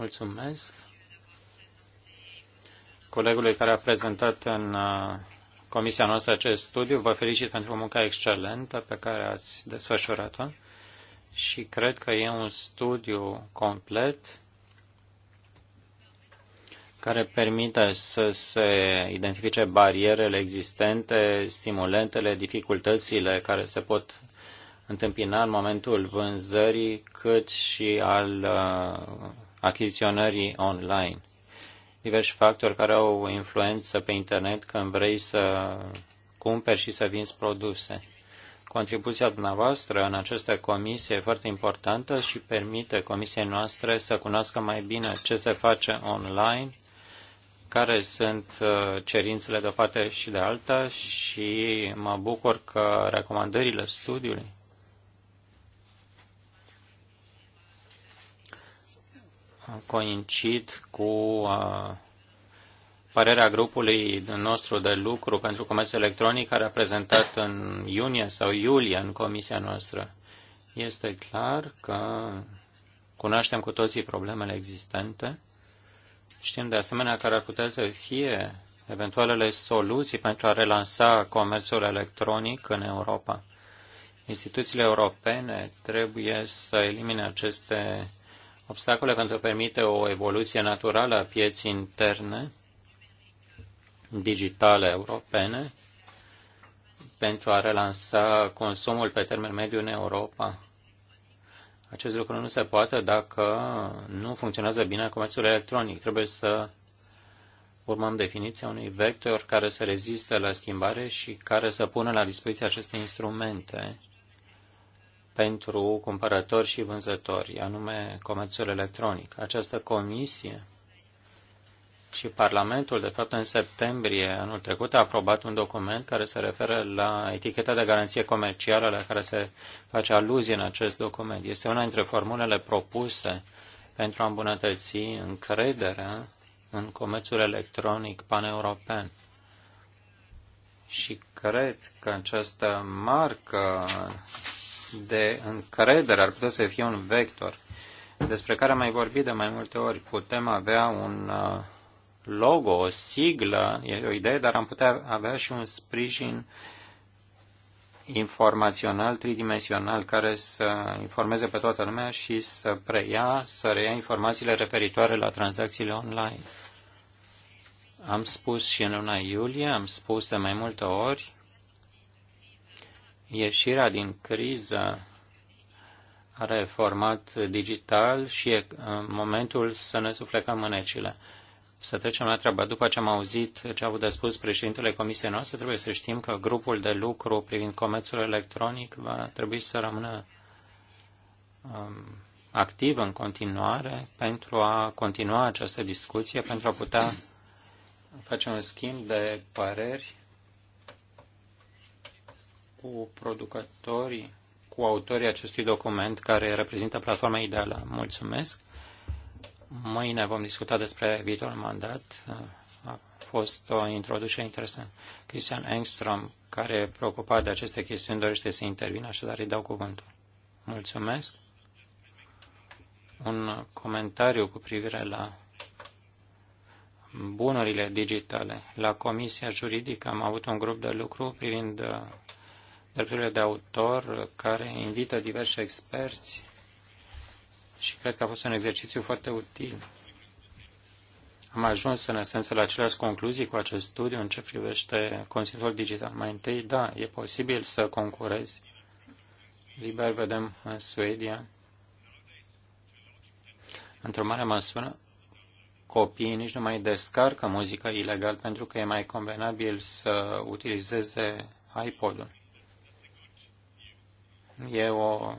Mulțumesc colegului care a prezentat în uh, comisia noastră acest studiu. Vă felicit pentru munca excelentă pe care ați desfășurat-o și cred că e un studiu complet care permite să se identifice barierele existente, stimulentele, dificultățile care se pot întâmpina în momentul vânzării, cât și al uh, achiziționării online. Diversi factori care au influență pe internet când vrei să cumperi și să vinzi produse. Contribuția dumneavoastră în această comisie e foarte importantă și permite comisiei noastre să cunoască mai bine ce se face online, care sunt uh, cerințele de o parte și de alta și mă bucur că recomandările studiului coincid cu părerea grupului nostru de lucru pentru comerț electronic care a prezentat în iunie sau iulie în comisia noastră. Este clar că cunoaștem cu toții problemele existente. Știm de asemenea care ar putea să fie eventualele soluții pentru a relansa comerțul electronic în Europa. Instituțiile europene trebuie să elimine aceste obstacole pentru a permite o evoluție naturală a pieții interne digitale europene pentru a relansa consumul pe termen mediu în Europa. Acest lucru nu se poate dacă nu funcționează bine comerțul electronic. Trebuie să urmăm definiția unui vector care să reziste la schimbare și care să pună la dispoziție aceste instrumente pentru cumpărători și vânzători, anume comerțul electronic. Această comisie și Parlamentul, de fapt, în septembrie anul trecut a aprobat un document care se referă la eticheta de garanție comercială la care se face aluzie în acest document. Este una dintre formulele propuse pentru a îmbunătăți încrederea în comerțul electronic paneuropean. Și cred că această marcă de încredere ar putea să fie un vector despre care am mai vorbit de mai multe ori. Putem avea un uh, logo, o siglă, e o idee, dar am putea avea și un sprijin informațional, tridimensional, care să informeze pe toată lumea și să preia, să reia informațiile referitoare la tranzacțiile online. Am spus și în luna iulie, am spus de mai multe ori, ieșirea din criză a reformat digital și e uh, momentul să ne suflecăm mânecile. Să trecem la treabă. După ce am auzit ce a avut de spus președintele comisiei noastre, trebuie să știm că grupul de lucru privind comerțul electronic va trebui să rămână um, activ în continuare pentru a continua această discuție, pentru a putea face un schimb de păreri cu producătorii, cu autorii acestui document care reprezintă platforma ideală. Mulțumesc! Mâine vom discuta despre viitorul mandat. A fost o introducere interesantă. Christian Engström, care e preocupat de aceste chestiuni, dorește să intervină, așadar îi dau cuvântul. Mulțumesc! Un comentariu cu privire la bunurile digitale. La Comisia Juridică am avut un grup de lucru privind uh, drepturile de autor care invită diversi experți și cred că a fost un exercițiu foarte util. Am ajuns în esență la aceleași concluzii cu acest studiu în ce privește conținutul digital. Mai întâi, da, e posibil să concurezi. Liber vedem în Suedia. Într-o mare măsură, copiii nici nu mai descarcă muzică ilegal pentru că e mai convenabil să utilizeze iPod-ul. E o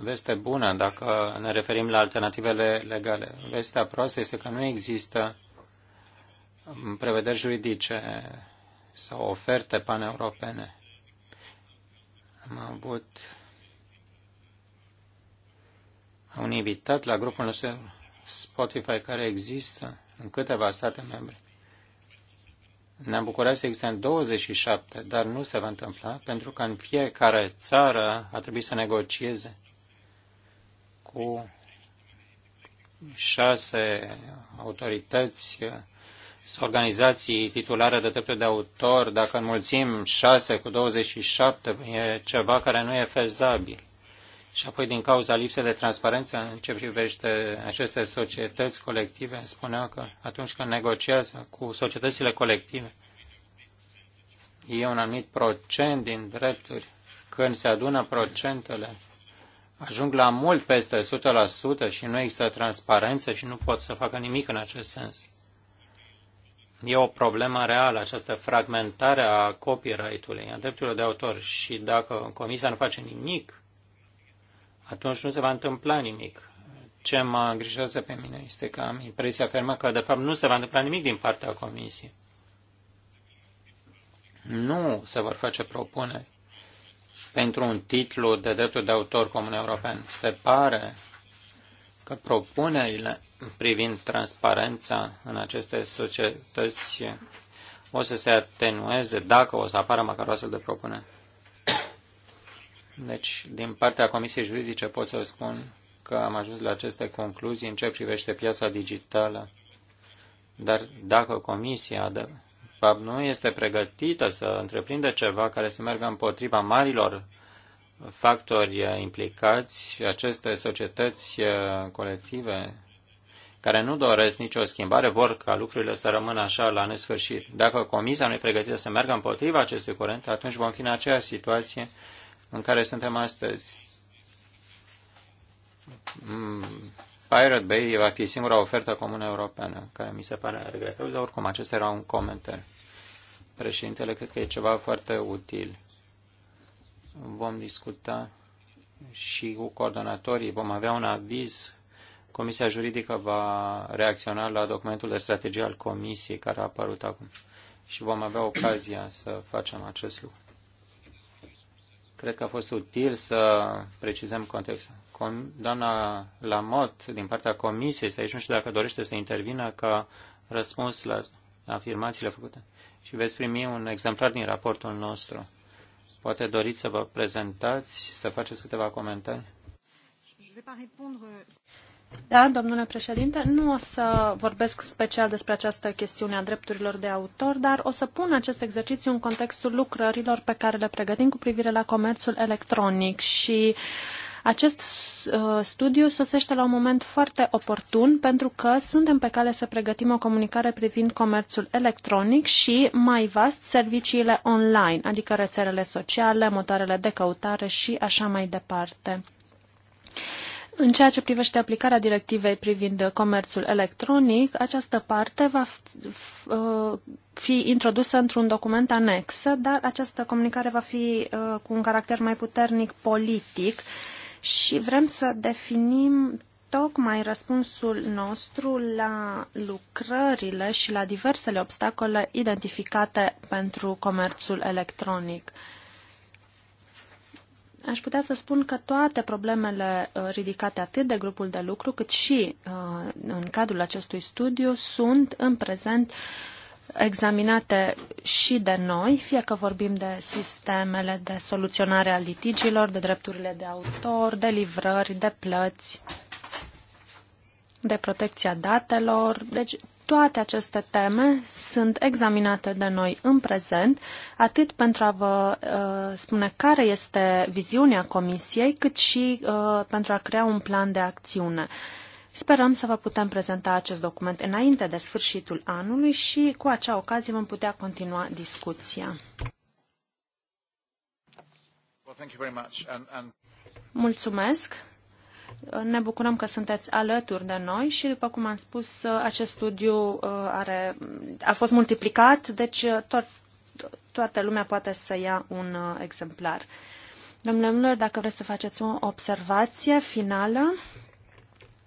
veste bună dacă ne referim la alternativele legale. Vestea proastă este că nu există prevederi juridice sau oferte paneuropene. Am avut un invitat la grupul nostru Spotify care există în câteva state membre. Ne-am bucurat să existăm 27, dar nu se va întâmpla, pentru că în fiecare țară a trebuit să negocieze cu șase autorități sau organizații titulare de drepturi de autor, dacă înmulțim șase cu 27, e ceva care nu e fezabil. Și apoi, din cauza lipsei de transparență în ce privește aceste societăți colective, spunea că atunci când negociază cu societățile colective, e un anumit procent din drepturi. Când se adună procentele, ajung la mult peste 100% și nu există transparență și nu pot să facă nimic în acest sens. E o problemă reală această fragmentare a copyright-ului, a drepturilor de autor și dacă comisia nu face nimic, atunci nu se va întâmpla nimic. Ce mă îngrijează pe mine este că am impresia fermă că, de fapt, nu se va întâmpla nimic din partea Comisiei. Nu se vor face propuneri pentru un titlu de dreptul de autor comun european. Se pare că propunerile privind transparența în aceste societăți o să se atenueze dacă o să apară măcar o astfel de propunere. Deci, din partea Comisiei Juridice pot să spun că am ajuns la aceste concluzii în ce privește piața digitală. Dar dacă Comisia de fapt nu este pregătită să întreprindă ceva care să meargă împotriva marilor factori implicați, aceste societăți eh, colective care nu doresc nicio schimbare, vor ca lucrurile să rămână așa la nesfârșit. Dacă Comisia nu e pregătită să meargă împotriva acestui curent, atunci vom fi în aceeași situație în care suntem astăzi. Mm, Pirate Bay va fi singura ofertă comună europeană, care mi se pare regretabil, dar oricum acesta era un comentar Președintele, cred că e ceva foarte util. Vom discuta și cu coordonatorii, vom avea un aviz. Comisia juridică va reacționa la documentul de strategie al Comisiei care a apărut acum și vom avea ocazia să facem acest lucru. Cred că a fost util să precizăm contextul. Doamna Lamot, din partea comisiei, să aici, nu știu dacă dorește să intervină ca răspuns la afirmațiile făcute. Și veți primi un exemplar din raportul nostru. Poate doriți să vă prezentați, să faceți câteva comentarii. Da, domnule președinte, nu o să vorbesc special despre această chestiune a drepturilor de autor, dar o să pun acest exercițiu în contextul lucrărilor pe care le pregătim cu privire la comerțul electronic și acest uh, studiu sosește la un moment foarte oportun pentru că suntem pe cale să pregătim o comunicare privind comerțul electronic și mai vast serviciile online, adică rețelele sociale, motoarele de căutare și așa mai departe. În ceea ce privește aplicarea directivei privind comerțul electronic, această parte va uh, fi introdusă într-un document anex, dar această comunicare va fi uh, cu un caracter mai puternic politic și vrem să definim tocmai răspunsul nostru la lucrările și la diversele obstacole identificate pentru comerțul electronic aș putea să spun că toate problemele uh, ridicate atât de grupul de lucru, cât și uh, în cadrul acestui studiu sunt în prezent examinate și de noi, fie că vorbim de sistemele de soluționare a litigilor, de drepturile de autor, de livrări, de plăți, de protecția datelor. Deci toate aceste teme sunt examinate de noi în prezent, atât pentru a vă uh, spune care este viziunea Comisiei, cât și uh, pentru a crea un plan de acțiune. Sperăm să vă putem prezenta acest document înainte de sfârșitul anului și cu acea ocazie vom putea continua discuția. Mulțumesc! Ne bucurăm că sunteți alături de noi și, după cum am spus, acest studiu uh, are, a fost multiplicat, deci uh, to- toată lumea poate să ia un uh, exemplar. Domnule Miller, dacă vreți să faceți o observație finală.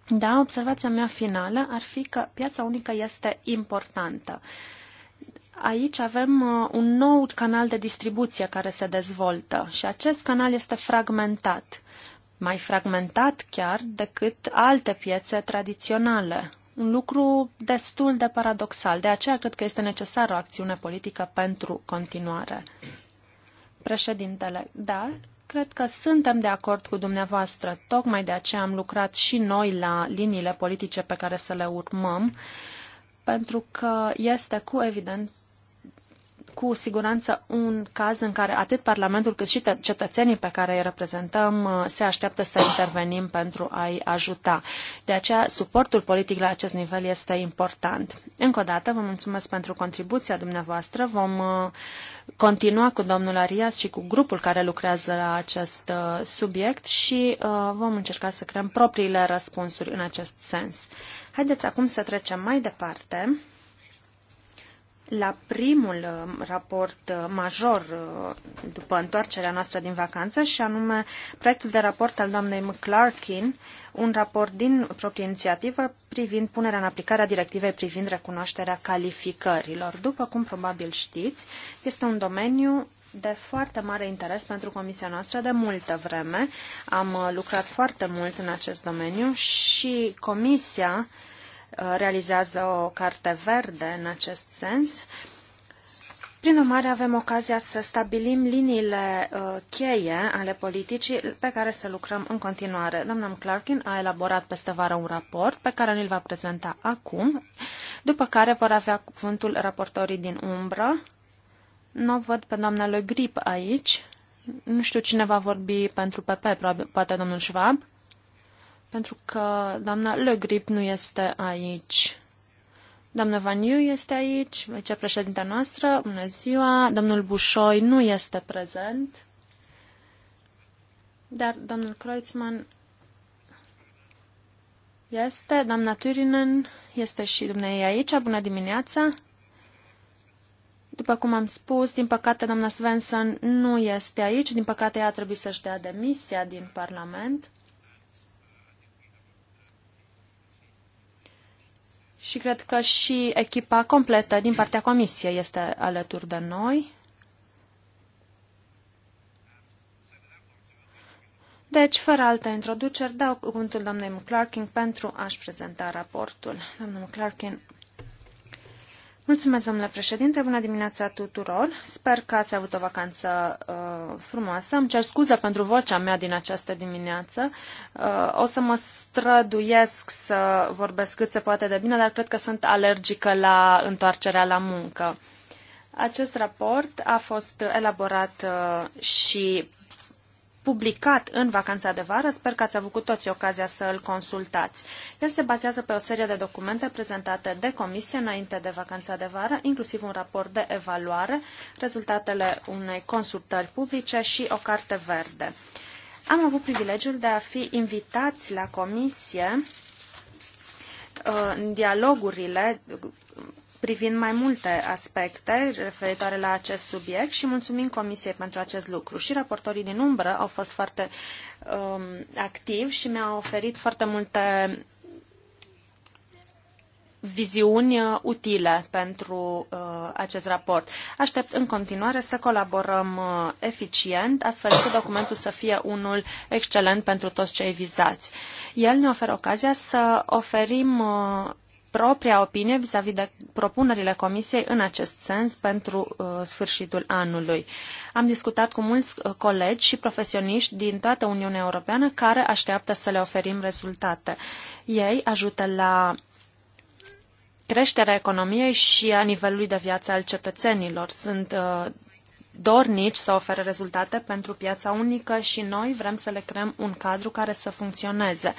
Da, observația mea finală ar fi că piața unică este importantă. Aici avem un nou canal de distribuție care se dezvoltă și acest canal este fragmentat mai fragmentat chiar decât alte piețe tradiționale. Un lucru destul de paradoxal, de aceea cred că este necesară o acțiune politică pentru continuare. Președintele, da, cred că suntem de acord cu dumneavoastră. Tocmai de aceea am lucrat și noi la liniile politice pe care să le urmăm, pentru că este cu, evident, cu siguranță un caz în care atât Parlamentul cât și cetățenii pe care îi reprezentăm uh, se așteaptă să intervenim pentru a-i ajuta. De aceea, suportul politic la acest nivel este important. Încă o dată, vă mulțumesc pentru contribuția dumneavoastră. Vom uh, continua cu domnul Arias și cu grupul care lucrează la acest uh, subiect și vom încerca să creăm propriile răspunsuri în acest sens. Haideți acum să trecem mai departe la primul uh, raport uh, major uh, după întoarcerea noastră din vacanță și anume proiectul de raport al doamnei McClarkin, un raport din proprie inițiativă privind punerea în aplicare a directivei privind recunoașterea calificărilor. După cum probabil știți, este un domeniu de foarte mare interes pentru comisia noastră de multă vreme. Am lucrat foarte mult în acest domeniu și comisia Uh, realizează o carte verde în acest sens. Prin urmare, avem ocazia să stabilim liniile uh, cheie ale politicii pe care să lucrăm în continuare. Doamna Clarkin a elaborat peste vară un raport pe care îl va prezenta acum, după care vor avea cuvântul raportorii din umbră. Nu văd pe doamna lui Grip aici. Nu știu cine va vorbi pentru PP, probabil, poate domnul Schwab pentru că doamna Le Grip nu este aici. Doamna Vaniu este aici, vicepreședinta noastră, bună ziua. Domnul Bușoi nu este prezent, dar domnul Kreutzmann este, doamna Turinen este și dumneavoastră aici, bună dimineața. După cum am spus, din păcate doamna Svensson nu este aici, din păcate ea a trebuit să-și dea demisia din Parlament. Și cred că și echipa completă din partea comisiei este alături de noi. Deci, fără alte introduceri, dau cuvântul doamnei McClarkin pentru a-și prezenta raportul. Doamna McClarkin, Mulțumesc, domnule președinte, bună dimineața tuturor. Sper că ați avut o vacanță uh, frumoasă. Îmi cer scuze pentru vocea mea din această dimineață. Uh, o să mă străduiesc să vorbesc cât se poate de bine, dar cred că sunt alergică la întoarcerea la muncă. Acest raport a fost elaborat uh, și publicat în vacanța de vară, sper că ați avut cu toții ocazia să îl consultați. El se bazează pe o serie de documente prezentate de comisie înainte de vacanța de vară, inclusiv un raport de evaluare, rezultatele unei consultări publice și o carte verde. Am avut privilegiul de a fi invitați la comisie uh, în dialogurile privind mai multe aspecte referitoare la acest subiect și mulțumim Comisiei pentru acest lucru. Și raportorii din umbră au fost foarte um, activi și mi-au oferit foarte multe viziuni uh, utile pentru uh, acest raport. Aștept în continuare să colaborăm uh, eficient, astfel încât documentul să fie unul excelent pentru toți cei vizați. El ne oferă ocazia să oferim uh, propria opinie vis-a-vis -vis de propunerile Comisiei în acest sens pentru uh, sfârșitul anului. Am discutat cu mulți uh, colegi și profesioniști din toată Uniunea Europeană care așteaptă să le oferim rezultate. Ei ajută la creșterea economiei și a nivelului de viață al cetățenilor. Sunt uh, dornici să ofere rezultate pentru piața unică și noi vrem să le creăm un cadru care să funcționeze.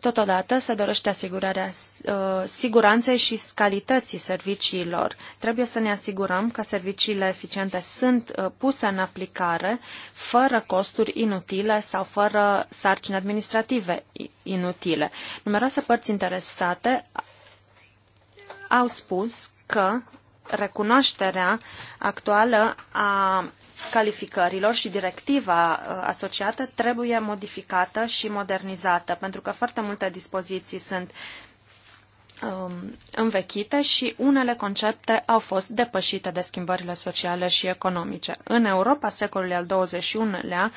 Totodată se dorește asigurarea uh, siguranței și calității serviciilor. Trebuie să ne asigurăm că serviciile eficiente sunt uh, puse în aplicare fără costuri inutile sau fără sarcini administrative inutile. Numeroase părți interesate au spus că recunoașterea actuală a calificărilor și directiva uh, asociată trebuie modificată și modernizată, pentru că foarte multe dispoziții sunt um, învechite și unele concepte au fost depășite de schimbările sociale și economice. În Europa secolului al XXI-lea,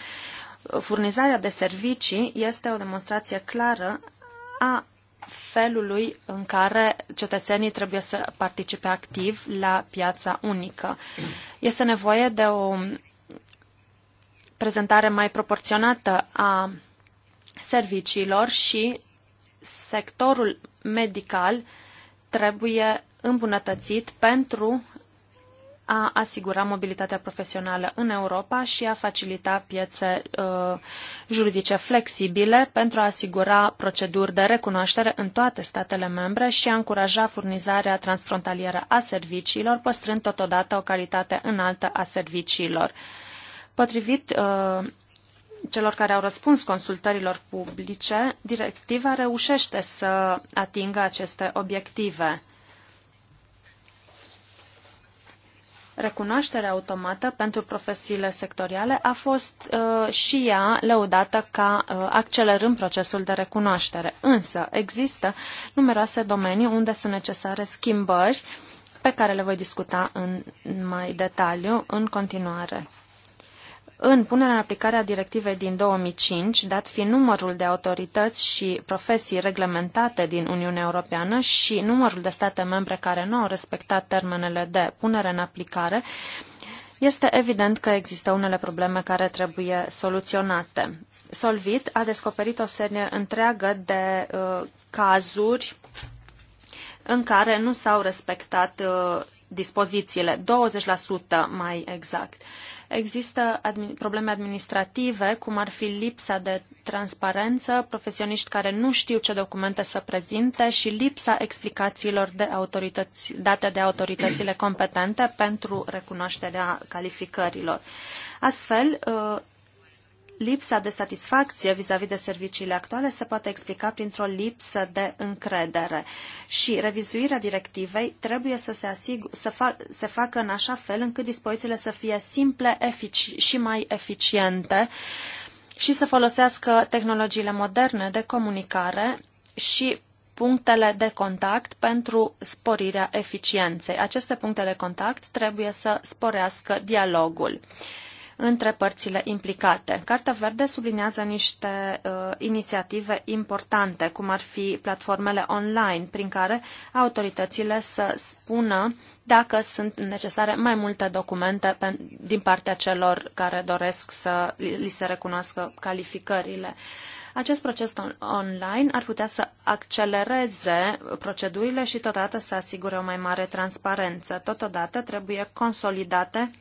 furnizarea de servicii este o demonstrație clară a felului în care cetățenii trebuie să participe activ la piața unică. Este nevoie de o prezentare mai proporționată a serviciilor și sectorul medical trebuie îmbunătățit pentru a asigura mobilitatea profesională în Europa și a facilita piețe uh, juridice flexibile pentru a asigura proceduri de recunoaștere în toate statele membre și a încuraja furnizarea transfrontalieră a serviciilor, păstrând totodată o calitate înaltă a serviciilor. Potrivit uh, celor care au răspuns consultărilor publice, directiva reușește să atingă aceste obiective. recunoașterea automată pentru profesiile sectoriale a fost uh, și ea lăudată ca uh, accelerând procesul de recunoaștere. Însă există numeroase domenii unde sunt necesare schimbări pe care le voi discuta în mai detaliu în continuare în punerea în aplicare a directivei din 2005, dat fiind numărul de autorități și profesii reglementate din Uniunea Europeană și numărul de state membre care nu au respectat termenele de punere în aplicare, este evident că există unele probleme care trebuie soluționate. Solvit a descoperit o serie întreagă de uh, cazuri în care nu s-au respectat uh, dispozițiile, 20% mai exact. Uh, Există admi- probleme administrative, cum ar fi lipsa de transparență, profesioniști care nu știu ce documente să prezinte și lipsa explicațiilor de autorități, date de autoritățile competente pentru recunoașterea calificărilor. Astfel, uh, Lipsa de satisfacție vis-a-vis -vis de serviciile actuale se poate explica printr-o lipsă de încredere și revizuirea directivei trebuie să se, asigur, să fa, se facă în așa fel încât dispozițiile să fie simple efici, și mai eficiente și să folosească tehnologiile moderne de comunicare și punctele de contact pentru sporirea eficienței. Aceste puncte de contact trebuie să sporească dialogul între părțile implicate. Cartea Verde sublinează niște uh, inițiative importante, cum ar fi platformele online, prin care autoritățile să spună dacă sunt necesare mai multe documente pe, din partea celor care doresc să li se recunoască calificările. Acest proces on online ar putea să accelereze procedurile și totodată să asigure o mai mare transparență. Totodată trebuie consolidate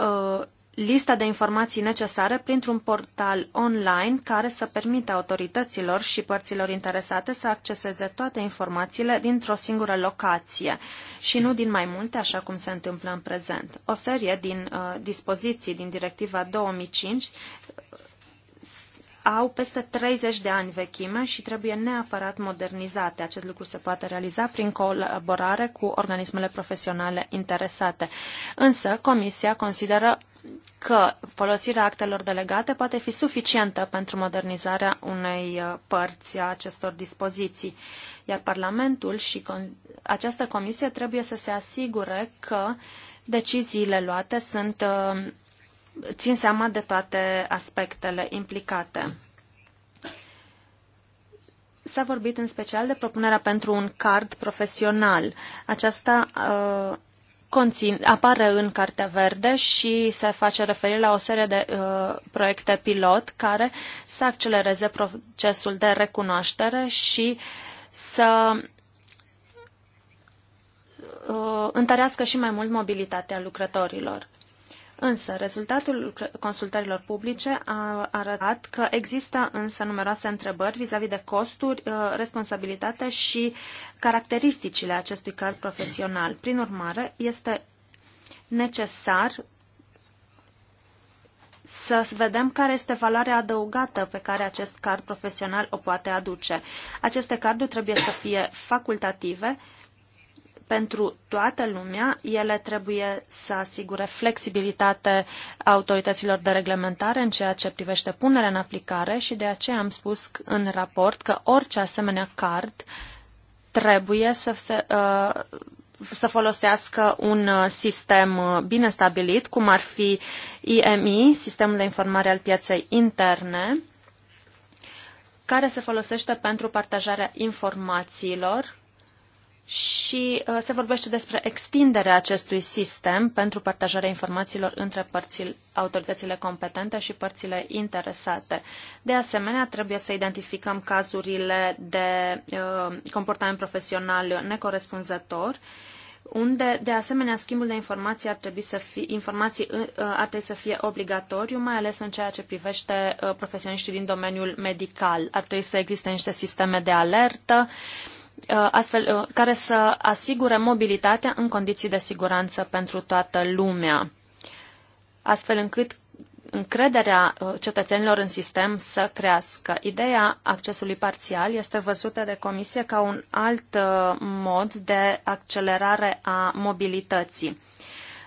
Uh, lista de informații necesare printr-un portal online care să permită autorităților și părților interesate să acceseze toate informațiile dintr-o singură locație și nu din mai multe, așa cum se întâmplă în prezent. O serie din uh, dispoziții din Directiva 2005 au peste 30 de ani vechime și trebuie neapărat modernizate. Acest lucru se poate realiza prin colaborare cu organismele profesionale interesate. Însă, Comisia consideră că folosirea actelor delegate poate fi suficientă pentru modernizarea unei uh, părți a acestor dispoziții, iar Parlamentul și această comisie trebuie să se asigure că deciziile luate sunt uh, țin seama de toate aspectele implicate. S-a vorbit în special de propunerea pentru un card profesional. Aceasta uh, conțin, apare în Cartea Verde și se face referire la o serie de uh, proiecte pilot care să accelereze procesul de recunoaștere și să uh, întărească și mai mult mobilitatea lucrătorilor. Însă, rezultatul consultărilor publice a arătat că există însă numeroase întrebări vis-a-vis -vis de costuri, uh, responsabilitate și caracteristicile acestui card profesional. Prin urmare, este necesar să vedem care este valoarea adăugată pe care acest card profesional o poate aduce. Aceste carduri trebuie să fie facultative pentru toată lumea, ele trebuie să asigure flexibilitate autorităților de reglementare în ceea ce privește punerea în aplicare și de aceea am spus în raport că orice asemenea card trebuie să se. Uh, să folosească un uh, sistem uh, bine stabilit, cum ar fi IMI, Sistemul de Informare al Pieței Interne, care se folosește pentru partajarea informațiilor și uh, se vorbește despre extinderea acestui sistem pentru partajarea informațiilor între părțile, autoritățile competente și părțile interesate. De asemenea, trebuie să identificăm cazurile de uh, comportament profesional necorespunzător unde, de asemenea, schimbul de informații ar trebui să fie, informații uh, uh, ar trebui să fie obligatoriu, mai ales în ceea ce privește uh, profesioniștii din domeniul medical. Ar trebui să existe niște sisteme de alertă uh, Uh, astfel, uh, care să asigure mobilitatea în condiții de siguranță pentru toată lumea, astfel încât încrederea uh, cetățenilor în sistem să crească. Ideea accesului parțial este văzută de Comisie ca un alt mod de accelerare a mobilității.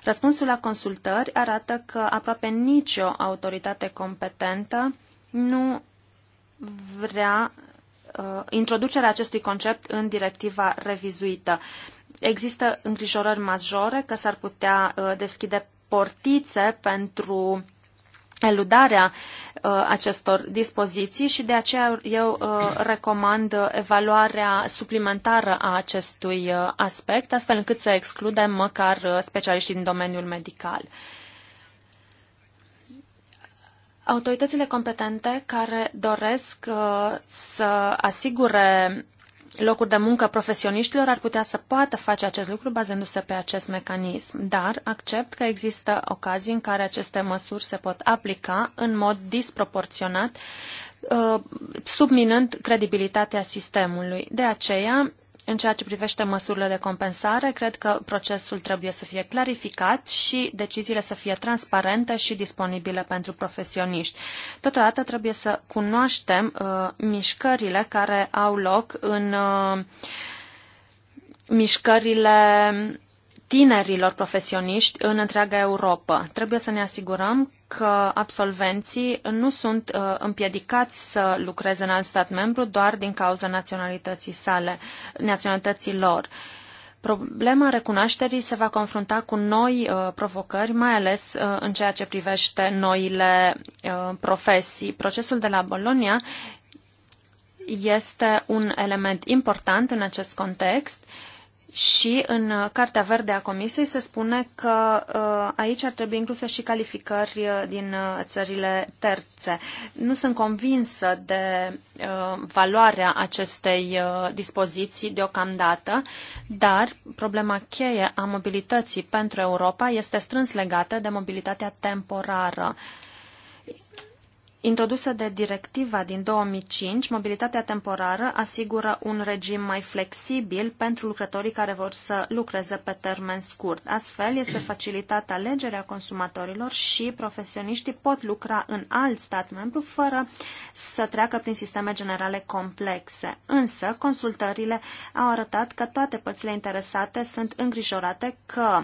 Răspunsul la consultări arată că aproape nicio autoritate competentă nu vrea Uh, introducerea acestui concept în directiva revizuită. Există îngrijorări majore că s-ar putea uh, deschide portițe pentru eludarea uh, acestor dispoziții și de aceea eu uh, recomand evaluarea suplimentară a acestui uh, aspect, astfel încât să excludem măcar uh, specialiștii din domeniul medical. Uh, Autoritățile competente care doresc uh, să asigure locuri de muncă profesioniștilor ar putea să poată face acest lucru bazându-se pe acest mecanism, dar accept că există ocazii în care aceste măsuri se pot aplica în mod disproporționat, uh, subminând credibilitatea sistemului. De aceea, în ceea ce privește măsurile de compensare, cred că procesul trebuie să fie clarificat și deciziile să fie transparente și disponibile pentru profesioniști. Totodată trebuie să cunoaștem uh, mișcările care au loc în uh, mișcările tinerilor profesioniști în întreaga Europa. Trebuie să ne asigurăm că absolvenții nu sunt uh, împiedicați să lucreze în alt stat membru doar din cauza naționalității sale, naționalității lor. Problema recunoașterii se va confrunta cu noi uh, provocări, mai ales uh, în ceea ce privește noile uh, profesii. Procesul de la Bologna este un element important în acest context uh, și în Cartea Verde a Comisiei se spune că uh, aici ar trebui incluse și calificări uh, din uh, țările terțe. Nu sunt convinsă de valoarea acestei dispoziții deocamdată, dar problema cheie a mobilității pentru Europa este strâns legată de mobilitatea temporară introdusă de directiva din 2005, mobilitatea temporară asigură un regim mai flexibil pentru lucrătorii care vor să lucreze pe termen scurt. Astfel, este facilitată alegerea consumatorilor și profesioniștii pot lucra în alt stat membru fără să treacă prin sisteme generale complexe. Însă, consultările au arătat că toate părțile interesate sunt îngrijorate că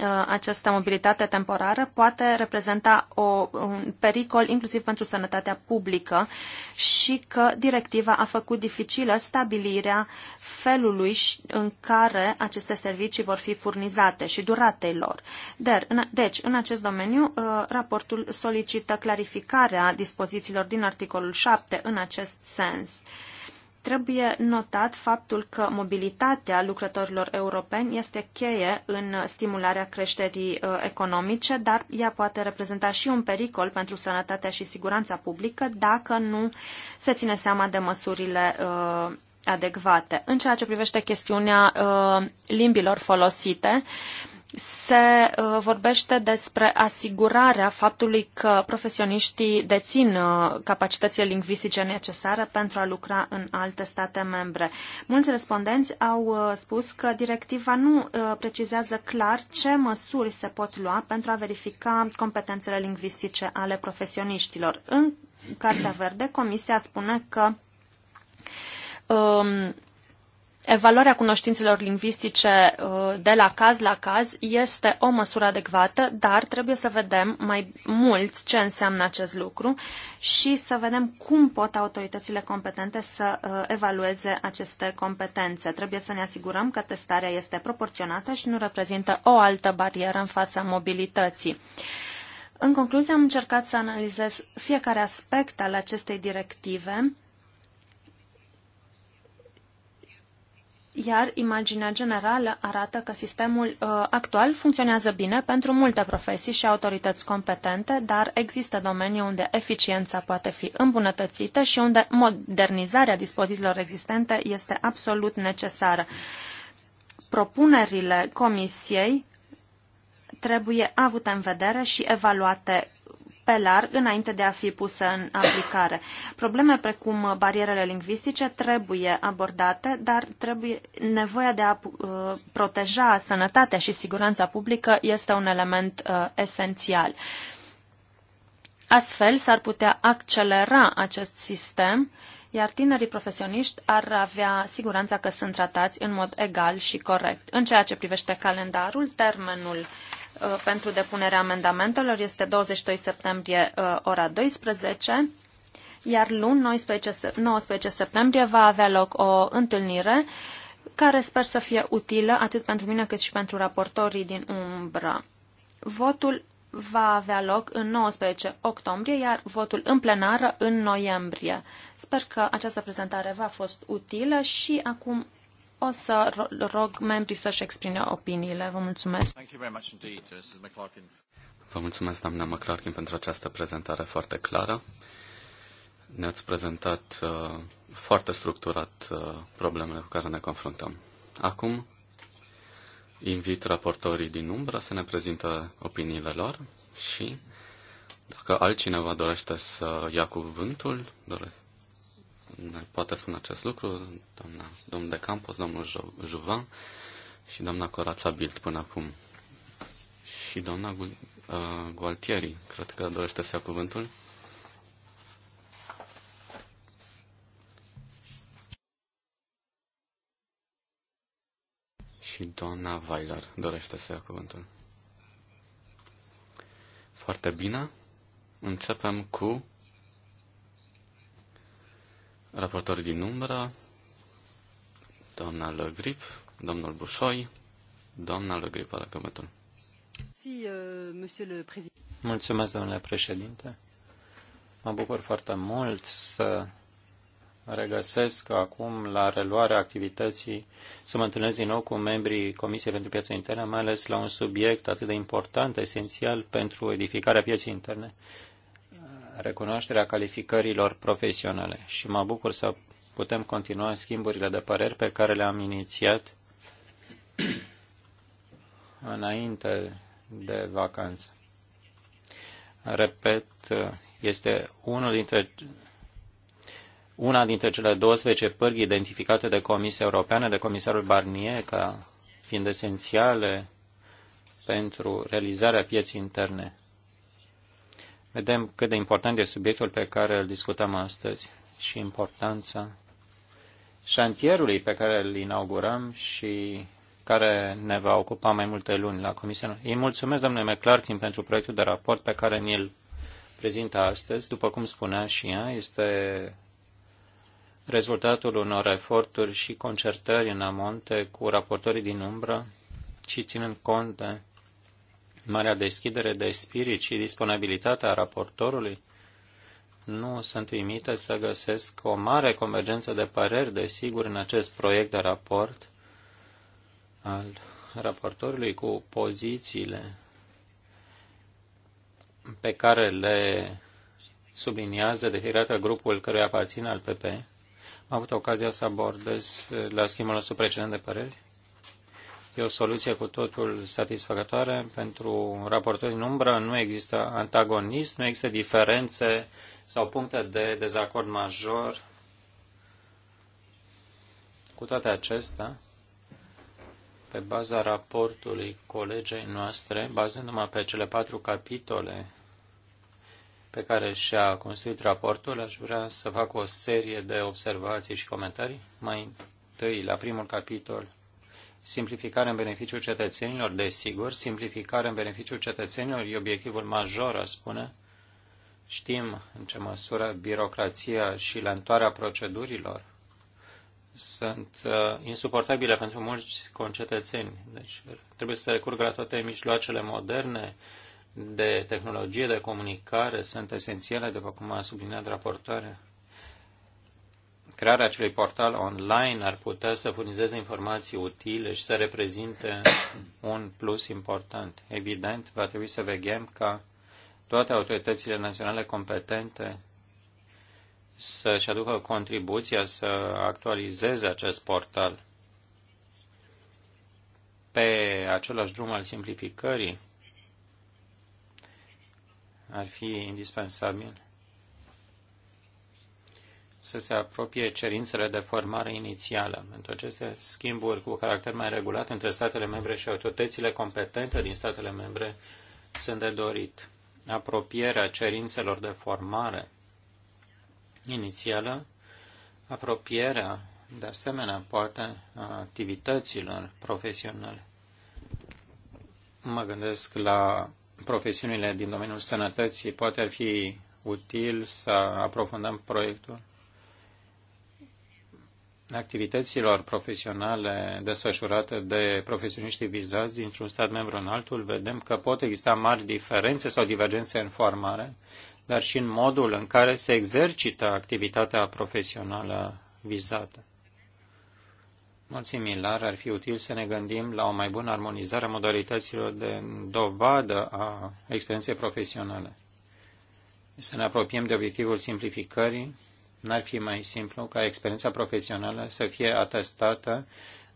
Uh, această mobilitate temporară poate reprezenta o, un pericol inclusiv pentru sănătatea publică și că directiva a făcut dificilă stabilirea felului în care aceste servicii vor fi furnizate și duratei lor. Deci, în acest domeniu, uh, raportul solicită clarificarea dispozițiilor din articolul 7 în acest sens. Uh, Trebuie notat faptul că mobilitatea lucrătorilor europeni este cheie în stimularea creșterii uh, economice, dar ea poate reprezenta și un pericol pentru sănătatea și siguranța publică dacă nu se ține seama de măsurile uh, adecvate. În ceea ce privește chestiunea uh, limbilor folosite, se uh, vorbește despre asigurarea faptului că profesioniștii dețin uh, capacitățile lingvistice necesare pentru a lucra în alte state membre. Mulți respondenți au uh, spus că directiva nu precizează clar ce măsuri se pot lua pentru a verifica competențele lingvistice ale profesioniștilor. În Cartea Verde, Comisia spune că um, evaluarea cunoștințelor lingvistice uh, de la caz la caz este o măsură adecvată, dar trebuie să vedem mai mult ce înseamnă acest lucru și să vedem cum pot autoritățile competente să uh, evalueze aceste competențe. Trebuie să ne asigurăm că testarea este proporționată și nu reprezintă o altă barieră în fața mobilității. În concluzie, am încercat să analizez fiecare aspect al acestei directive Iar imaginea generală arată că sistemul uh, actual funcționează bine pentru multe profesii și autorități competente, dar există domenii unde eficiența poate fi îmbunătățită și unde modernizarea dispozițiilor existente este absolut necesară. Propunerile Comisiei trebuie avute în vedere și evaluate pe larg înainte de a fi pusă în aplicare. Probleme precum barierele lingvistice trebuie abordate, dar trebuie nevoia de a uh, proteja sănătatea și siguranța publică este un element uh, esențial. Astfel s-ar putea accelera acest sistem, iar tinerii profesioniști ar avea siguranța că sunt tratați în mod egal și corect. În ceea ce privește calendarul, termenul uh, Uh, pentru depunerea amendamentelor este 22 septembrie uh, ora 12, iar luni 19, 19 septembrie va avea loc o întâlnire care sper să fie utilă atât pentru mine cât și pentru raportorii din umbră. Votul va avea loc în 19 octombrie, iar votul în plenară în noiembrie. Sper că această prezentare v-a fost utilă și acum o să rog membrii să-și exprime opiniile. Vă mulțumesc. Uh, Vă mulțumesc, doamna McClarkin, pentru această prezentare foarte clară. Ne-ați prezentat uh, foarte structurat uh, problemele cu care ne confruntăm. Acum invit raportorii din umbră să ne prezintă opiniile lor și dacă altcineva dorește să ia cuvântul, doresc ne poate spune acest lucru, doamna, domnul de campus, domnul Juvan și doamna Corața Bilt, până acum. Și doamna Gu uh, Gualtieri, cred că dorește să ia cuvântul. Și doamna Weiler dorește să ia cuvântul. Foarte bine. Începem cu raportori din umbră, doamna Le Grip, domnul Bușoi, doamna Le Grip are cuvântul. Euh, Mulțumesc, domnule președinte. Mă bucur foarte mult să regăsesc acum la reluarea activității, să mă întâlnesc din nou cu membrii Comisiei pentru Piața Internă, mai ales la un subiect atât de important, esențial pentru edificarea pieței interne, recunoașterea calificărilor profesionale și mă bucur să putem continua schimburile de păreri pe care le-am inițiat înainte de vacanță. Repet, este unul dintre una dintre cele 12 pârghi identificate de Comisia Europeană, de comisarul Barnier, ca fiind esențiale pentru realizarea pieții interne vedem cât de important e subiectul pe care îl discutăm astăzi și importanța șantierului pe care îl inaugurăm și care ne va ocupa mai multe luni la Comisia. Îi mulțumesc, domnule McClarkin, pentru proiectul de raport pe care ni-l prezintă astăzi. După cum spunea și ea, este rezultatul unor eforturi și concertări în amonte cu raportorii din umbră și ținând cont de marea deschidere de spirit și disponibilitatea raportorului, nu sunt uimită să găsesc o mare convergență de păreri, desigur, în acest proiect de raport al raportorului cu pozițiile pe care le subliniază de fiecare grupul căruia aparține al PP. Am avut ocazia să abordez la schimbul nostru precedent de păreri E o soluție cu totul satisfăcătoare pentru raportori în umbră. Nu există antagonism, nu există diferențe sau puncte de dezacord major. Cu toate acestea, pe baza raportului colegei noastre, bazându-mă pe cele patru capitole pe care și-a construit raportul, aș vrea să fac o serie de observații și comentarii. Mai întâi, la primul capitol, Simplificare în beneficiul cetățenilor, desigur, simplificare în beneficiul cetățenilor e obiectivul major, aș spune. Știm în ce măsură birocrația și lentoarea procedurilor sunt uh, insuportabile pentru mulți concetățeni. Deci trebuie să recurgă la toate mijloacele moderne de tehnologie, de comunicare, sunt esențiale, după cum a subliniat raportarea. Crearea acelui portal online ar putea să furnizeze informații utile și să reprezinte un plus important. Evident, va trebui să vegem ca toate autoritățile naționale competente să-și aducă contribuția să actualizeze acest portal pe același drum al simplificării ar fi indispensabil să se apropie cerințele de formare inițială. Pentru aceste schimburi cu caracter mai regulat între statele membre și autoritățile competente din statele membre sunt de dorit. Apropierea cerințelor de formare inițială, apropierea, de asemenea, poate, a activităților profesionale. Mă gândesc la profesiunile din domeniul sănătății, poate ar fi util să aprofundăm proiectul activităților profesionale desfășurate de profesioniștii vizați dintr-un stat membru în altul, vedem că pot exista mari diferențe sau divergențe în formare, dar și în modul în care se exercită activitatea profesională vizată. Mult similar ar fi util să ne gândim la o mai bună armonizare a modalităților de dovadă a experienței profesionale. Să ne apropiem de obiectivul simplificării, N-ar fi mai simplu ca experiența profesională să fie atestată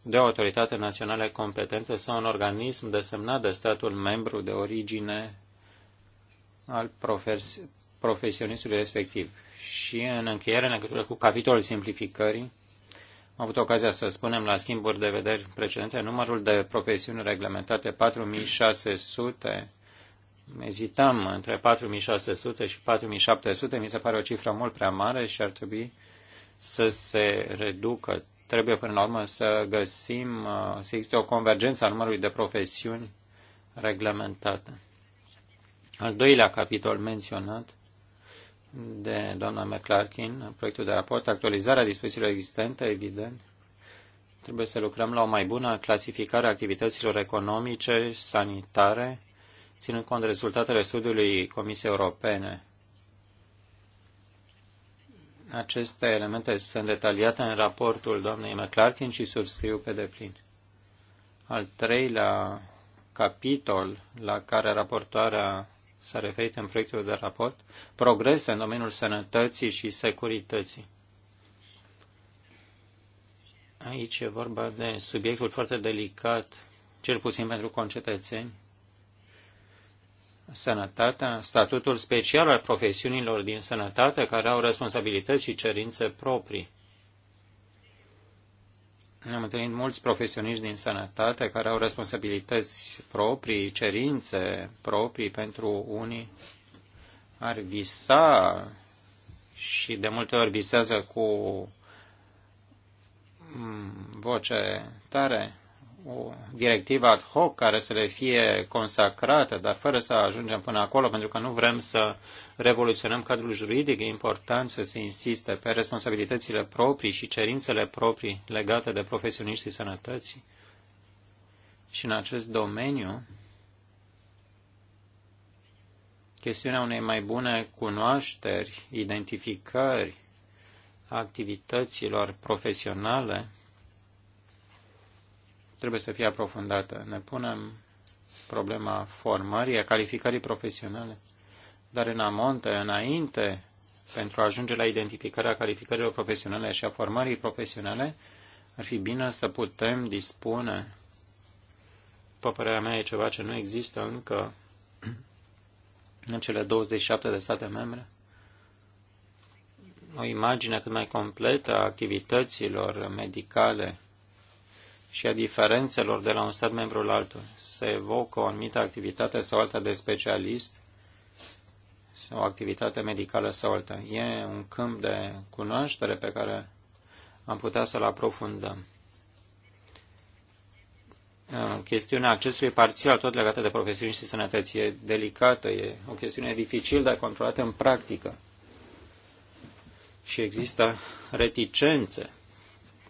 de o autoritate națională competentă sau un organism desemnat de statul membru de origine al profes- profesionistului respectiv. Și în încheiere, în legătură cu capitolul simplificării, am avut ocazia să spunem la schimburi de vederi precedente, numărul de profesiuni reglementate 4600 ezităm între 4600 și 4700, mi se pare o cifră mult prea mare și ar trebui să se reducă. Trebuie până la urmă să găsim, uh, să existe o convergență a numărului de profesiuni reglementate. Al doilea capitol menționat de doamna McClarkin, proiectul de raport, actualizarea dispozițiilor existente, evident, trebuie să lucrăm la o mai bună clasificare a activităților economice, sanitare, ținând cont de rezultatele studiului Comisiei Europene. Aceste elemente sunt detaliate în raportul doamnei McClarkin și subscriu pe deplin. Al treilea capitol la care raportoarea s-a referit în proiectul de raport, progrese în domeniul sănătății și securității. Aici e vorba de subiectul foarte delicat, cel puțin pentru concetățeni, sănătatea, statutul special al profesiunilor din sănătate care au responsabilități și cerințe proprii. Am întâlnit mulți profesioniști din sănătate care au responsabilități proprii, cerințe proprii pentru unii. Ar visa și de multe ori visează cu mm, voce tare o directivă ad hoc care să le fie consacrată, dar fără să ajungem până acolo, pentru că nu vrem să revoluționăm cadrul juridic, e important să se insiste pe responsabilitățile proprii și cerințele proprii legate de profesioniștii sănătății. Și în acest domeniu, chestiunea unei mai bune cunoașteri, identificări, activităților profesionale trebuie să fie aprofundată. Ne punem problema formării, a calificării profesionale, dar în amonte, înainte, pentru a ajunge la identificarea calificărilor profesionale și a formării profesionale, ar fi bine să putem dispune, după părerea mea e ceva ce nu există încă în cele 27 de state membre, o imagine cât mai completă a activităților medicale și a diferențelor de la un stat membru la altul. Se evocă o anumită activitate sau alta de specialist sau activitate medicală sau alta. E un câmp de cunoaștere pe care am putea să-l aprofundăm. Chestiunea accesului parțial, tot legată de profesiuni și sănătăți, e delicată, e o chestiune dificil de controlată în practică. Și există reticențe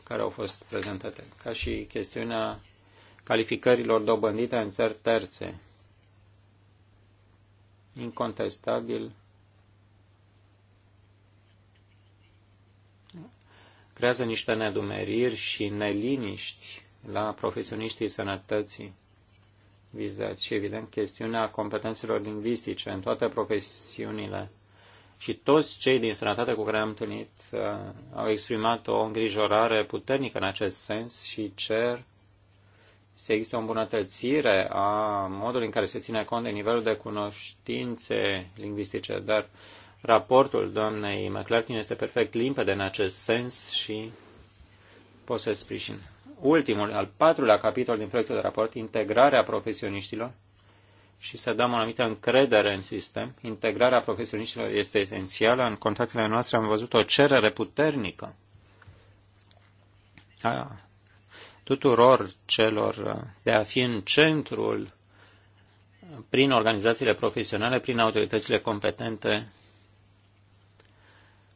care au fost prezentate, ca și chestiunea calificărilor dobândite în țări terțe. Incontestabil, creează niște nedumeriri și neliniști la profesioniștii sănătății vizați și, evident, chestiunea competențelor lingvistice în toate profesiunile și toți cei din sănătate cu care am întâlnit uh, au exprimat o îngrijorare puternică în acest sens și cer să există o îmbunătățire a modului în care se ține cont de nivelul de cunoștințe lingvistice, dar raportul doamnei McLaughlin este perfect limpede în acest sens și pot să sprijin. Ultimul, al patrulea capitol din proiectul de raport, integrarea profesioniștilor, și să dăm o anumită încredere în sistem. Integrarea profesioniștilor este esențială. În contactele noastre am văzut o cerere puternică a tuturor celor uh, de a fi în centrul prin organizațiile profesionale, prin autoritățile competente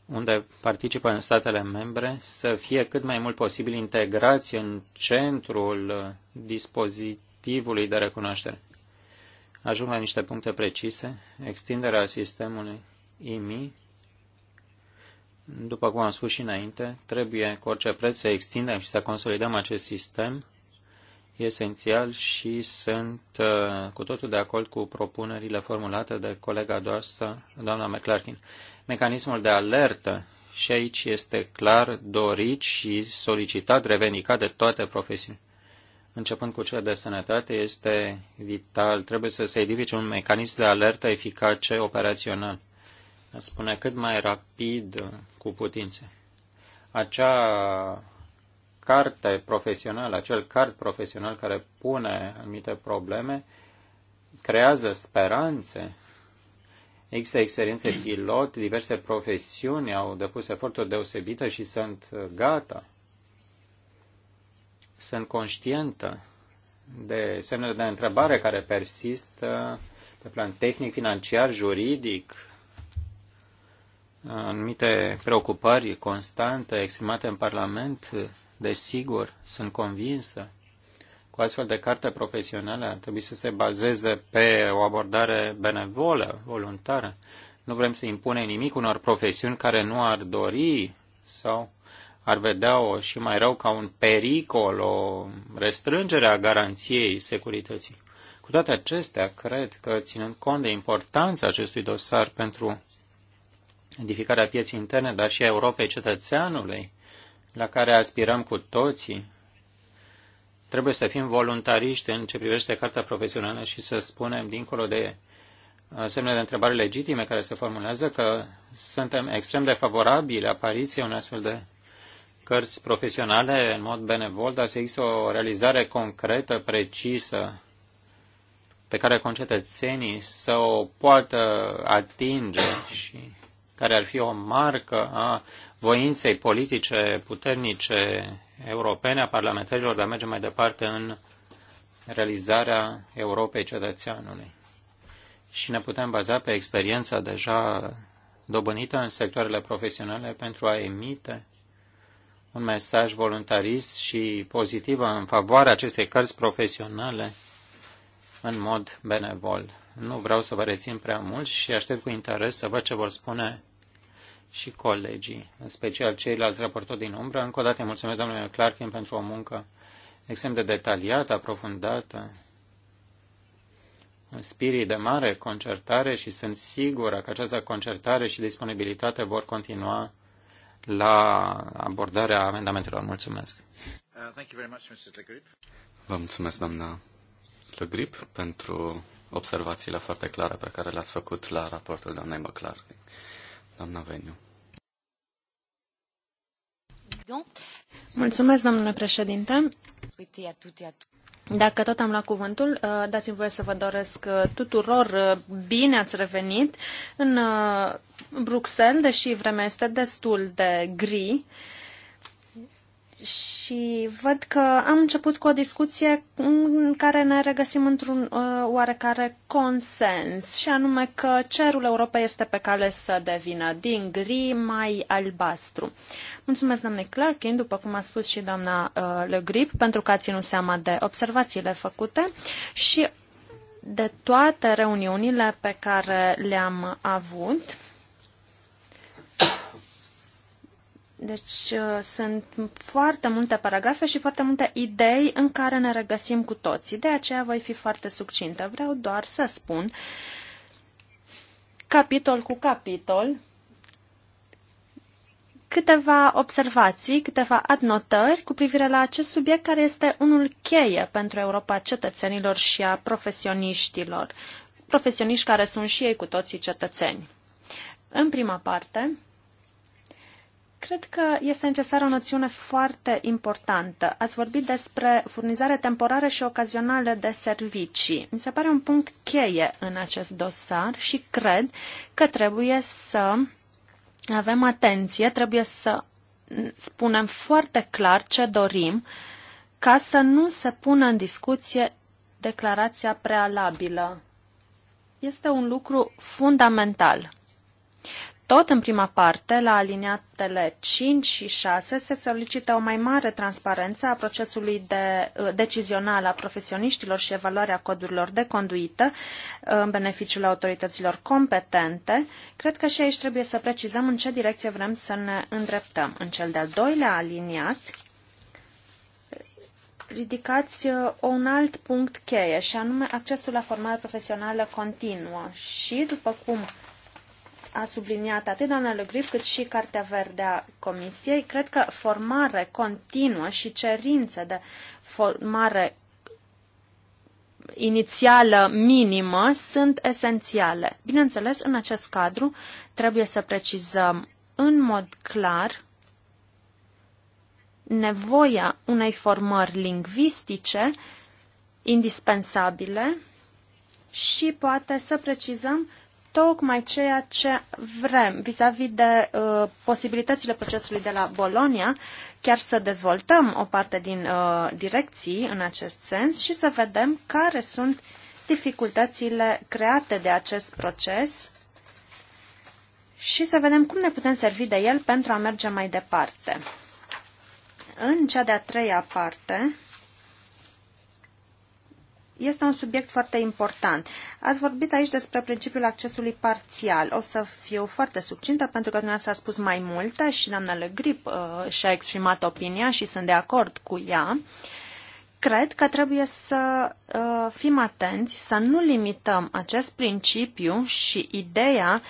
unde participă în statele membre, să fie cât mai mult posibil integrați în centrul uh, dispozitivului de recunoaștere ajung la niște puncte precise, extinderea sistemului IMI, după cum am spus și înainte, trebuie cu orice preț să extindem și să consolidăm acest sistem esențial și sunt uh, cu totul de acord cu propunerile formulate de colega doastră, doamna McClarkin. Mecanismul de alertă și aici este clar dorit și solicitat, revendicat de toate profesiunile începând cu cea de sănătate, este vital. Trebuie să se edifice un mecanism de alertă eficace operațional. Spune cât mai rapid cu putințe. Acea carte profesională, acel card profesional care pune anumite probleme, creează speranțe. Există experiențe pilot, diverse profesiuni au depus eforturi deosebite și sunt gata sunt conștientă de semnele de întrebare care persistă pe plan tehnic, financiar, juridic, anumite preocupări constante exprimate în Parlament, desigur, sunt convinsă cu astfel de carte profesională ar trebui să se bazeze pe o abordare benevolă, voluntară. Nu vrem să impunem nimic unor profesiuni care nu ar dori sau ar vedea-o și mai rău ca un pericol, o restrângere a garanției securității. Cu toate acestea, cred că, ținând cont de importanța acestui dosar pentru edificarea pieții interne, dar și a Europei cetățeanului, la care aspirăm cu toții, trebuie să fim voluntariști în ce privește cartea profesională și să spunem, dincolo de uh, semne de întrebare legitime care se formulează, că suntem extrem de favorabili apariției unui astfel de cărți profesionale în mod benevol, dar să există o realizare concretă, precisă, pe care concetățenii să o poată atinge și care ar fi o marcă a voinței politice puternice europene a parlamentarilor de a merge mai departe în realizarea Europei cetățeanului. Și ne putem baza pe experiența deja dobândită în sectoarele profesionale pentru a emite un mesaj voluntarist și pozitiv în favoarea acestei cărți profesionale în mod benevol. Nu vreau să vă rețin prea mult și aștept cu interes să văd ce vor spune și colegii, în special ceilalți raportori din umbră. Încă o dată mulțumesc domnului Clarkin pentru o muncă extrem de detaliată, aprofundată, un spirit de mare concertare și sunt sigură că această concertare și disponibilitate vor continua la abordarea amendamentelor. Mulțumesc! Uh, Vă mulțumesc, doamna Le Grip, pentru observațiile foarte clare pe care le-ați făcut la raportul doamnei Măclar. Doamna Veniu. Mulțumesc, domnule președinte. Dacă tot am luat cuvântul, uh, dați-mi voie să vă doresc uh, tuturor uh, bine ați revenit în Bruxelles, deși vremea este destul de gri și văd că am început cu o discuție în care ne regăsim într-un uh, oarecare consens, și anume că cerul Europei este pe cale să devină din gri mai albastru. Mulțumesc, doamne Clarkin, după cum a spus și doamna uh, Le Grip, pentru că a ținut seama de observațiile făcute și de toate reuniunile pe care le-am avut Deci uh, sunt foarte multe paragrafe și foarte multe idei în care ne regăsim cu toții. De aceea voi fi foarte succintă. Vreau doar să spun capitol cu capitol câteva observații, câteva adnotări cu privire la acest subiect care este unul cheie pentru Europa cetățenilor și a profesioniștilor, profesioniști care sunt și ei cu toții cetățeni. În prima parte, Cred că este necesară o noțiune foarte importantă. Ați vorbit despre furnizare temporară și ocazională de servicii. Mi se pare un punct cheie în acest dosar și cred că trebuie să avem atenție, trebuie să spunem foarte clar ce dorim ca să nu se pună în discuție declarația prealabilă. Este un lucru fundamental. Tot în prima parte, la aliniatele 5 și 6, se solicită o mai mare transparență a procesului de, uh, decizional a profesioniștilor și evaluarea codurilor de conduită uh, în beneficiul autorităților competente. Cred că și aici trebuie să precizăm în ce direcție vrem să ne îndreptăm. În cel de-al doilea aliniat, ridicați uh, un alt punct cheie, și anume accesul la formare profesională continuă. Și, după cum a subliniat atât doamna Le Grip cât și Cartea Verde a Comisiei. Cred că formare continuă și cerință de formare inițială minimă sunt esențiale. Bineînțeles, în acest cadru trebuie să precizăm în mod clar nevoia unei formări lingvistice indispensabile și poate să precizăm tocmai ceea ce vrem vis-a-vis -vis de uh, posibilitățile procesului de la Bologna, chiar să dezvoltăm o parte din uh, direcții în acest sens și să vedem care sunt dificultățile create de acest proces și să vedem cum ne putem servi de el pentru a merge mai departe. În cea de-a treia parte, este un subiect foarte important. Ați vorbit aici despre principiul accesului parțial. O să fiu foarte succintă pentru că dumneavoastră a spus mai multe și doamna Le Grip uh, și-a exprimat opinia și sunt de acord cu ea. Cred că trebuie să uh, fim atenți, să nu limităm acest principiu și ideea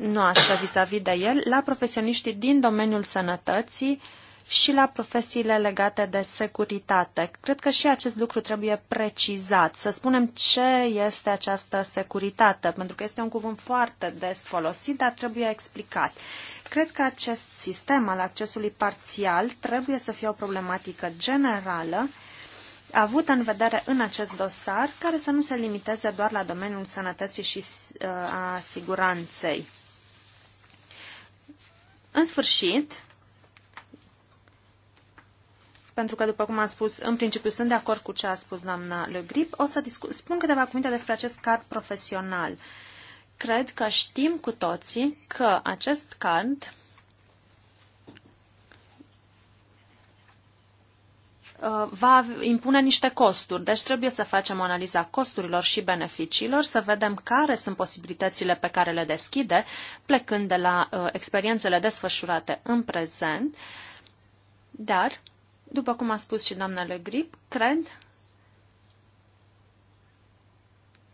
noastră vis-a-vis -vis de el la profesioniștii din domeniul sănătății uh, și la profesiile legate de securitate. Cred că și acest lucru trebuie precizat. Să spunem ce este această securitate, pentru că este un cuvânt foarte des folosit, dar trebuie explicat. Cred că acest sistem al accesului parțial trebuie să fie o problematică generală avută în vedere în acest dosar, care să nu se limiteze doar la domeniul sănătății și uh, a siguranței. În sfârșit, pentru că, după cum am spus, în principiu sunt de acord cu ce a spus doamna Le Grip. O să spun câteva cuvinte despre acest card profesional. Cred că știm cu toții că acest card uh, va impune niște costuri. Deci trebuie să facem o analiză a costurilor și beneficiilor, să vedem care sunt posibilitățile pe care le deschide, plecând de la uh, experiențele desfășurate în prezent. Dar după cum a spus și doamna Legrip, Grip, cred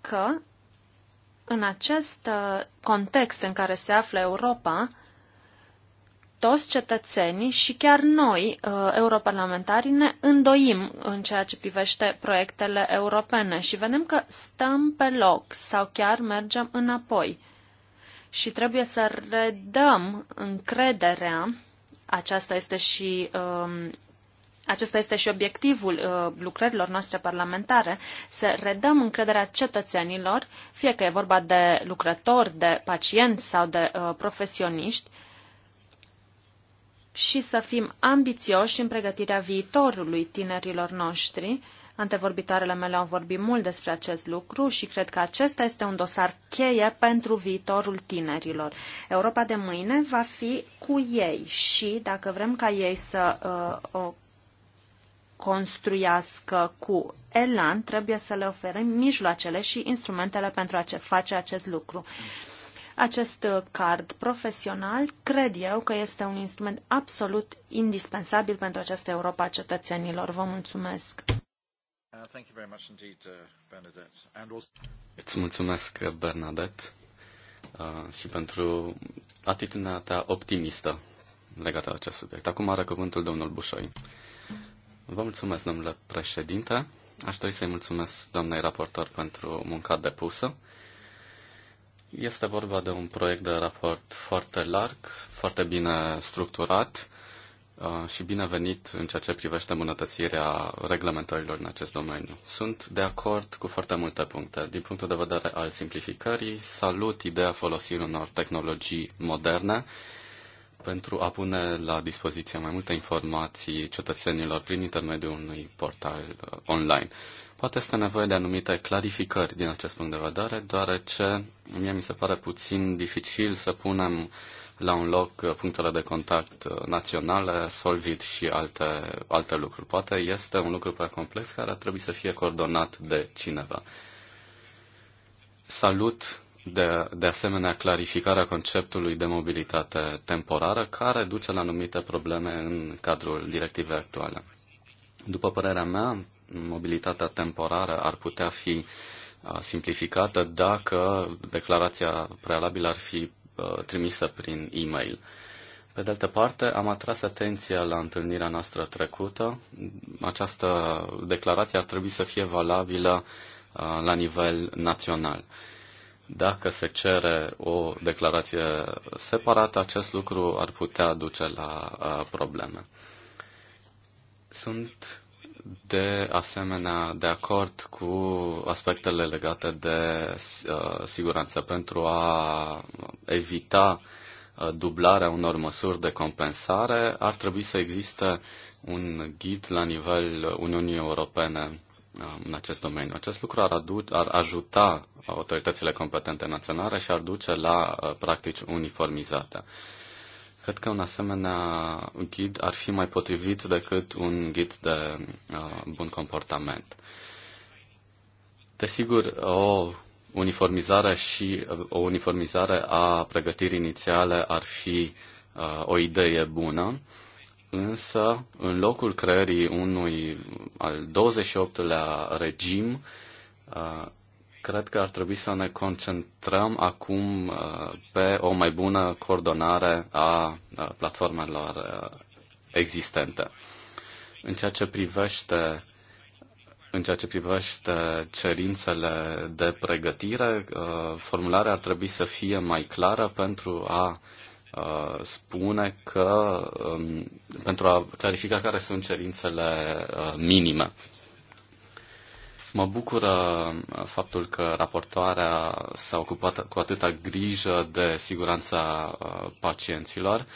că în acest uh, context în care se află Europa, toți cetățenii și chiar noi, uh, europarlamentarii, ne îndoim în ceea ce privește proiectele europene și vedem că stăm pe loc sau chiar mergem înapoi. Și trebuie să redăm încrederea, aceasta este și um, acesta este și obiectivul uh, lucrărilor noastre parlamentare, să redăm încrederea cetățenilor, fie că e vorba de lucrători, de pacienți sau de uh, profesioniști, și să fim ambițioși în pregătirea viitorului tinerilor noștri. Antevorbitoarele mele au vorbit mult despre acest lucru și cred că acesta este un dosar cheie pentru viitorul tinerilor. Europa de mâine va fi cu ei și dacă vrem ca ei să uh, o construiască cu elan, trebuie să le oferim mijloacele și instrumentele pentru a face acest lucru. Acest uh, card profesional cred eu că este un instrument absolut indispensabil pentru această Europa a cetățenilor. Vă mulțumesc! Uh, uh, Îți mulțumesc, Bernadette, și pentru atitudinea ta optimistă legată de acest subiect. Acum are cuvântul domnul Bușoi. Vă mulțumesc, domnule președinte. Aș dori să-i mulțumesc doamnei raportor pentru munca depusă. Este vorba de un proiect de raport foarte larg, foarte bine structurat uh, și binevenit în ceea ce privește îmbunătățirea reglementărilor în acest domeniu. Sunt de acord cu foarte multe puncte. Din punctul de vedere al simplificării, salut ideea folosirii unor tehnologii moderne pentru a pune la dispoziție mai multe informații cetățenilor prin intermediul unui portal uh, online. Poate este nevoie de anumite clarificări din acest punct de vedere, deoarece mie mi se pare puțin dificil să punem la un loc uh, punctele de contact uh, naționale, Solvit și alte, alte lucruri. Poate este un lucru prea complex care ar trebui să fie coordonat de cineva. Salut de, de asemenea clarificarea conceptului de mobilitate temporară, care duce la anumite probleme în cadrul directivei actuale. După părerea mea, mobilitatea temporară ar putea fi simplificată dacă declarația prealabilă ar fi trimisă prin e-mail. Pe de altă parte, am atras atenția la întâlnirea noastră trecută. Această declarație ar trebui să fie valabilă la nivel național. Dacă se cere o declarație separată, acest lucru ar putea duce la probleme. Sunt de asemenea de acord cu aspectele legate de siguranță pentru a evita dublarea unor măsuri de compensare, ar trebui să existe un ghid la nivel Uniunii Europene Um, în acest domeniu. Acest lucru ar, adu- ar ajuta autoritățile competente naționale și ar duce la uh, practici uniformizate. Cred că un asemenea ghid ar fi mai potrivit decât un ghid de uh, bun comportament. Desigur, o uniformizare și uh, o uniformizare a pregătirii inițiale ar fi o idee bună, însă în locul creării unui al 28-lea regim, uh, cred că ar trebui să ne concentrăm acum uh, pe o mai bună coordonare a uh, platformelor existente. În ceea ce privește în ceea ce privește cerințele de pregătire, formularea ar trebui să fie mai clară pentru a Uh, spune că, um, pentru a clarifica care sunt cerințele uh, minime, Mă bucură uh, faptul că raportoarea s-a ocupat cu atâta grijă de siguranța pacienților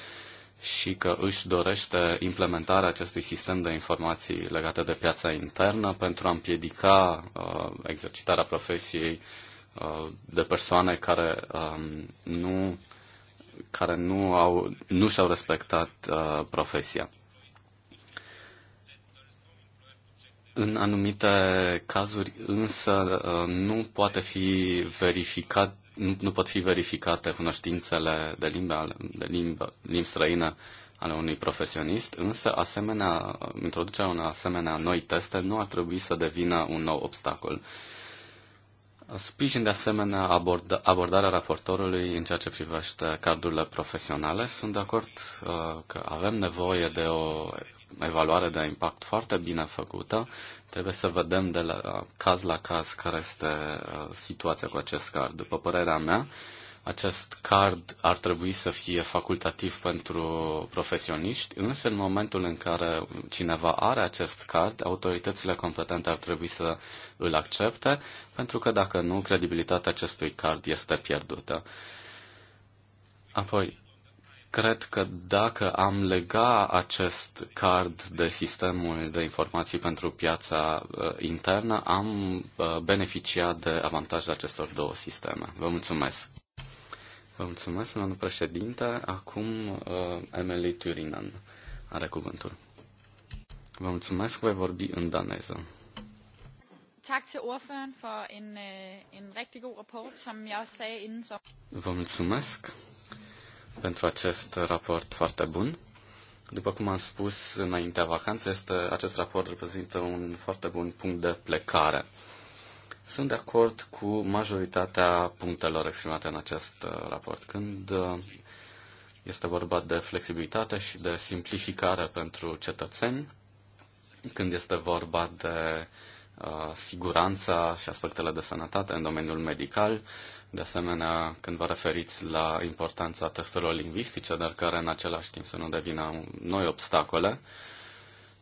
și că își dorește implementarea acestui sistem de informații legate de piața internă pentru a împiedica uh, exercitarea profesiei uh, de persoane care um, nu care nu, au, nu și-au respectat uh, profesia. În anumite cazuri însă uh, nu poate fi verificat nu, nu pot fi verificate cunoștințele de limba, de limba, limbi străină ale unui profesionist, însă asemenea, introducerea unei asemenea noi teste nu ar trebui să devină un nou obstacol. Uh, Sprijin de asemenea aborda, abordarea raportorului în ceea ce privește cardurile profesionale. Sunt de acord uh, că avem nevoie de o evaluare de impact foarte bine făcută. Trebuie să vedem de la caz la caz care este uh, situația cu acest card. După părerea mea, acest card ar trebui să fie facultativ pentru profesioniști, însă în momentul în care cineva are acest card, autoritățile competente ar trebui să îl accepte, pentru că dacă nu, credibilitatea acestui card este pierdută. Apoi, cred că dacă am lega acest card de sistemul de informații pentru piața uh, internă, am uh, beneficiat de avantajul acestor două sisteme. Vă mulțumesc! Vă mulțumesc, domnul președinte. Acum, uh, Emily Turinen are cuvântul. Vă mulțumesc, voi vorbi în daneză. Tak til ordføreren for en, øh, en rigtig god rapport, som jeg også sagde inden så. Vă mulțumesc pentru acest raport foarte bun. După cum am spus înaintea vacanței, este, acest raport reprezintă un foarte bun punct de plecare. Sunt de acord cu majoritatea punctelor exprimate în acest uh, raport. Când uh, este vorba de flexibilitate și de simplificare pentru cetățeni, când este vorba de Uh, siguranța și aspectele de sănătate în domeniul medical. De asemenea, când vă referiți la importanța testelor lingvistice, dar care în același timp să nu devină noi obstacole,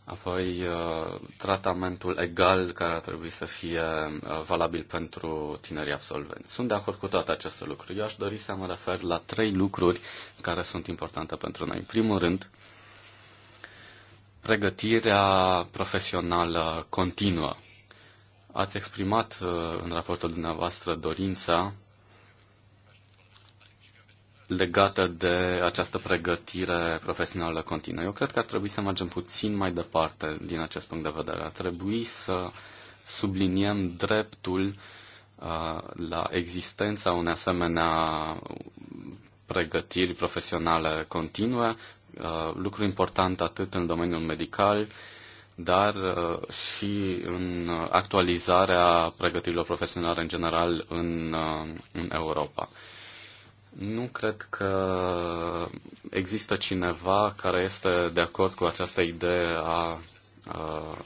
apoi uh, tratamentul egal care ar trebui să fie uh, valabil pentru tinerii absolvenți. Sunt de acord cu toate aceste lucruri. Eu aș dori să mă refer la trei lucruri care sunt importante pentru noi. În primul rând, pregătirea profesională continuă Ați exprimat uh, în raportul dumneavoastră dorința legată de această pregătire profesională continuă. Eu cred că ar trebui să mergem puțin mai departe din acest punct de vedere. Ar trebui să subliniem dreptul uh, la existența unei asemenea pregătiri profesionale continue, uh, lucru important atât în domeniul medical, dar uh, și în actualizarea pregătirilor profesionale în general în, uh, în Europa. Nu cred că există cineva care este de acord cu această idee a, uh,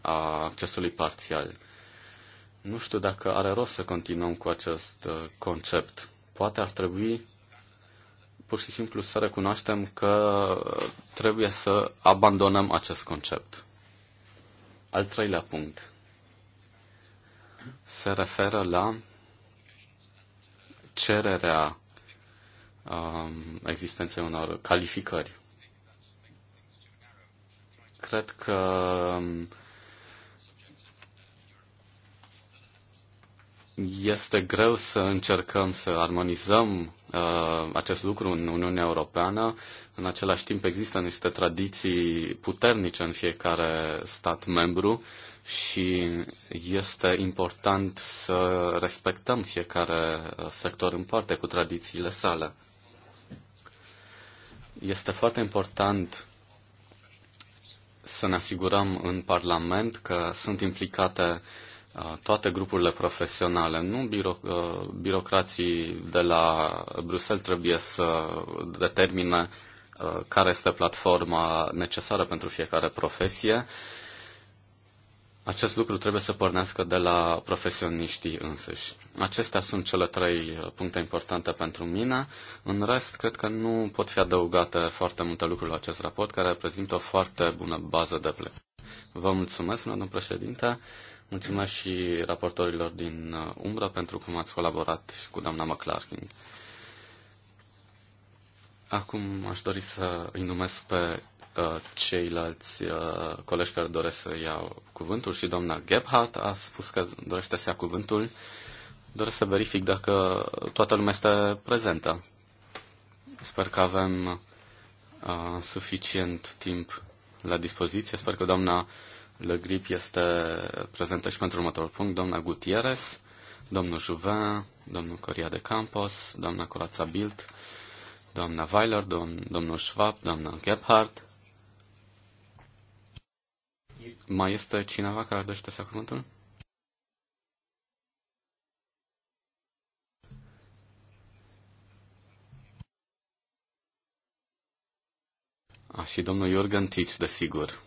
a, accesului parțial. Nu știu dacă are rost să continuăm cu acest concept. Poate ar trebui pur și simplu să recunoaștem că trebuie să abandonăm acest concept. Al treilea punct se referă la cererea um, existenței unor calificări. Cred că um, este greu să încercăm să armonizăm Uh, acest lucru în Uniunea Europeană. În același timp există niște tradiții puternice în fiecare stat membru și este important să respectăm fiecare uh, sector în parte cu tradițiile sale. Este foarte important să ne asigurăm în Parlament că sunt implicate uh, toate grupurile profesionale, nu biro, uh, birocrații de la Bruxelles trebuie să determine uh, care este platforma necesară pentru fiecare profesie. Acest lucru trebuie să pornească de la profesioniștii însăși. Acestea sunt cele trei uh, puncte importante pentru mine. În rest, cred că nu pot fi adăugate foarte multe lucruri la acest raport, care reprezintă o foarte bună bază de plecare. Vă mulțumesc, domnul președinte. Mulțumesc și raportorilor din uh, Umbra pentru cum ați colaborat și cu doamna McClarkin. Acum aș dori să îi numesc pe uh, ceilalți uh, colegi care doresc să iau cuvântul și doamna Gebhardt a spus că dorește să ia cuvântul. Doresc să verific dacă toată lumea este prezentă. Sper că avem uh, suficient timp la dispoziție. Sper că doamna le Grip este prezentă și pentru următorul punct, doamna Gutierrez, domnul Juvin, domnul Coria de Campos, doamna Corața Bild, doamna Weiler, dom- domnul Schwab, doamna Gebhardt. Mai este cineva care dorește să cuvântul? A, și domnul Jorgen Tic, desigur.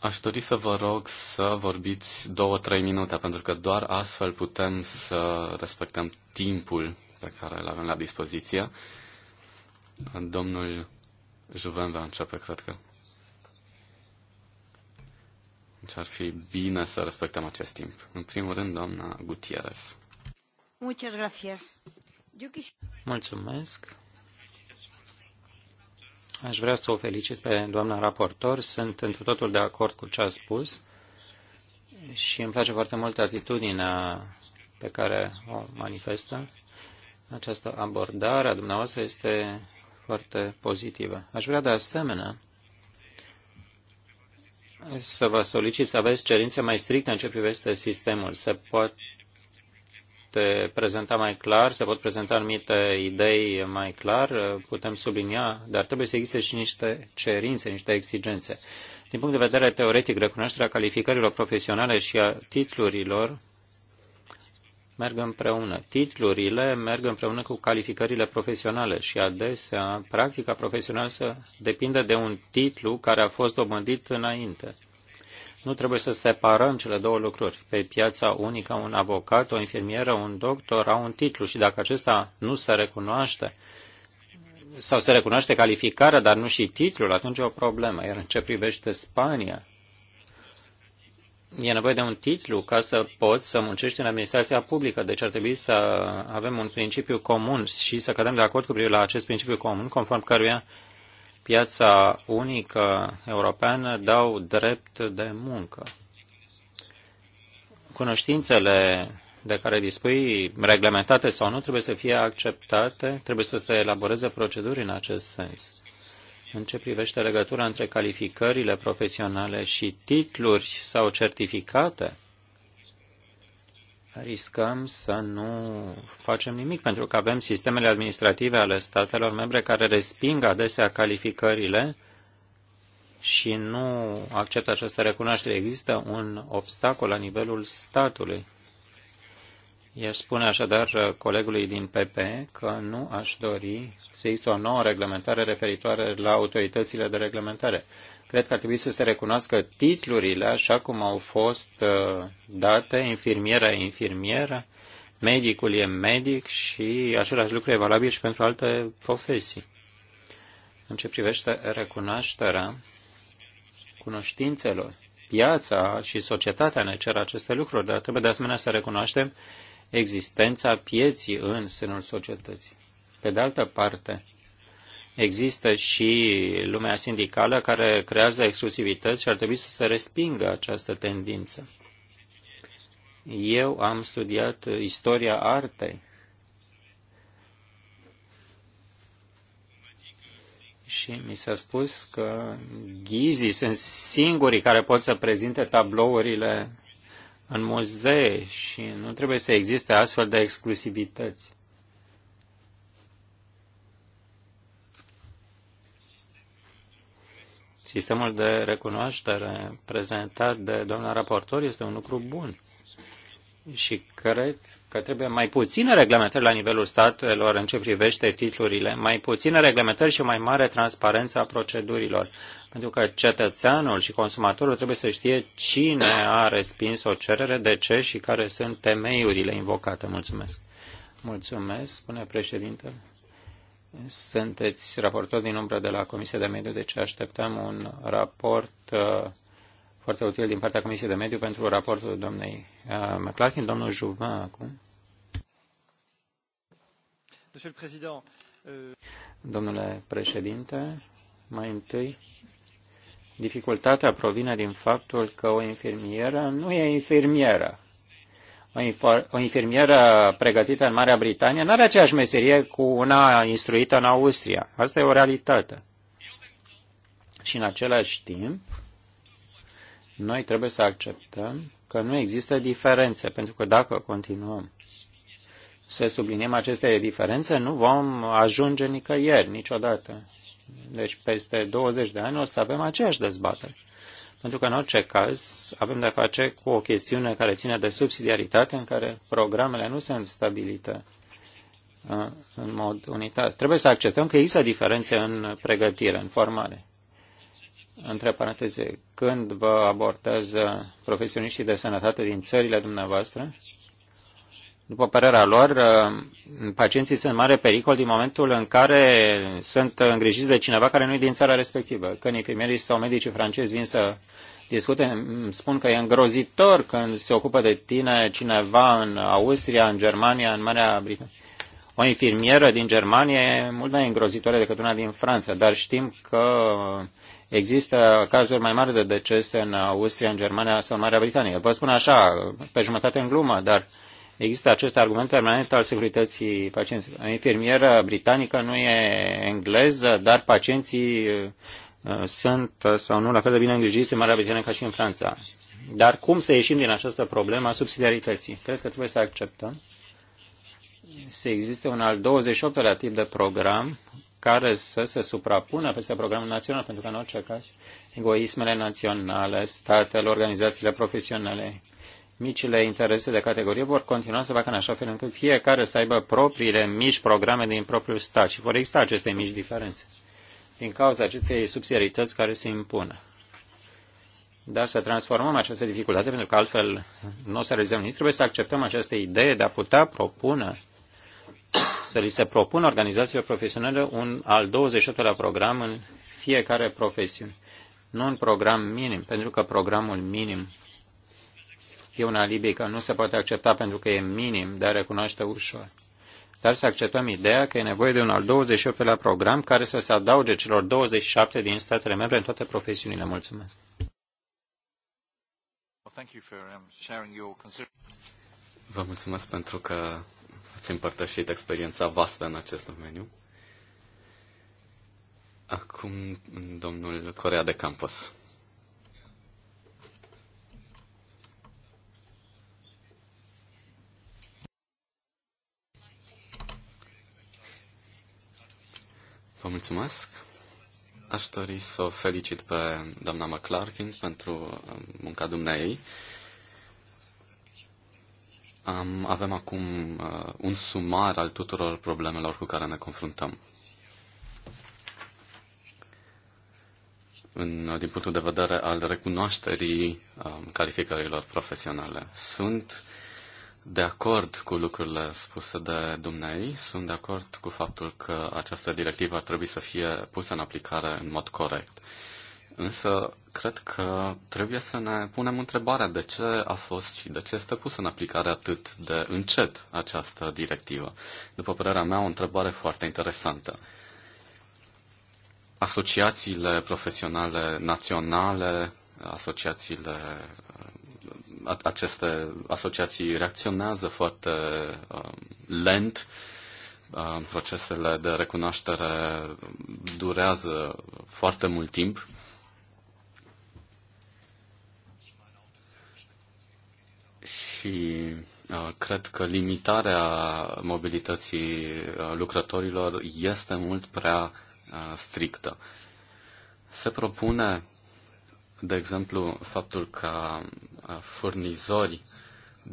Aș dori să vă rog să vorbiți două-trei minute, pentru că doar astfel putem să respectăm timpul pe care îl avem la dispoziție. Domnul Juven va începe, cred că. Deci ar fi bine să respectăm acest timp. În primul rând, doamna Gutierrez. Mulțumesc. Aș vrea să o felicit pe doamna raportor. Sunt într totul de acord cu ce a spus și îmi place foarte mult atitudinea pe care o manifestă. Această abordare a dumneavoastră este foarte pozitivă. Aș vrea de asemenea să vă solicit să aveți cerințe mai stricte în ce privește sistemul. Se pot poate prezenta mai clar, se pot prezenta anumite idei mai clar, putem sublinia, dar trebuie să existe și niște cerințe, niște exigențe. Din punct de vedere teoretic, recunoașterea calificărilor profesionale și a titlurilor merg împreună. Titlurile merg împreună cu calificările profesionale și adesea practica profesională depinde de un titlu care a fost dobândit înainte. Nu trebuie să separăm cele două lucruri. Pe piața unică, un avocat, o infirmieră, un doctor au un titlu și dacă acesta nu se recunoaște, sau se recunoaște calificarea, dar nu și titlul, atunci e o problemă. Iar în ce privește Spania, e nevoie de un titlu ca să poți să muncești în administrația publică. Deci ar trebui să avem un principiu comun și să cădem de acord cu privire la acest principiu comun, conform căruia piața unică europeană dau drept de muncă. Cunoștințele de care dispui, reglementate sau nu, trebuie să fie acceptate, trebuie să se elaboreze proceduri în acest sens. În ce privește legătura între calificările profesionale și titluri sau certificate, riscăm să nu facem nimic, pentru că avem sistemele administrative ale statelor membre care resping adesea calificările și nu acceptă această recunoaștere. Există un obstacol la nivelul statului. I-aș spune așadar colegului din PP că nu aș dori să există o nouă reglementare referitoare la autoritățile de reglementare. Cred că ar trebui să se recunoască titlurile așa cum au fost uh, date, infirmiera e infirmieră, medicul e medic și același lucru e valabil și pentru alte profesii. În ce privește recunoașterea cunoștințelor, piața și societatea ne cer aceste lucruri, dar trebuie de asemenea să recunoaștem existența pieții în sânul societății. Pe de altă parte, Există și lumea sindicală care creează exclusivități și ar trebui să se respingă această tendință. Eu am studiat istoria artei și mi s-a spus că ghizii sunt singurii care pot să prezinte tablourile în muzee și nu trebuie să existe astfel de exclusivități. Sistemul de recunoaștere prezentat de doamna raportor este un lucru bun și cred că trebuie mai puține reglementări la nivelul statelor în ce privește titlurile, mai puține reglementări și mai mare transparență a procedurilor. Pentru că cetățeanul și consumatorul trebuie să știe cine a respins o cerere, de ce și care sunt temeiurile invocate. Mulțumesc. Mulțumesc, spune președintele. Sunteți raportor din umbră de la Comisia de Mediu, deci așteptăm un raport uh, foarte util din partea Comisiei de Mediu pentru raportul domnei uh, McLaughlin. Domnul Juvin acum. Euh, Domnule președinte, mai întâi, dificultatea provine din faptul că o infirmieră nu e infirmieră o infirmieră pregătită în Marea Britanie nu are aceeași meserie cu una instruită în Austria. Asta e o realitate. Și în același timp, noi trebuie să acceptăm că nu există diferențe, pentru că dacă continuăm să subliniem aceste diferențe, nu vom ajunge nicăieri, niciodată. Deci peste 20 de ani o să avem aceeași dezbatere pentru că în orice caz avem de-a face cu o chestiune care ține de subsidiaritate în care programele nu sunt stabilite uh, în mod unitar. Trebuie să acceptăm că există diferențe în pregătire, în formare. Între paranteze, când vă abordează profesioniștii de sănătate din țările dumneavoastră, după părerea lor, uh, pacienții sunt în mare pericol din momentul în care sunt îngrijiți de cineva care nu e din țara respectivă. Când infirmierii sau medicii francezi vin să discute, îmi spun că e îngrozitor când se ocupă de tine cineva în Austria, în Germania, în Marea Britanie. O infirmieră din Germania e mult mai îngrozitoare decât una din Franța, dar știm că există cazuri mai mari de decese în Austria, în Germania sau în Marea Britanie. Vă spun așa, pe jumătate în glumă, dar uh, Există acest argument permanent al securității pacienților. Infirmiera britanică nu e engleză, dar pacienții uh, uh, sunt uh, sau nu la fel de bine îngrijiți în Marea Britanie ca și în Franța. Dar cum să ieșim din această problemă a subsidiarității? Cred că trebuie să acceptăm să existe un al 28-lea tip de program care să se suprapună peste programul național, pentru că în orice caz egoismele naționale, statele, organizațiile profesionale micile interese de categorie vor continua să facă în așa fel încât fiecare să aibă propriile mici programe din propriul stat și vor exista aceste mici diferențe din cauza acestei subsidiarități care se impună Dar să transformăm această dificultate, pentru că altfel nu o să realizăm nici, trebuie să acceptăm această idee de a putea propune, să li se propună organizațiilor profesionale un al 28-lea program în fiecare profesiune. Nu un program minim, pentru că programul minim E un alibi că nu se poate accepta pentru că e minim, dar recunoaște ușor. Dar să acceptăm ideea că e nevoie de un al 28-lea program care să se adauge celor 27 din statele membre în toate profesiunile. Mulțumesc! Um, Vă mulțumesc pentru că ați împărtășit experiența vastă în acest domeniu. Acum, domnul Corea de Campos. Vă mulțumesc. Aș dori să o felicit pe doamna McClarkin pentru um, munca dumneei. Am avem acum uh, un sumar al tuturor problemelor cu care ne confruntăm. În, din punctul de vedere al recunoașterii uh, calificărilor profesionale. Sunt uh, de acord cu lucrurile spuse de dumnei. Sunt de acord cu faptul că această directivă ar trebui să fie pusă în aplicare în mod corect. Însă, cred că trebuie să ne punem întrebarea de ce a fost și de ce este pusă în aplicare atât de încet această directivă. După părerea mea, o întrebare foarte interesantă. Asociațiile profesionale naționale, asociațiile aceste asociații reacționează foarte um, lent. Um, procesele de recunoaștere durează foarte mult timp. Și uh, cred că limitarea mobilității uh, lucrătorilor este mult prea uh, strictă. Se propune de exemplu, faptul că furnizori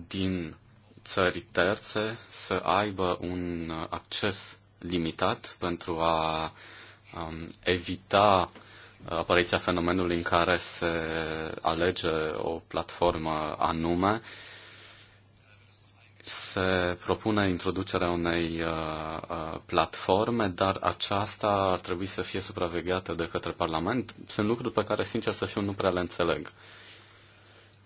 din țări terțe să aibă un acces limitat pentru a um, evita apariția fenomenului în care se alege o platformă anume se propune introducerea unei uh, uh, platforme, dar aceasta ar trebui să fie supravegheată de către Parlament. Sunt lucruri pe care, sincer să fiu, nu prea le înțeleg.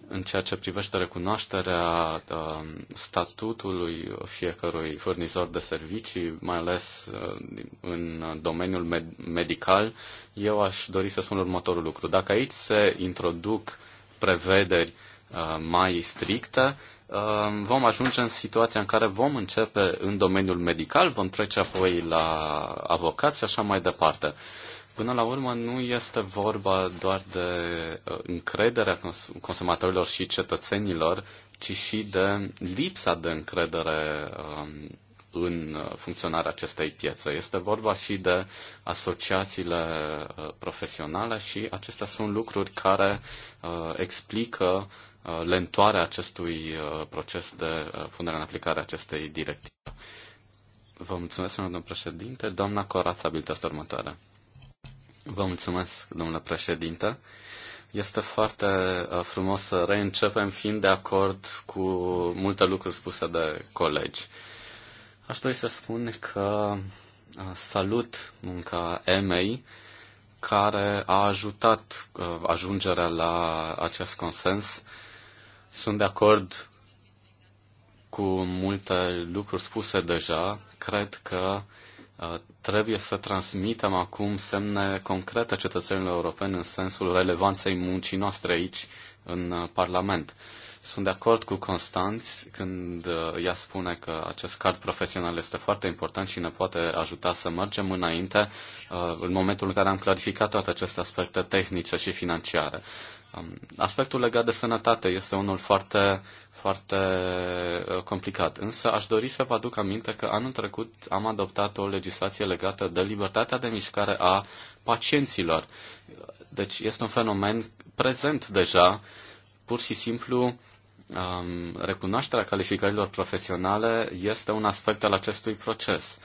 În ceea ce privește recunoașterea uh, statutului fiecărui furnizor de servicii, mai ales uh, în domeniul med- medical, eu aș dori să spun următorul lucru. Dacă aici se introduc prevederi uh, mai stricte, vom ajunge în situația în care vom începe în domeniul medical, vom trece apoi la avocat și așa mai departe. Până la urmă nu este vorba doar de uh, încrederea consumatorilor și cetățenilor, ci și de lipsa de încredere um, în uh, funcționarea acestei piețe. Este vorba și de asociațiile uh, profesionale și acestea sunt lucruri care explică Uh, lentoarea acestui uh, proces de uh, punere în aplicare a acestei directive. Vă mulțumesc, domnule președinte. Doamna Corața abilitatea următoare. Vă mulțumesc, domnule președinte. Este foarte frumos să reîncepem fiind de acord cu multe lucruri spuse de colegi. Aș dori să spun că salut munca EMEI, care a ajutat ajungerea la acest consens sunt de acord cu multe lucruri spuse deja. Cred că uh, trebuie să transmitem acum semne concrete cetățenilor europeni în sensul relevanței muncii noastre aici, în uh, Parlament. Sunt de acord cu Constanț când uh, ea spune că acest card profesional este foarte important și ne poate ajuta să mergem înainte în momentul în care am clarificat toate aceste aspecte tehnice și financiare. Aspectul legat de sănătate este unul foarte, foarte uh, complicat, însă aș dori să vă aduc aminte că anul trecut am adoptat o legislație legată de libertatea de mișcare a pacienților. Deci este un fenomen prezent deja, pur și simplu um, recunoașterea calificărilor profesionale este un aspect al acestui proces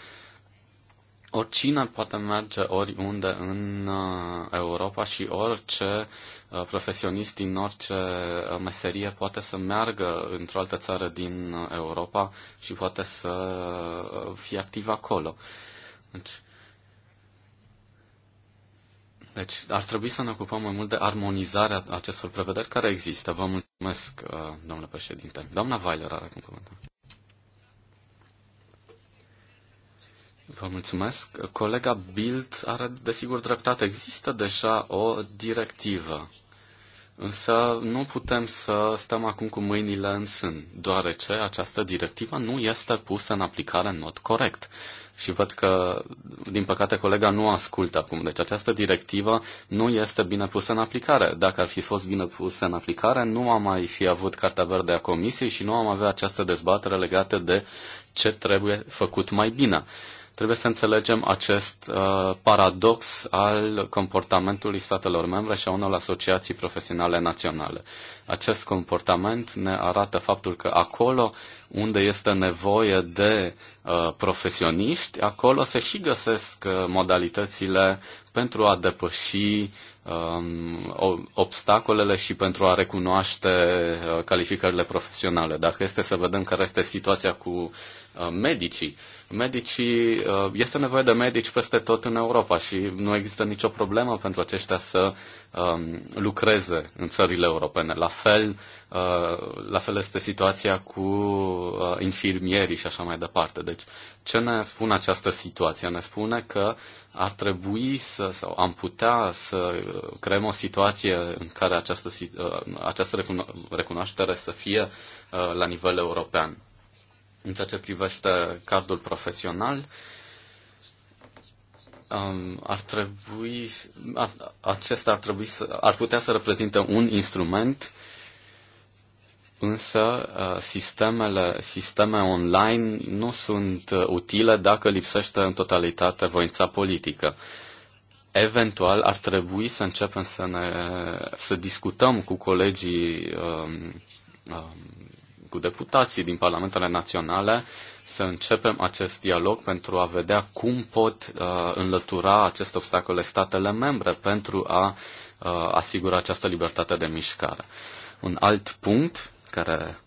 oricine poate merge oriunde în uh, Europa și orice uh, profesionist din orice uh, meserie poate să meargă într-o altă țară din Europa și poate să fie activ acolo. Deci, deci ar trebui să ne ocupăm mai mult de armonizarea acestor prevederi care există. Vă mulțumesc, domnule președinte. Doamna Weiler are acum cuvântul. Vă mulțumesc. Colega Bild are desigur dreptate. Există deja o directivă. Însă nu putem să stăm acum cu mâinile în sân, deoarece această directivă nu este pusă în aplicare în mod corect. Și văd că, din păcate, colega nu ascultă acum. Deci această directivă nu este bine pusă în aplicare. Dacă ar fi fost bine pusă în aplicare, nu am mai fi avut Cartea Verde a Comisiei și nu am avea această dezbatere legată de ce trebuie făcut mai bine. Trebuie să înțelegem acest uh, paradox al comportamentului statelor membre și a unor asociații profesionale naționale. Acest comportament ne arată faptul că acolo unde este nevoie de uh, profesioniști, acolo se și găsesc uh, modalitățile pentru a depăși um, obstacolele și pentru a recunoaște uh, calificările profesionale. Dacă este să vedem care este situația cu uh, medicii, medicii, uh, este nevoie de medici peste tot în Europa și nu există nicio problemă pentru aceștia să um, lucreze în țările europene. La fel, uh, la fel este situația cu uh, infirmierii și așa mai departe. Deci ce ne spune această situație? Ne spune că ar trebui să, sau am putea să creăm o situație în care această, uh, această recunoaștere să fie uh, la nivel european. În ceea ce privește cardul profesional, um, ar trebui, acesta ar, trebui să, ar putea să reprezinte un instrument uh, însă uh, sistemele, sisteme online nu sunt uh, utile dacă lipsește în totalitate voința politică. Eventual ar trebui să începem să, ne, să discutăm cu colegii, um, um, cu deputații din Parlamentele Naționale, să începem acest dialog pentru a vedea cum pot uh, înlătura aceste obstacole statele membre pentru a asigura această libertate de mișcare. Un alt punct care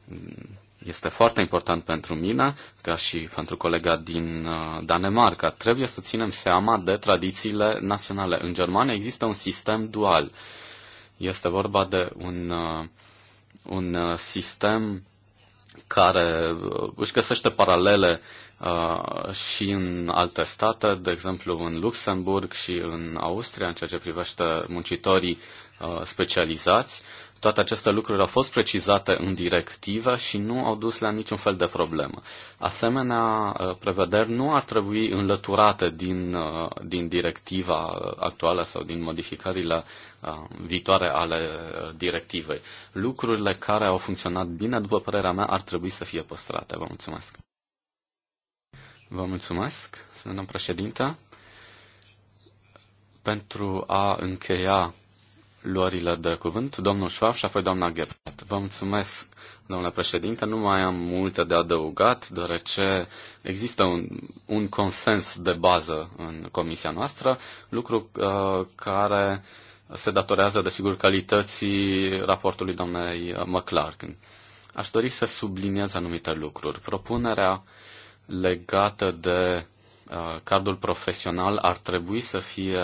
este foarte important pentru mine, ca și pentru colega din uh, Danemarca. Trebuie să ținem seama de tradițiile naționale. În Germania există un sistem dual. Este vorba de un, uh, un uh, sistem care își găsește paralele și în alte state, de exemplu în Luxemburg și în Austria, în ceea ce privește muncitorii specializați. Toate aceste lucruri au fost precizate în directivă și nu au dus la niciun fel de problemă. Asemenea, uh, prevederi nu ar trebui înlăturate din, uh, din directiva uh, actuală sau din modificările viitoare ale directivei. Lucrurile care au funcționat bine, după părerea mea, ar trebui să fie păstrate. Vă mulțumesc. Vă mulțumesc, domnul președinte. Pentru a încheia luările de cuvânt, domnul Schwab și apoi doamna Gephardt. Vă mulțumesc, domnule președinte. Nu mai am multe de adăugat, deoarece există un, un consens de bază în comisia noastră, lucru uh, care se datorează, desigur, calității raportului doamnei McClarkin. Aș dori să subliniez anumite lucruri. Propunerea legată de Uh, cadrul profesional ar trebui să fie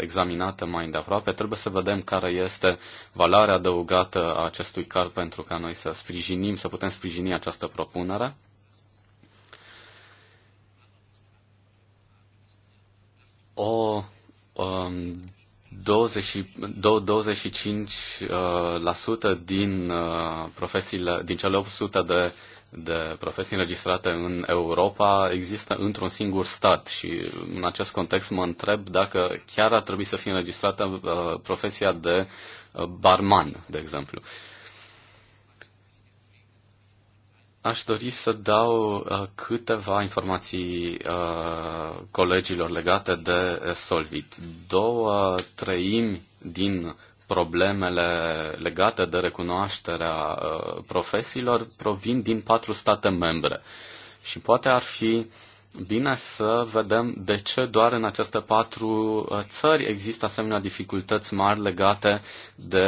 examinată mai îndeaproape. Trebuie să vedem care este valoarea adăugată a acestui card pentru ca noi să sprijinim, să putem sprijini această propunere. O um, 20, 25% uh, din uh, profesiile, din cele 800 de de profesii înregistrate în Europa există într-un singur stat și în acest context mă întreb dacă chiar ar trebui să fie înregistrată uh, profesia de uh, barman, de exemplu. Aș dori să dau uh, câteva informații uh, colegilor legate de uh, Solvit. Două treimi din problemele legate de recunoașterea uh, profesiilor provin din patru state membre. Și poate ar fi bine să vedem de ce doar în aceste patru uh, țări există asemenea dificultăți mari legate de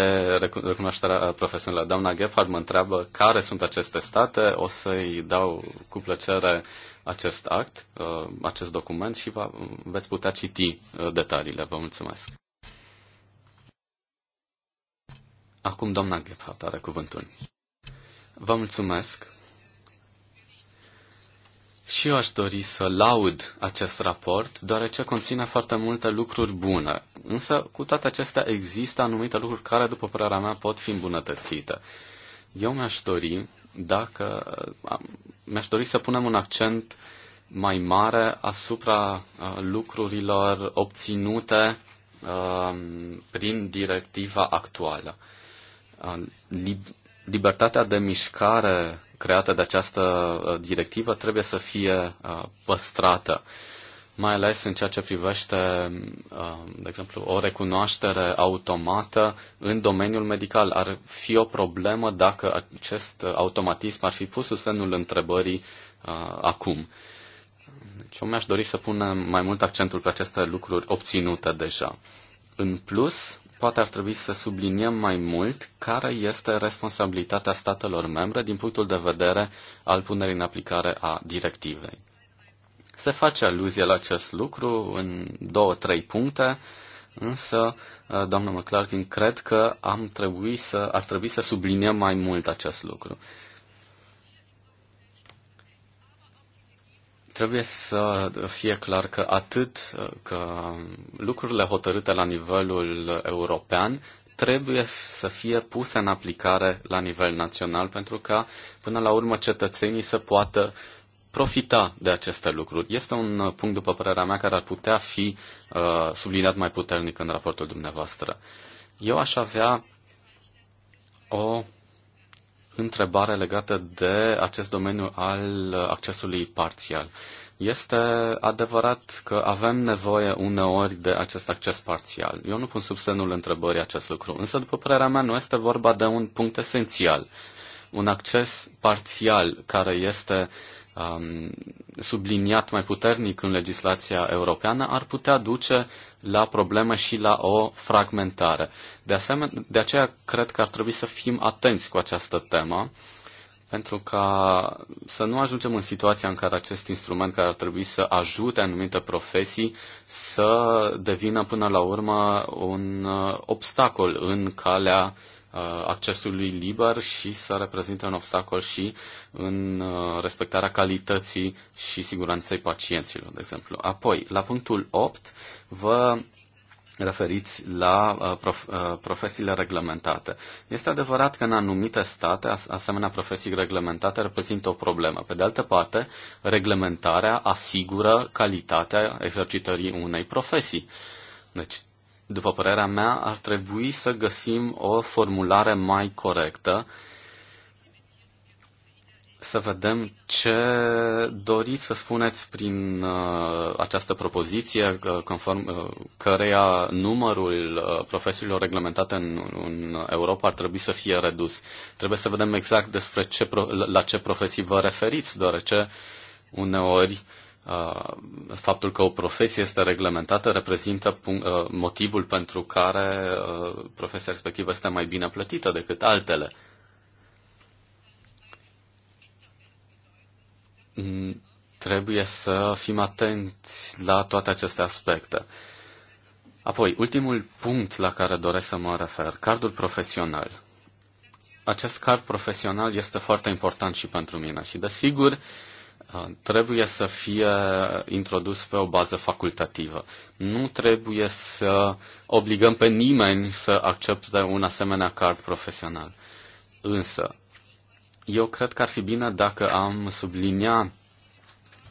recunoașterea profesională. Doamna Gephardt mă întreabă care sunt aceste state, o să-i dau cu plăcere acest act, uh, acest document și va, veți putea citi detaliile. Vă mulțumesc. Acum doamna Gephardt are cuvântul. Vă mulțumesc. Și eu aș dori să laud acest raport, deoarece conține foarte multe lucruri bune. Însă, cu toate acestea, există anumite lucruri care, după părerea mea, pot fi îmbunătățite. Eu mi-aș dori, dacă, mi-aș dori să punem un accent mai mare asupra uh, lucrurilor obținute uh, prin directiva actuală libertatea de mișcare creată de această uh, directivă trebuie să fie uh, păstrată, mai ales în ceea ce privește, uh, de exemplu, o recunoaștere automată în domeniul medical. Ar fi o problemă dacă acest automatism ar fi pus sub semnul întrebării acum. Deci eu mi-aș dori să punem mai mult accentul pe aceste lucruri obținute deja. În plus, Poate ar trebui să subliniem mai mult care este responsabilitatea statelor membre din punctul de vedere al punerii în aplicare a directivei. Se face aluzie la acest lucru în două, trei puncte, însă, uh, doamnă McClarkin, cred că am trebui să, ar trebui să subliniem mai mult acest lucru. Trebuie să fie clar că atât că lucrurile hotărâte la nivelul european trebuie să fie puse în aplicare la nivel național pentru ca până la urmă cetățenii să poată profita de aceste lucruri. Este un punct, după părerea mea, care ar putea fi uh, subliniat mai puternic în raportul dumneavoastră. Eu aș avea o întrebare legată de acest domeniu al accesului parțial. Este adevărat că avem nevoie uneori de acest acces parțial. Eu nu pun sub semnul întrebării acest lucru, însă, după părerea mea, nu este vorba de un punct esențial. Un acces parțial care este uh, um, subliniat mai puternic în legislația europeană ar putea duce la probleme și la o fragmentare. De, asemenea, de aceea cred că ar trebui să fim atenți cu această temă pentru ca să nu ajungem în situația în care acest instrument care ar trebui să ajute anumite profesii să devină până la urmă un uh, obstacol în calea Uh, accesului liber și să reprezinte un obstacol și în uh, respectarea calității și siguranței pacienților, de exemplu. Apoi, la punctul 8, vă referiți la uh, prof- profesiile reglementate. Este adevărat că în anumite state asemenea profesii reglementate reprezintă o problemă. Pe de altă parte, reglementarea asigură calitatea exercitării unei profesii. Deci după părerea mea, ar trebui să găsim o formulare mai corectă să vedem ce doriți să spuneți prin uh, această propoziție, uh, conform uh, căreia numărul uh, profesiilor reglementate în, în Europa ar trebui să fie redus. Trebuie să vedem exact despre ce, la ce profesii vă referiți, deoarece uneori uh, Uh, faptul că o profesie este reglementată reprezintă uh, motivul pentru care uh, profesia respectivă este mai bine plătită decât altele. Mm, trebuie să fim atenți la toate aceste aspecte. Apoi, ultimul punct la care doresc să mă refer, cardul profesional. Acest card profesional este foarte important și pentru mine și, desigur, uh, Ah, trebuie să fie introdus pe o bază facultativă. Nu trebuie să obligăm pe nimeni să accepte un asemenea card profesional. Însă, eu cred că ar fi bine dacă am subliniat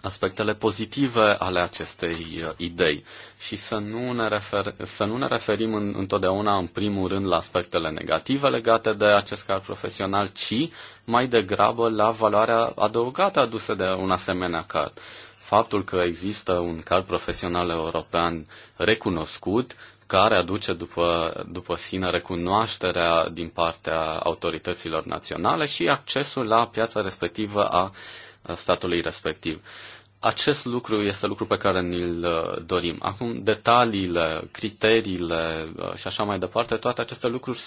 aspectele pozitive ale acestei uh, idei și să nu ne, refer, să nu ne referim în, întotdeauna în primul rând la aspectele negative legate de acest car profesional, ci mai degrabă la valoarea adăugată adusă de un asemenea car. Faptul că există un car profesional european recunoscut care aduce după, după sine recunoașterea din partea autorităților naționale și accesul la piața respectivă a statului respectiv. Acest lucru este lucru pe care ni-l uh, dorim. Acum, detaliile, criteriile uh, și așa mai departe, toate aceste lucruri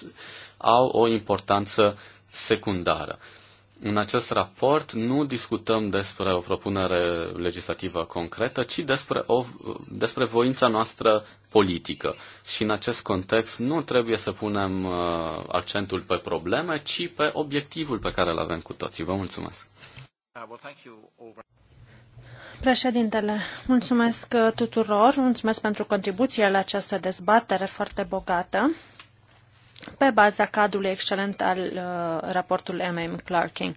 au o importanță secundară. În acest raport nu discutăm despre o propunere legislativă concretă, ci despre, o, uh, despre voința noastră politică. Și în acest context nu trebuie să punem accentul pe probleme, ci pe obiectivul pe care îl avem cu toții. Vă mulțumesc! Președintele, mulțumesc uh, tuturor, mulțumesc pentru contribuția la această dezbatere foarte bogată pe baza cadrului excelent al uh, raportului MM Clarking.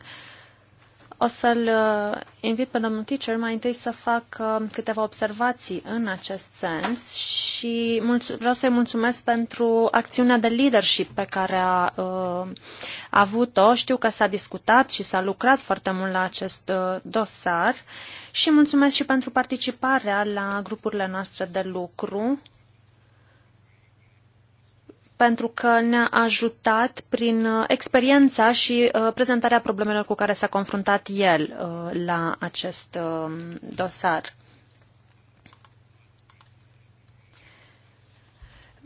O să-l uh, invit pe domnul teacher mai întâi să fac um, câteva observații în acest sens și vreau să-i mulțumesc pentru acțiunea de leadership pe care a, a uh, avut-o. Știu că s-a discutat și s-a lucrat foarte mult la acest uh, dosar și mulțumesc și pentru participarea la grupurile noastre de lucru pentru că ne-a ajutat prin uh, experiența și uh, prezentarea problemelor cu care s-a confruntat el uh, la acest um, dosar.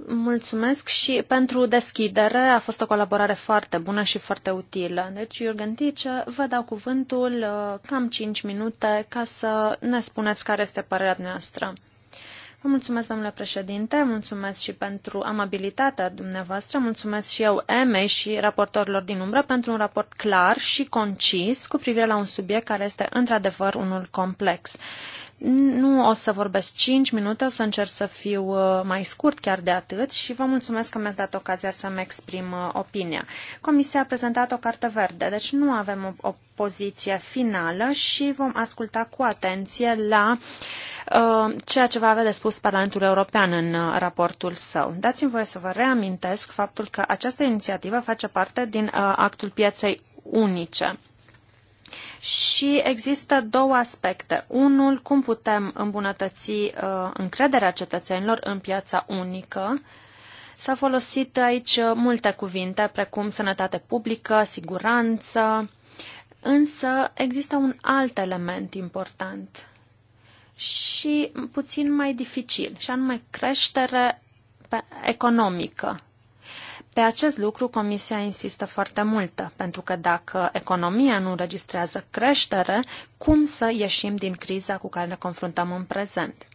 Mulțumesc și pentru deschidere. A fost o colaborare foarte bună și foarte utilă. Deci, Iurgen Tice, vă dau cuvântul cam 5 minute ca să ne spuneți care este părerea noastră. Vă mulțumesc, domnule președinte, mulțumesc și pentru amabilitatea dumneavoastră, mulțumesc și eu, Emei și raportorilor din umbră, pentru un raport clar și concis cu privire la un subiect care este într-adevăr unul complex. Nu o să vorbesc 5 minute, o să încerc să fiu uh, mai scurt chiar de atât și vă mulțumesc că mi-ați dat ocazia să-mi exprim uh, opinia. Comisia a prezentat o carte verde, deci nu avem o, o poziție finală și vom asculta cu atenție la uh, Uh, ceea ce va avea de spus Parlamentul European în uh, raportul său. Dați-mi voie să vă reamintesc faptul că această inițiativă face parte din uh, actul pieței unice. Și există două aspecte. Unul, cum putem îmbunătăți încrederea cetățenilor în piața unică. S-au folosit aici multe cuvinte, precum sănătate publică, siguranță, însă există un alt element important și puțin mai dificil, și anume creștere economică. Pe acest lucru Comisia insistă foarte mult, pentru că dacă economia nu înregistrează creștere, cum să ieșim din criza cu care ne confruntăm în prezent?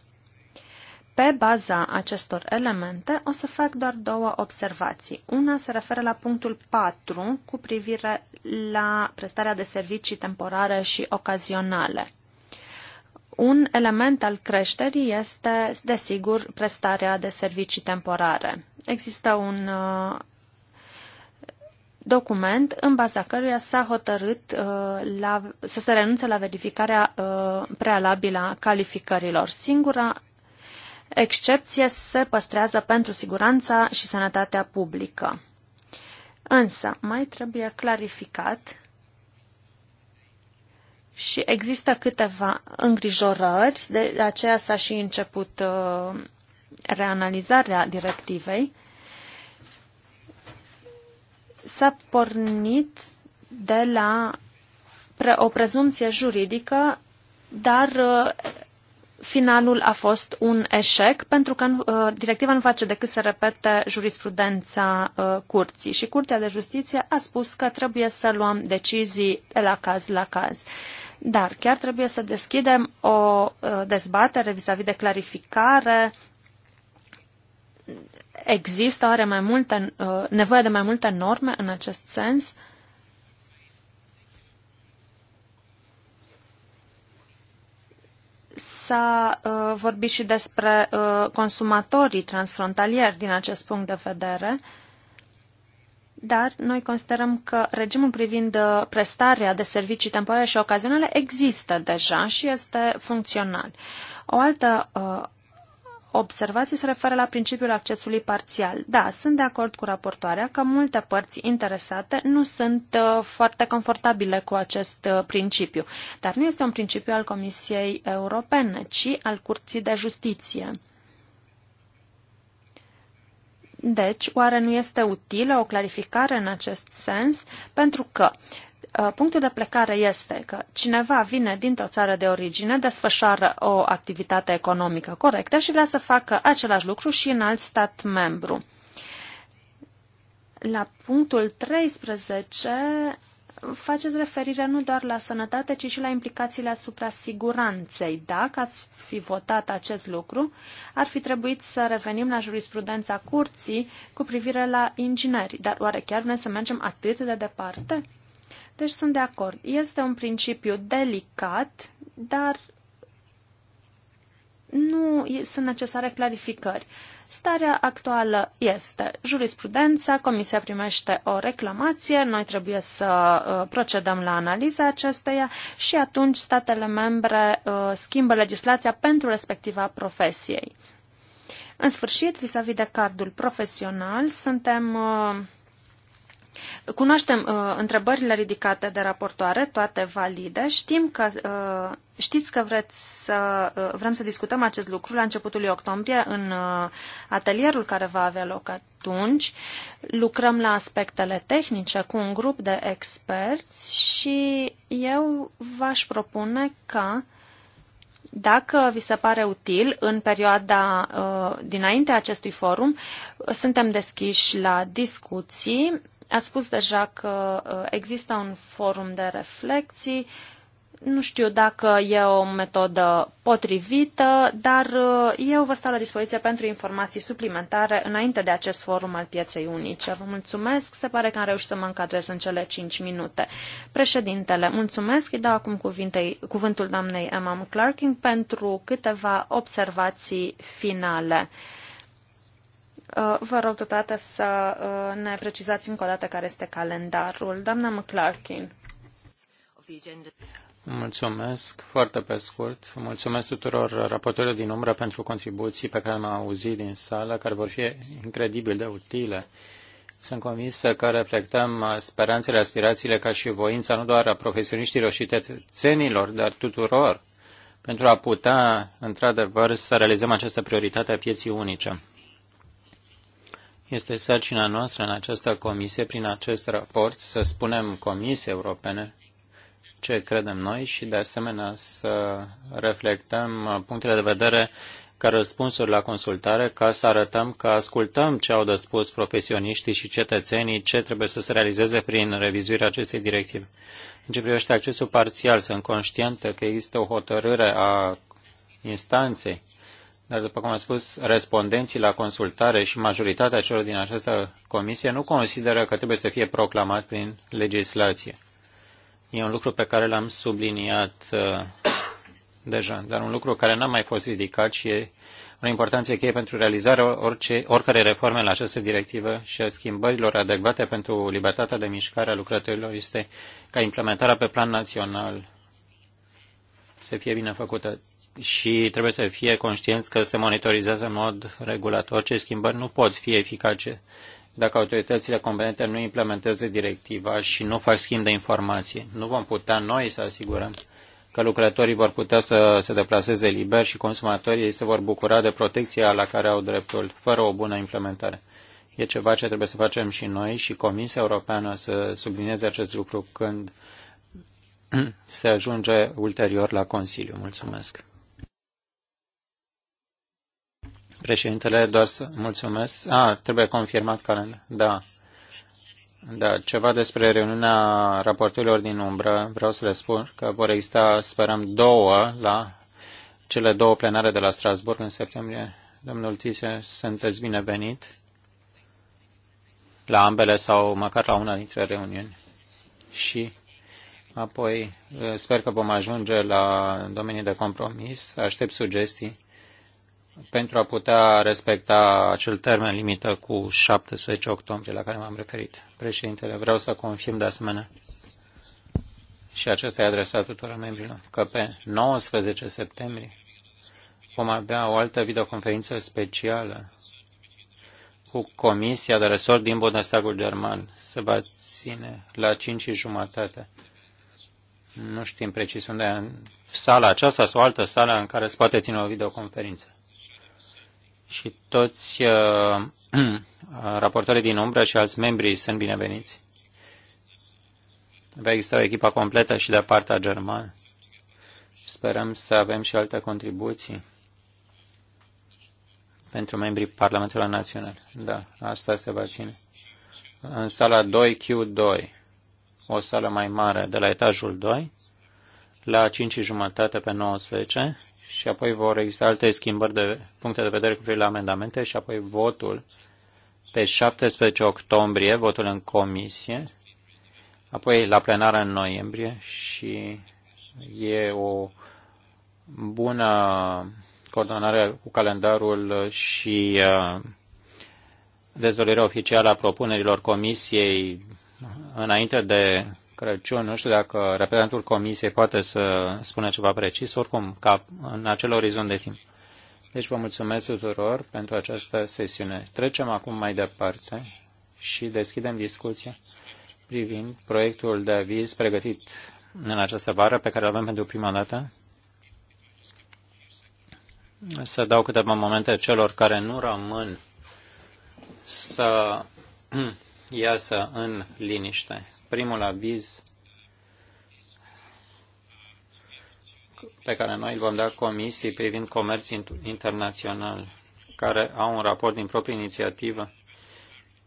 Pe baza acestor elemente o să fac doar două observații. Una se referă la punctul 4 cu privire la prestarea de servicii temporare și ocazionale. Un element al creșterii este, desigur, prestarea de servicii temporare. Există un uh, document în baza căruia s-a hotărât uh, la, să se renunțe la verificarea uh, prealabilă a calificărilor. Singura excepție se păstrează pentru siguranța și sănătatea publică. Însă, mai trebuie clarificat și există câteva îngrijorări, de aceea s-a și început uh, reanalizarea directivei. S-a pornit de la o prezumție juridică, dar uh, finalul a fost un eșec pentru că uh, directiva nu face decât să repete jurisprudența uh, curții și Curtea de Justiție a spus că trebuie să luăm decizii de la caz la caz. Uh, dar chiar trebuie să deschidem o uh, dezbatere vis-a-vis -vis de clarificare. Există are mai multe, uh, nevoie de mai multe norme în acest sens? S-a uh, vorbit și despre consumatorii transfrontalieri din acest punct de vedere dar noi considerăm că regimul privind uh, prestarea de servicii temporare și ocazionale există deja și este funcțional. O altă uh, observație se referă la principiul accesului parțial. Da, sunt de acord cu raportoarea că multe părți interesate nu sunt uh, foarte confortabile cu acest uh, principiu, dar nu este un principiu al Comisiei Europene, ci al Curții de Justiție. Deci, oare nu este utilă o clarificare în acest sens? Pentru că uh, punctul de plecare este că cineva vine dintr-o țară de origine, desfășoară o activitate economică corectă și vrea să facă același lucru și în alt stat membru. La punctul 13 faceți referire nu doar la sănătate, ci și la implicațiile asupra siguranței. Dacă ați fi votat acest lucru, ar fi trebuit să revenim la jurisprudența curții cu privire la ingineri. Dar oare chiar ne să mergem atât de departe? Deci sunt de acord. Este un principiu delicat, dar nu sunt necesare clarificări. Uh, Starea actuală este jurisprudența, comisia primește o reclamație, noi trebuie să uh, procedăm la analiza acesteia și atunci statele membre uh, schimbă legislația pentru respectiva profesiei. În sfârșit, vis-a-vis -vis de cardul profesional, suntem uh, Cunoaștem uh, întrebările ridicate de raportoare, toate valide. Știm că, uh, știți că vreți să, uh, vrem să discutăm acest lucru la începutul lui octombrie în uh, atelierul care va avea loc atunci. Lucrăm la aspectele tehnice cu un grup de experți și eu v-aș propune ca dacă vi se pare util, în perioada uh, dinainte acestui forum, suntem deschiși la discuții Ați spus deja că uh, există un forum de reflexii. Nu știu dacă e o metodă potrivită, dar uh, eu vă stau la dispoziție pentru informații suplimentare înainte de acest forum al pieței unice. Vă mulțumesc, se pare că am reușit să mă încadrez în cele 5 minute. Președintele, mulțumesc, îi dau acum cuvintei, cuvântul doamnei Emma McClarkin pentru câteva observații finale. Uh, vă rog totodată să uh, ne precizați încă o dată care este calendarul. Doamna McClarkin. Mulțumesc foarte pe scurt. Mulțumesc tuturor raportorilor din umbră pentru contribuții pe care am auzit din sală, care vor fi incredibil de utile. Sunt convinsă că reflectăm speranțele, aspirațiile ca și voința nu doar a profesioniștilor și tețenilor, dar tuturor, pentru a putea, într-adevăr, să realizăm această prioritate a pieții unice. Este sarcina noastră în această comisie, prin acest raport, să spunem Comisiei Europene ce credem noi și, de asemenea, să reflectăm punctele de vedere ca răspunsuri la consultare, ca să arătăm că ascultăm ce au de spus profesioniștii și cetățenii, ce trebuie să se realizeze prin revizuirea acestei directive. În ce privește accesul parțial, sunt conștientă că există o hotărâre a instanței dar, după cum am spus, respondenții la consultare și majoritatea celor din această comisie nu consideră că trebuie să fie proclamat prin legislație. E un lucru pe care l-am subliniat uh, deja, dar un lucru care n-a mai fost ridicat și e o importanță cheie pentru realizarea orice, oricare reforme la această directivă și a schimbărilor adecvate pentru libertatea de mișcare a lucrătorilor este ca implementarea pe plan național să fie bine făcută și trebuie să fie conștienți că se monitorizează în mod regulat. Orice schimbări nu pot fi eficace dacă autoritățile competente nu implementează directiva și nu fac schimb de informații. Nu vom putea noi să asigurăm că lucrătorii vor putea să se deplaseze liber și consumatorii se vor bucura de protecția la care au dreptul, fără o bună implementare. E ceva ce trebuie să facem și noi și Comisia Europeană să sublinieze acest lucru când se ajunge ulterior la Consiliu. Mulțumesc! Președintele, doar să mulțumesc. A, trebuie confirmat calendar. Da. Da, ceva despre reuniunea raporturilor din umbră. Vreau să le spun că vor exista, sperăm, două la cele două plenare de la Strasburg în septembrie. Domnul Tise, sunteți binevenit la ambele sau măcar la una dintre reuniuni. Și apoi sper că vom ajunge la domenii de compromis. Aștept sugestii pentru a putea respecta acel termen limită cu 17 octombrie la care m-am referit. Președintele, vreau să confirm de asemenea și acesta e adresat tuturor membrilor, că pe 19 septembrie vom avea o altă videoconferință specială cu Comisia de Resort din Bundestagul German. Se va ține la 5 și jumătate. Nu știm precis unde, în sala aceasta sau altă sală în care se poate ține o videoconferință și toți uh, uh, raportorii din umbră și alți membri sunt bineveniți. Va exista o echipă completă și de partea germană. Sperăm să avem și alte contribuții pentru membrii Parlamentului Național. Da, asta se va ține. În sala 2Q2, o sală mai mare de la etajul 2, la 5 jumătate pe 19, și apoi vor exista alte schimbări de puncte de vedere cu privire la amendamente și apoi votul pe 17 octombrie, votul în comisie, apoi la plenară în noiembrie și e o bună coordonare cu calendarul și uh, dezvăluirea oficială a propunerilor comisiei înainte de Crăciun. Nu știu dacă reprezentantul Comisiei poate să spună ceva precis, oricum, ca în acel orizont de timp. Deci vă mulțumesc tuturor pentru această sesiune. Trecem acum mai departe și deschidem discuția privind proiectul de aviz pregătit în această vară pe care îl avem pentru prima dată. Să dau câteva momente celor care nu rămân să iasă în liniște primul aviz pe care noi îl vom da comisii privind comerț internațional, care au un raport din proprie inițiativă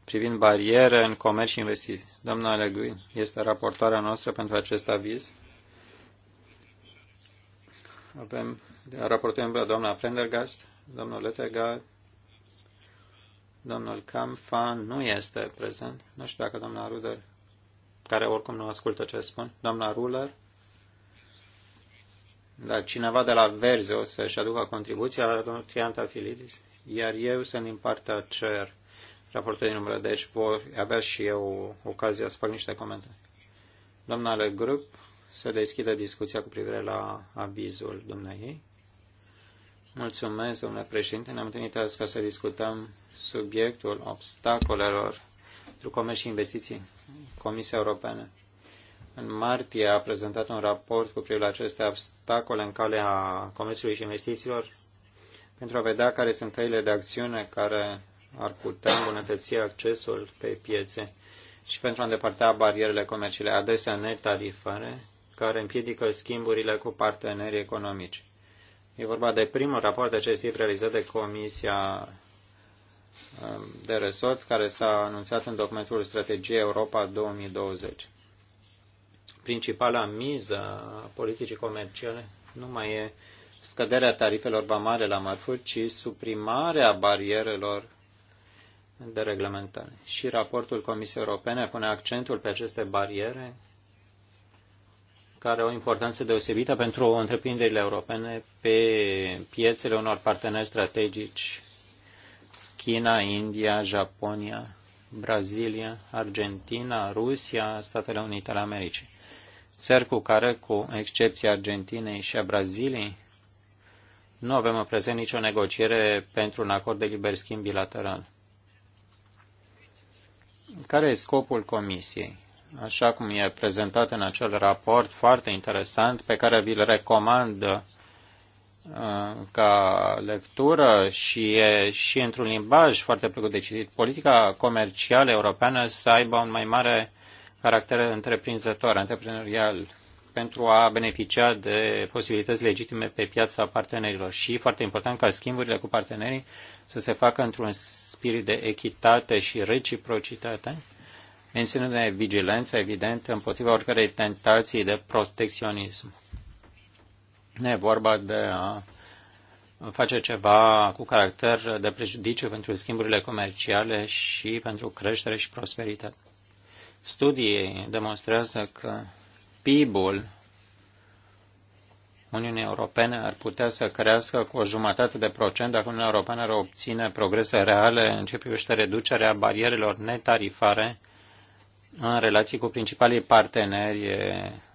privind bariere în comerț și investiții. Doamna Leguin este raportoarea noastră pentru acest aviz. Avem raportăm la doamna Prendergast, domnul Letega, domnul Camfan nu este prezent. Nu știu dacă doamna Ruder care oricum nu ascultă ce spun, doamna Ruler. Dar cineva de la Verzi o să-și aducă contribuția, domnul Trianta Filidis, iar eu sunt din partea CER, raportul din umbră, deci voi avea și eu ocazia să fac niște comentarii. Domnule grup, să deschidă discuția cu privire la avizul dumnei. Mulțumesc, domnule președinte. Ne-am întâlnit azi ca să discutăm subiectul obstacolelor pentru Comerț și Investiții, Comisia Europeană, în martie a prezentat un raport cu privire la aceste obstacole în calea comerțului și investițiilor pentru a vedea care sunt căile de acțiune care ar putea îmbunătăți accesul pe piețe și pentru a îndepărta barierele comerciale adesea netarifare care împiedică schimburile cu partenerii economici. E vorba de primul raport de acest tip realizat de Comisia de resort care s-a anunțat în documentul Strategie Europa 2020. Principala miză a politicii comerciale nu mai e scăderea tarifelor vamale la mărfuri, ci suprimarea barierelor de reglementare. Și raportul Comisiei Europene pune accentul pe aceste bariere care au importanță deosebită pentru întreprinderile europene pe piețele unor parteneri strategici China, India, Japonia, Brazilia, Argentina, Rusia, Statele Unite ale Americii. Țări cu care, cu excepția Argentinei și a Braziliei, nu avem în prezent nicio negociere pentru un acord de liber schimb bilateral. Care e scopul Comisiei? Așa cum e prezentat în acel raport foarte interesant pe care vi-l recomand Uh, ca lectură și e și într-un limbaj foarte plăcut de citit. Politica comercială europeană să aibă un mai mare caracter întreprinzător, antreprenorial, pentru a beneficia de posibilități legitime pe piața partenerilor. Și foarte important ca schimburile cu partenerii să se facă într-un spirit de echitate și reciprocitate, menținând vigilența evidentă împotriva oricărei tentații de protecționism E vorba de a face ceva cu caracter de prejudiciu pentru schimburile comerciale și pentru creștere și prosperitate. Studii demonstrează că PIB-ul Uniunii Europene ar putea să crească cu o jumătate de procent dacă Uniunea Europeană ar obține progrese reale în ce privește reducerea barierelor netarifare în relații cu principalii parteneri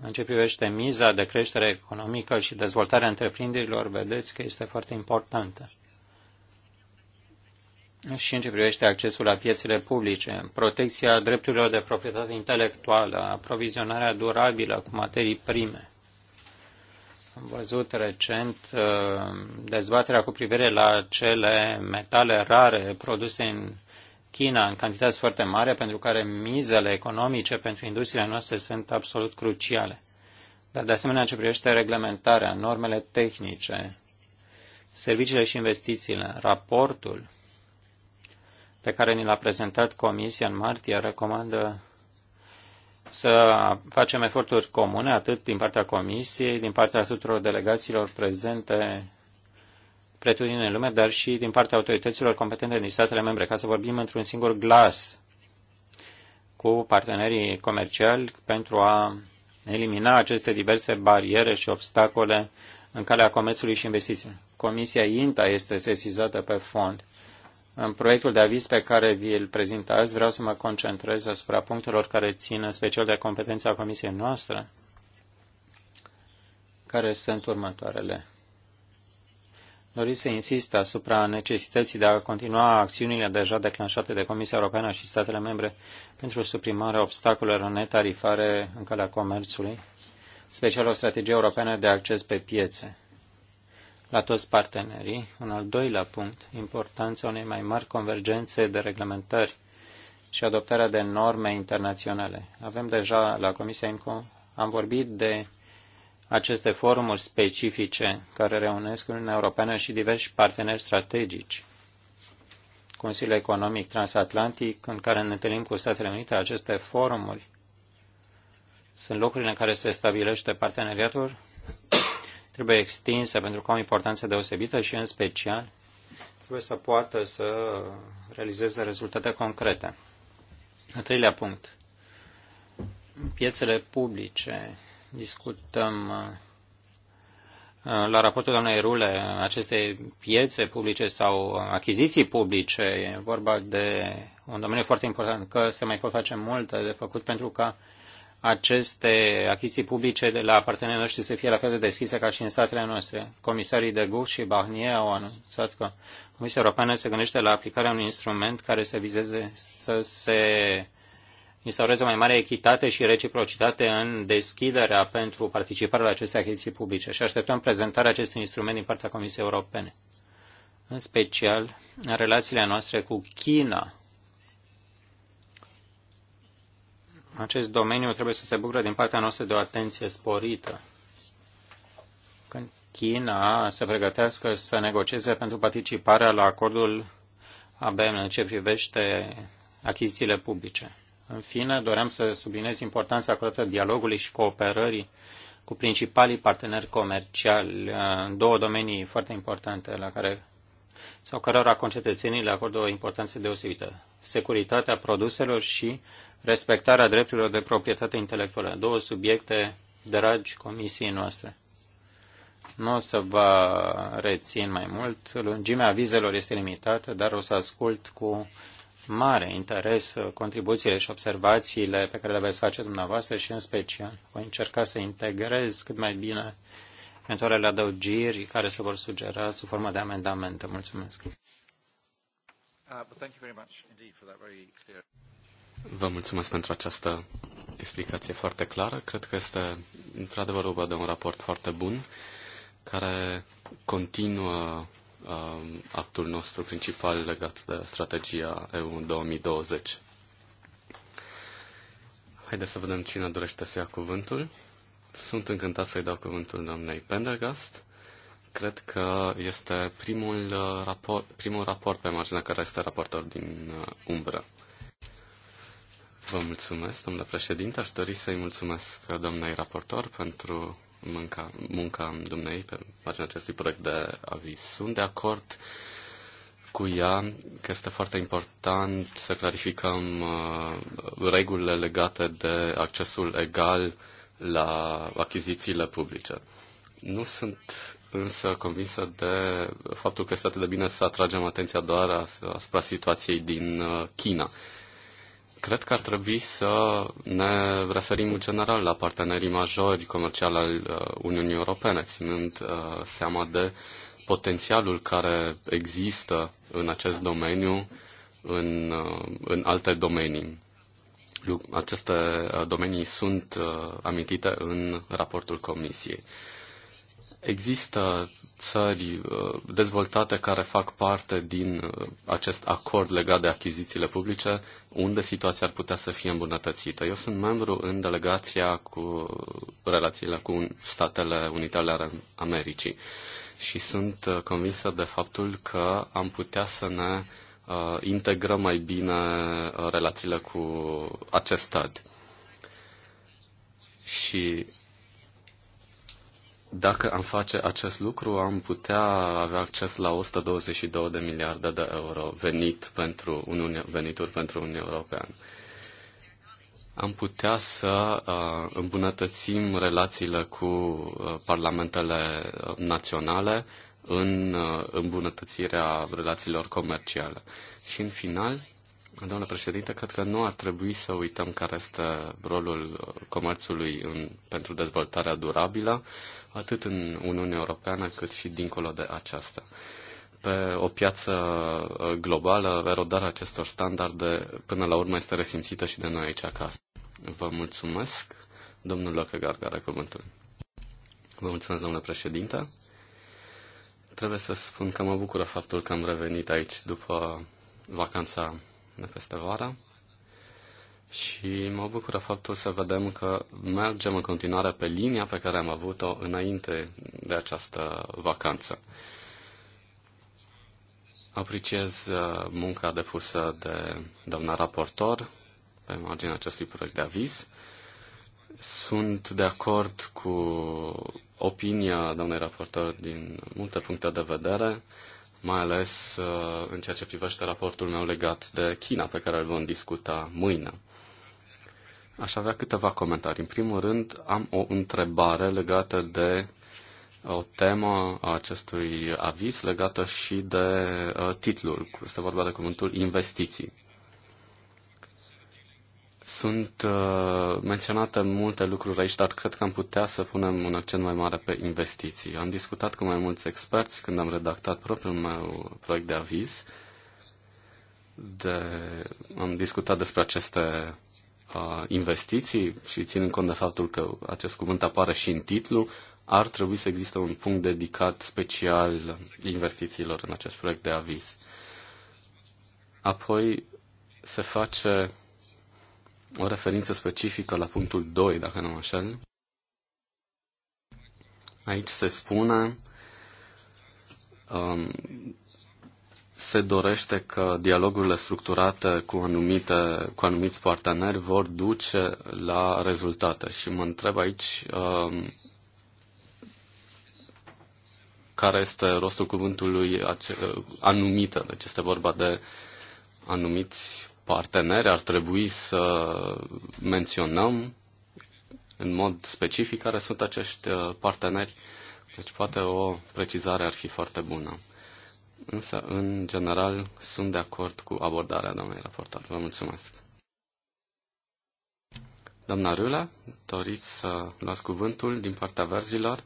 în ce privește miza de creștere economică și dezvoltarea întreprinderilor, vedeți că este foarte importantă. Și în ce privește accesul la piețele publice, protecția drepturilor de proprietate intelectuală, aprovizionarea durabilă cu materii prime. Am văzut recent uh, dezbaterea cu privire la cele metale rare produse în China în cantități foarte mari, pentru care mizele economice pentru industriile noastre sunt absolut cruciale. Dar, de asemenea, ce privește reglementarea, normele tehnice, serviciile și investițiile, raportul pe care ni l-a prezentat Comisia în martie recomandă să facem eforturi comune, atât din partea Comisiei, din partea tuturor delegațiilor prezente Pretutindeni, în lume, dar și din partea autorităților competente din statele membre, ca să vorbim într-un singur glas cu partenerii comerciali pentru a elimina aceste diverse bariere și obstacole în calea comerțului și investițiilor. Comisia INTA este sesizată pe fond. În proiectul de aviz pe care vi l prezint azi, vreau să mă concentrez asupra punctelor care țin în special de competența comisiei noastre, care sunt următoarele dori să insist asupra necesității de a continua acțiunile deja declanșate de Comisia Europeană și statele membre pentru suprimarea obstacolelor netarifare în calea comerțului, special o strategie europeană de acces pe piețe la toți partenerii. Un al doilea punct, importanța unei mai mari convergențe de reglementări și adoptarea de norme internaționale. Avem deja la Comisia IMCO, am vorbit de aceste forumuri specifice care reunesc Uniunea Europeană și diversi parteneri strategici. Consiliul Economic Transatlantic, în care ne întâlnim cu Statele Unite, aceste forumuri sunt locurile în care se stabilește parteneriatul, trebuie extinsă pentru că au importanță deosebită și, în special, trebuie să poată să realizeze rezultate concrete. A treilea punct. Piețele publice discutăm uh, la raportul doamnei Rule aceste piețe publice sau achiziții publice. E vorba de un domeniu foarte important, că se mai pot face mult de făcut pentru ca aceste achiziții publice de la partenerii noștri să fie la fel de deschise ca și în statele noastre. Comisarii de Gucht și Barnier au anunțat că Comisia Europeană se gândește la aplicarea unui instrument care să vizeze să se instaureze o mai mare echitate și reciprocitate în deschiderea pentru participarea la aceste achiziții publice și așteptăm prezentarea acestui instrument din partea Comisiei Europene, în special în relațiile noastre cu China. Acest domeniu trebuie să se bucure din partea noastră de o atenție sporită. Când China se pregătească să negocieze pentru participarea la acordul ABM în ce privește achizițiile publice. În fine, doream să subliniez importanța acordată dialogului și cooperării cu principalii parteneri comerciali uh, în două domenii foarte importante la care sau cărora concetățenii le acordă o importanță deosebită. Securitatea produselor și respectarea drepturilor de proprietate intelectuală. Două subiecte dragi comisiei noastre. Nu o să vă rețin mai mult. Lungimea vizelor este limitată, dar o să ascult cu mare interes uh, contribuțiile și observațiile pe care le veți face dumneavoastră și în special voi încerca să integrez cât mai bine eventualele adăugiri care se vor sugera sub formă de amendamente. Mulțumesc! Uh, Vă mulțumesc pentru această explicație foarte clară. Cred că este într-adevăr vorba de un raport foarte bun care continuă Um, actul nostru principal legat de strategia EU 2020. Haideți să vedem cine dorește să ia cuvântul. Sunt încântat să-i dau cuvântul doamnei Pendergast. Cred că este primul uh, raport, primul raport pe marginea care este raportor din uh, umbră. Vă mulțumesc, domnule președinte. Aș dori să-i mulțumesc uh, doamnei raportor pentru munca, munca dumnei pe marginea acestui proiect de aviz. Sunt de acord cu ea că este foarte important să clarificăm uh, regulile legate de accesul egal la achizițiile publice. Nu sunt însă convinsă de faptul că este atât de bine să atragem atenția doar asupra situației din uh, China. Cred că ar trebui să ne referim în general la partenerii majori comerciali al uh, Uniunii Europene, ținând uh, seama de potențialul care există în acest domeniu, în, uh, în alte domenii. Aceste domenii sunt amintite în raportul Comisiei. Există țări uh, dezvoltate care fac parte din uh, acest acord legat de achizițiile publice, unde situația ar putea să fie îmbunătățită. Eu sunt membru în delegația cu relațiile cu Statele Unite ale Americii și sunt uh, convinsă de faptul că am putea să ne integrăm mai bine relațiile cu acest stat. Și dacă am face acest lucru, am putea avea acces la 122 de miliarde de euro venit pentru Uniunea, venituri pentru Uniunea Europeană. Am putea să uh, îmbunătățim relațiile cu uh, parlamentele naționale în uh, îmbunătățirea relațiilor comerciale. Și în final, Domnule președinte, cred că nu ar trebui să uităm care este rolul comerțului în, pentru dezvoltarea durabilă, atât în Uniunea Europeană cât și dincolo de aceasta. Pe o piață uh, globală, erodarea acestor standarde până la urmă este resimțită și de noi aici acasă. Vă mulțumesc, domnul Lăcăgar, care cuvântul. Vă mulțumesc, domnule președinte. Trebuie să spun că mă bucură faptul că am revenit aici după vacanța de peste vară și mă bucură faptul să vedem că mergem în continuare pe linia pe care am avut-o înainte de această vacanță. Apreciez uh, munca depusă de doamna raportor pe marginea acestui proiect de aviz. Sunt de acord cu opinia doamnei raportor din multe puncte de vedere mai ales uh, în ceea ce privește raportul meu legat de China, pe care îl vom discuta mâine. Aș avea câteva comentarii. În primul rând, am o întrebare legată de o temă a acestui aviz legată și de uh, titlul. Este vorba de cuvântul investiții. Sunt uh, menționate multe lucruri aici, dar cred că am putea să punem un accent mai mare pe investiții. Am discutat cu mai mulți experți când am redactat propriul meu proiect de aviz. De, am discutat despre aceste uh, investiții și ținând cont de faptul că acest cuvânt apare și în titlu, ar trebui să existe un punct dedicat special investițiilor în acest proiect de aviz. Apoi se face o referință specifică la punctul 2, dacă nu mă așel. Aici se spune um, se dorește că dialogurile structurate cu, anumite, cu anumiți parteneri vor duce la rezultate. Și mă întreb aici um, care este rostul cuvântului ace- uh, anumită, deci este vorba de anumiți parteneri ar trebui să menționăm în mod specific care sunt acești uh, parteneri. Deci poate o precizare ar fi foarte bună. Însă, în general, sunt de acord cu abordarea doamnei raportor. Vă mulțumesc. Doamna Râla, doriți să luați cuvântul din partea verzilor?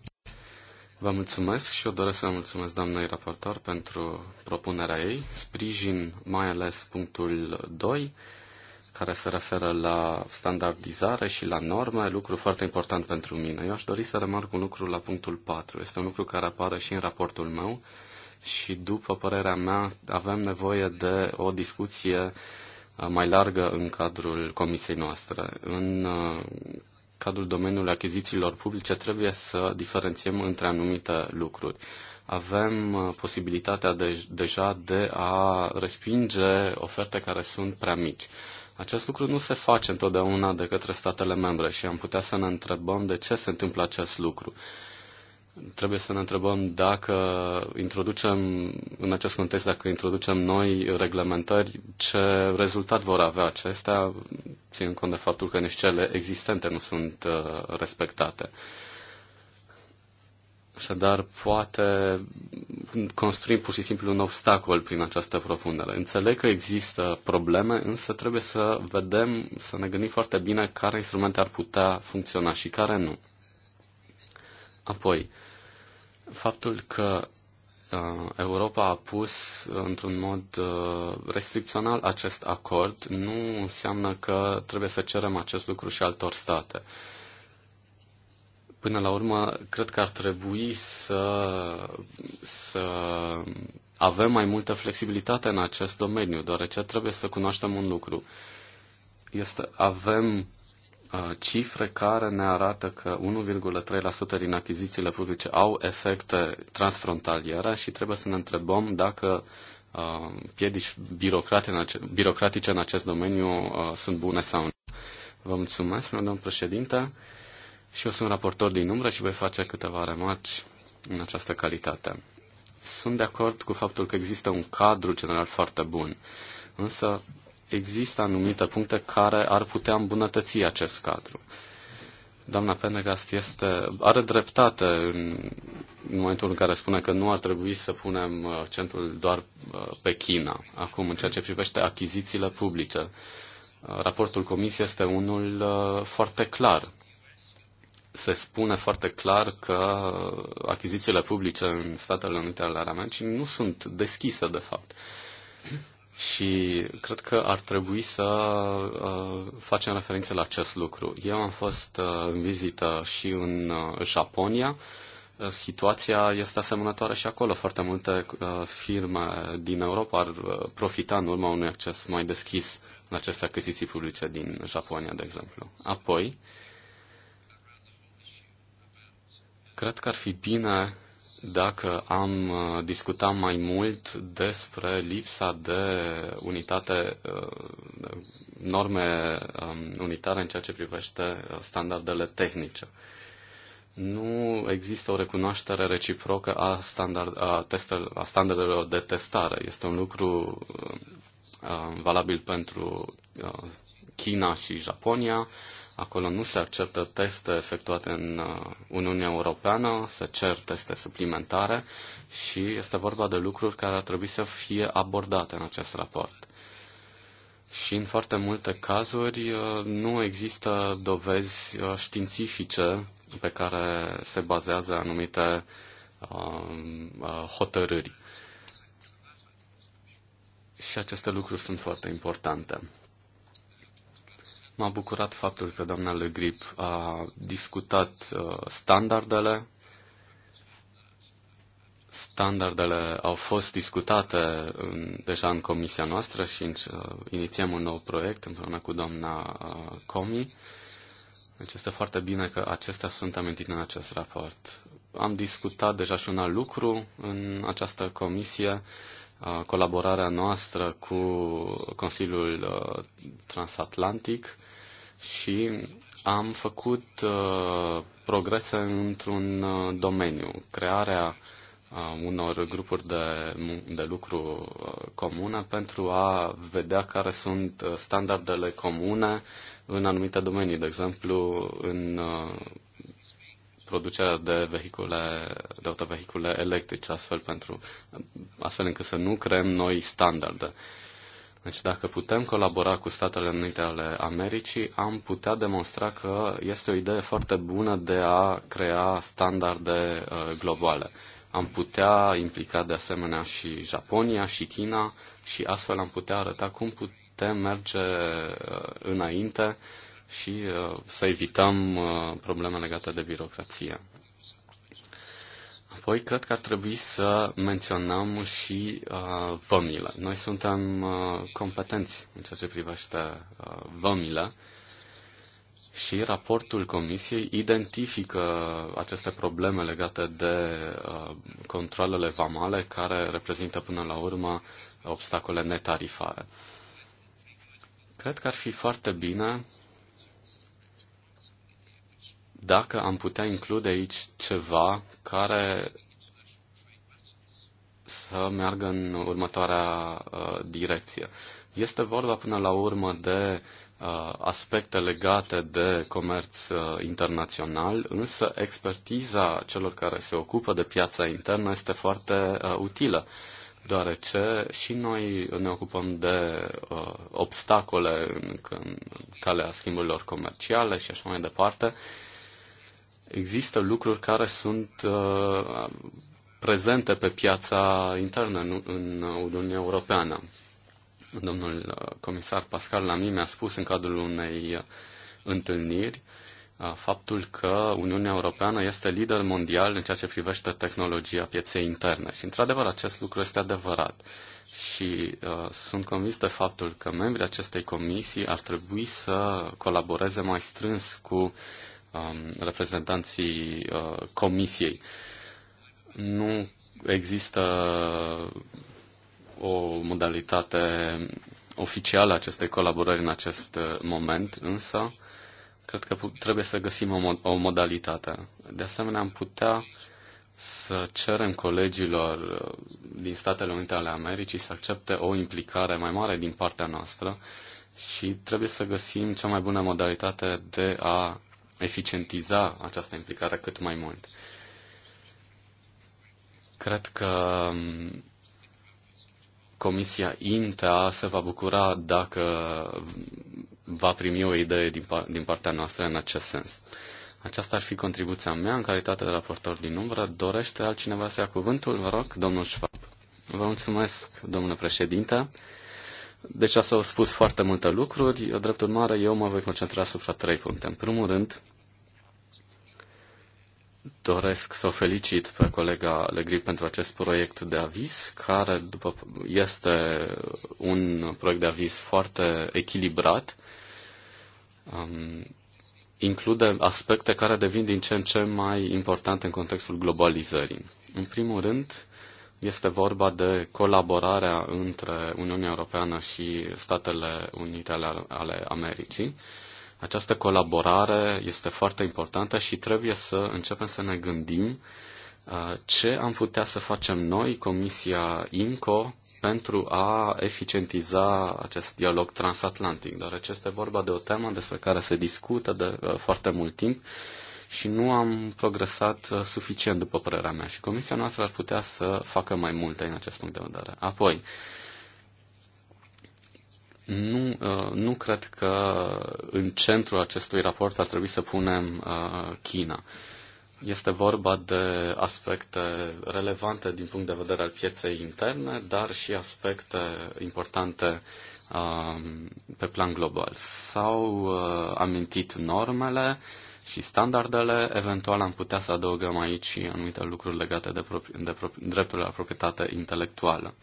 Vă mulțumesc și eu doresc să mulțumesc doamnei raportor pentru propunerea ei. Sprijin mai ales punctul 2, care se referă la standardizare și la norme, lucru foarte important pentru mine. Eu aș dori să remarc un lucru la punctul 4. Este un lucru care apare și în raportul meu și, după părerea mea, avem nevoie de o discuție uh, mai largă în cadrul comisiei noastre. În uh, cadrul domeniului achizițiilor publice trebuie să diferențiem între anumite lucruri. Avem uh, posibilitatea de, deja de a respinge oferte care sunt prea mici. Acest lucru nu se face întotdeauna de către statele membre și am putea să ne întrebăm de ce se întâmplă acest lucru trebuie să ne întrebăm dacă introducem, în acest context, dacă introducem noi reglementări, ce rezultat vor avea acestea, ținând cont de faptul că nici cele existente nu sunt uh, respectate. Așadar, poate construim pur și simplu un obstacol prin această propunere. Înțeleg că există probleme, însă trebuie să vedem, să ne gândim foarte bine care instrumente ar putea funcționa și care nu. Apoi, faptul că uh, Europa a pus într-un mod uh, restricțional acest acord nu înseamnă că trebuie să cerem acest lucru și altor state. Până la urmă, cred că ar trebui să, să avem mai multă flexibilitate în acest domeniu, deoarece trebuie să cunoaștem un lucru. Este, avem Uh, cifre care ne arată că 1,3% din achizițiile publice au efecte transfrontaliere și trebuie să ne întrebăm dacă uh, piedici birocratice în acest domeniu uh, sunt bune sau nu. Vă mulțumesc, domn președinte, și eu sunt raportor din umbră și voi face câteva remarci în această calitate. Sunt de acord cu faptul că există un cadru general foarte bun, însă există anumite puncte care ar putea îmbunătăți acest cadru. Doamna Penegast este, are dreptate în, în momentul în care spune că nu ar trebui să punem uh, centrul doar uh, pe China. Acum, în ceea ce privește achizițiile publice, uh, raportul comisiei este unul foarte clar se spune foarte clar că achizițiile publice în Statele Unite ale Americii nu sunt deschise, de fapt. Și cred că ar trebui să uh, facem referință la acest lucru. Eu am fost uh, în vizită și în uh, Japonia. Uh, situația este asemănătoare și acolo. Foarte multe uh, firme din Europa ar uh, profita în urma unui acces mai deschis în aceste achiziții publice din Japonia, de exemplu. Apoi, cred că ar fi bine dacă am uh, discutat mai mult despre lipsa de unitate, uh, norme um, unitare în ceea ce privește uh, standardele tehnice. Nu există o recunoaștere reciprocă a, standard, a, testel, a standardelor de testare. Este un lucru valabil pentru China și Japonia, Acolo nu se acceptă teste efectuate în uh, Uniunea Europeană, se cer teste suplimentare și este vorba de lucruri care ar trebui să fie abordate în acest raport. Și în foarte multe cazuri uh, nu există dovezi uh, științifice pe care se bazează anumite hotărâri. Și aceste lucruri sunt foarte importante. M-a bucurat faptul că doamna Le Grip a discutat uh, standardele. Standardele au fost discutate în, deja în comisia noastră și în, uh, inițiem un nou proiect împreună cu doamna uh, Comi. Deci este foarte bine că acestea sunt amintite în acest raport. Am discutat deja și un alt lucru în această comisie, colaborarea noastră cu Consiliul Transatlantic și am făcut uh, progrese într-un uh, domeniu, crearea uh, unor grupuri de, de lucru uh, comune pentru a vedea care sunt uh, standardele comune în anumite domenii, de exemplu în uh, producerea de vehicule, de autovehicule electrice, astfel, pentru, astfel încât să nu creăm noi standarde. Uh, deci dacă putem colabora cu Statele Unite ale Americii, am putea demonstra că este o idee foarte bună de a crea standarde uh, globale. Am putea implica de asemenea și Japonia și China și astfel am putea arăta cum putem merge uh, înainte și uh, să evităm probleme legate de birocrație. Apoi, cred că ar trebui să menționăm și uh, vămile. Noi suntem uh, competenți în ceea ce privește uh, vămile și raportul Comisiei identifică aceste probleme legate de uh, controlele vamale care reprezintă până la urmă obstacole netarifare. Cred că ar fi foarte bine dacă am putea include aici ceva care să meargă în următoarea uh, direcție. Este vorba până la urmă de uh, aspecte legate de comerț uh, internațional, însă expertiza celor care se ocupă de piața internă este foarte uh, utilă, deoarece și noi ne ocupăm de uh, obstacole în, în calea schimburilor comerciale și așa mai departe. Uh, există lucruri care sunt uh, prezente pe piața internă în, în Uniunea Europeană. Domnul uh, comisar Pascal Lamy mi-a spus în cadrul unei uh, întâlniri uh, faptul că Uniunea Europeană este lider mondial în ceea ce privește tehnologia pieței interne. Și, într-adevăr, acest lucru este adevărat. Și uh, sunt convins de faptul că membrii acestei comisii ar trebui să colaboreze mai strâns cu um, reprezentanții uh, comisiei. Nu există o modalitate oficială a acestei colaborări în acest uh, moment, însă cred că trebuie să găsim o, mod- o modalitate. De asemenea, am putea să cerem colegilor uh, din Statele Unite ale Americii să accepte o implicare mai mare din partea noastră și trebuie să găsim cea mai bună modalitate de a eficientiza această implicare cât mai mult. Cred că um, Comisia INTA se va bucura dacă va primi o idee din, din partea noastră în acest sens. Aceasta ar fi contribuția mea în calitate de raportor din umbră. Dorește altcineva să ia cuvântul? Vă rog, domnul Schwab. Vă mulțumesc, domnule președinte. Deci s-au spus foarte multe lucruri, eu, drept urmare eu mă voi concentra asupra trei puncte. În primul rând, doresc să o felicit pe colega Legri pentru acest proiect de aviz, care după, este un proiect de aviz foarte echilibrat, um, include aspecte care devin din ce în ce mai importante în contextul globalizării. În primul rând, este vorba de colaborarea între Uniunea Europeană și Statele Unite ale, ale Americii. Această colaborare este foarte importantă și trebuie să începem să ne gândim uh, ce am putea să facem noi, Comisia INCO, pentru a eficientiza acest dialog transatlantic, deoarece este vorba de o temă despre care se discută de uh, foarte mult timp și nu am progresat uh, suficient, după părerea mea, și comisia noastră ar putea să facă mai multe în acest punct de vedere. Apoi, nu, uh, nu cred că în centrul acestui raport ar trebui să punem uh, China. Este vorba de aspecte relevante din punct de vedere al pieței interne, dar și aspecte importante um, pe plan global. S-au amintit normele, și standardele. Eventual am putea să adăugăm aici anumite lucruri legate de, propri- de pro- dreptul la proprietate intelectuală.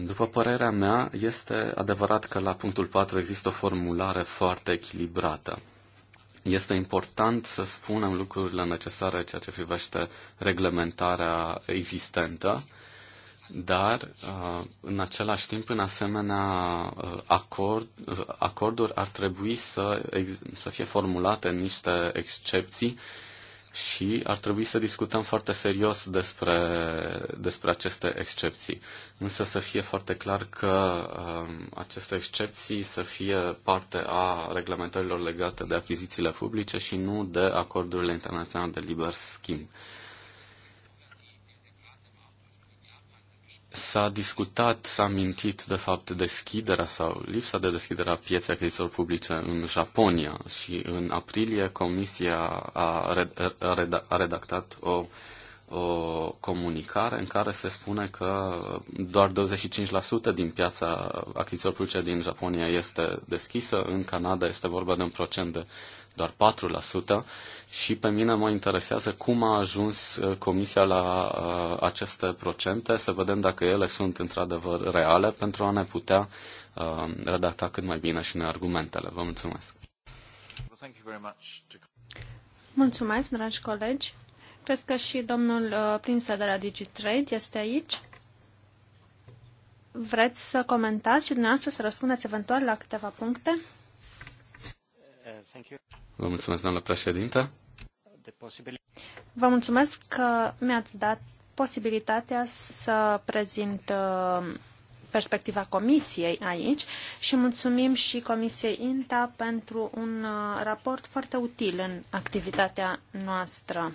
După părerea mea, este adevărat că la punctul 4 există o formulare foarte echilibrată. Este important să spunem lucrurile necesare ceea ce privește reglementarea existentă dar uh, în același timp, în asemenea uh, acord, uh, acorduri ar trebui să, să fie formulate niște excepții și ar trebui să discutăm foarte serios despre, despre aceste excepții. Însă să fie foarte clar că um, aceste excepții să fie parte a reglementărilor legate de achizițiile publice și nu de acordurile internaționale de liber schimb. S-a discutat, s-a mintit de fapt deschiderea sau lipsa de deschidere a pieței achizițiilor publice în Japonia și în aprilie Comisia a, red- a redactat o, o comunicare în care se spune că doar 25% din piața achizițiilor publice din Japonia este deschisă, în Canada este vorba de un procent de doar 4% și pe mine mă interesează cum a ajuns uh, Comisia la uh, aceste procente, să vedem dacă ele sunt într-adevăr reale pentru a ne putea uh, redacta cât mai bine și ne argumentele. Vă mulțumesc! Mulțumesc, dragi colegi! Cred că și domnul Prinsă de la DigiTrade este aici. Vreți să comentați și dumneavoastră să răspundeți eventual la câteva puncte? Vă mulțumesc, doamnă președintă. Vă mulțumesc că mi-ați dat posibilitatea să prezint uh, perspectiva Comisiei aici și mulțumim și Comisiei INTA pentru un uh, raport foarte util în activitatea noastră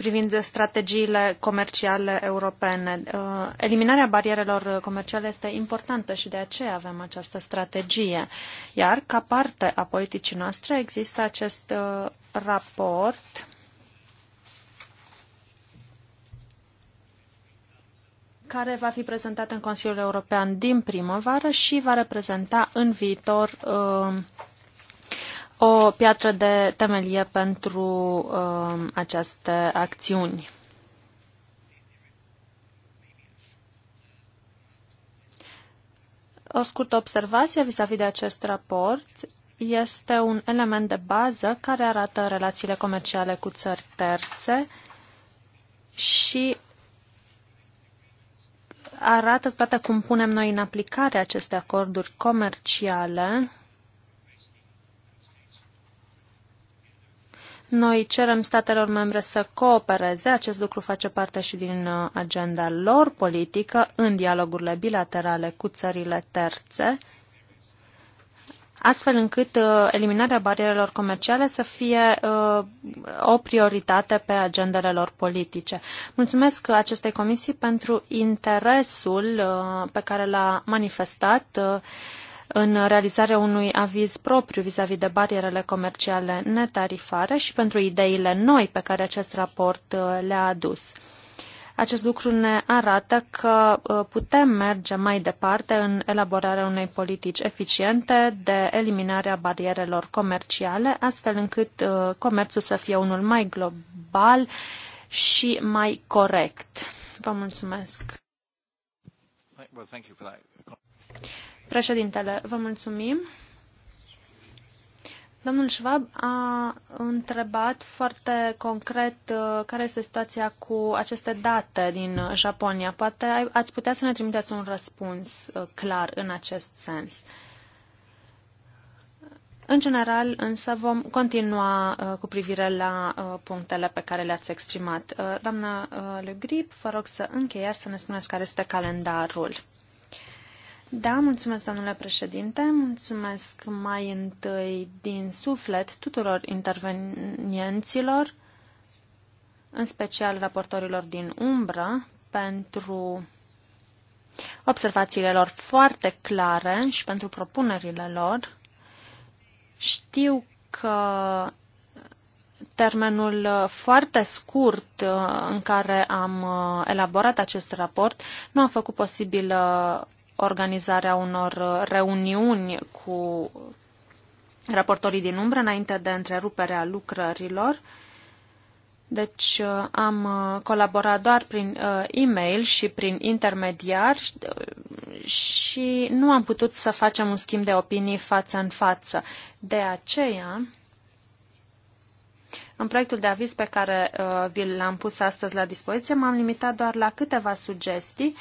privind strategiile comerciale europene. Uh, eliminarea barierelor comerciale este importantă și de aceea avem această strategie. Iar, ca parte a politicii noastre, există acest uh, raport care va fi prezentat în Consiliul European din primăvară și va reprezenta în viitor uh, o piatră de temelie pentru uh, aceste acțiuni. O scurtă observație vis-a-vis -vis de acest raport este un element de bază care arată relațiile comerciale cu țări terțe și arată toate cum punem noi în aplicare aceste acorduri comerciale Noi cerem statelor membre să coopereze, acest lucru face parte și din uh, agenda lor politică în dialogurile bilaterale cu țările terțe, astfel încât uh, eliminarea barierelor comerciale să fie uh, o prioritate pe agendele lor politice. Mulțumesc acestei comisii pentru interesul pe care l-a manifestat în realizarea unui aviz propriu vis-a-vis -vis de barierele comerciale netarifare și pentru ideile noi pe care acest raport uh, le-a adus. Acest lucru ne arată că uh, putem merge mai departe în elaborarea unei politici eficiente de eliminarea barierelor comerciale, astfel încât uh, comerțul să fie unul mai global și mai corect. Vă mulțumesc! Președintele, vă mulțumim. Domnul Schwab a întrebat foarte concret uh, care este situația cu aceste date din uh, Japonia. Poate ați putea să ne trimiteți un răspuns uh, clar în acest sens. În general, însă, vom continua uh, cu privire la uh, punctele pe care le-ați exprimat. Uh, doamna uh, Le Grip, vă rog să încheiați să ne spuneți care este calendarul. Da, mulțumesc, domnule președinte. Mulțumesc mai întâi din suflet tuturor intervenienților, în special raportorilor din umbră, pentru observațiile lor foarte clare și pentru propunerile lor. Știu că termenul foarte scurt în care am uh, elaborat acest raport nu a făcut posibilă organizarea unor uh, reuniuni cu raportorii din umbră înainte de întreruperea lucrărilor. Deci uh, am uh, colaborat doar prin e-mail și prin intermediar și nu am putut să facem un schimb de opinii față în față. De aceea, în proiectul de aviz pe care vi l-am pus astăzi la dispoziție, m-am limitat doar la câteva sugestii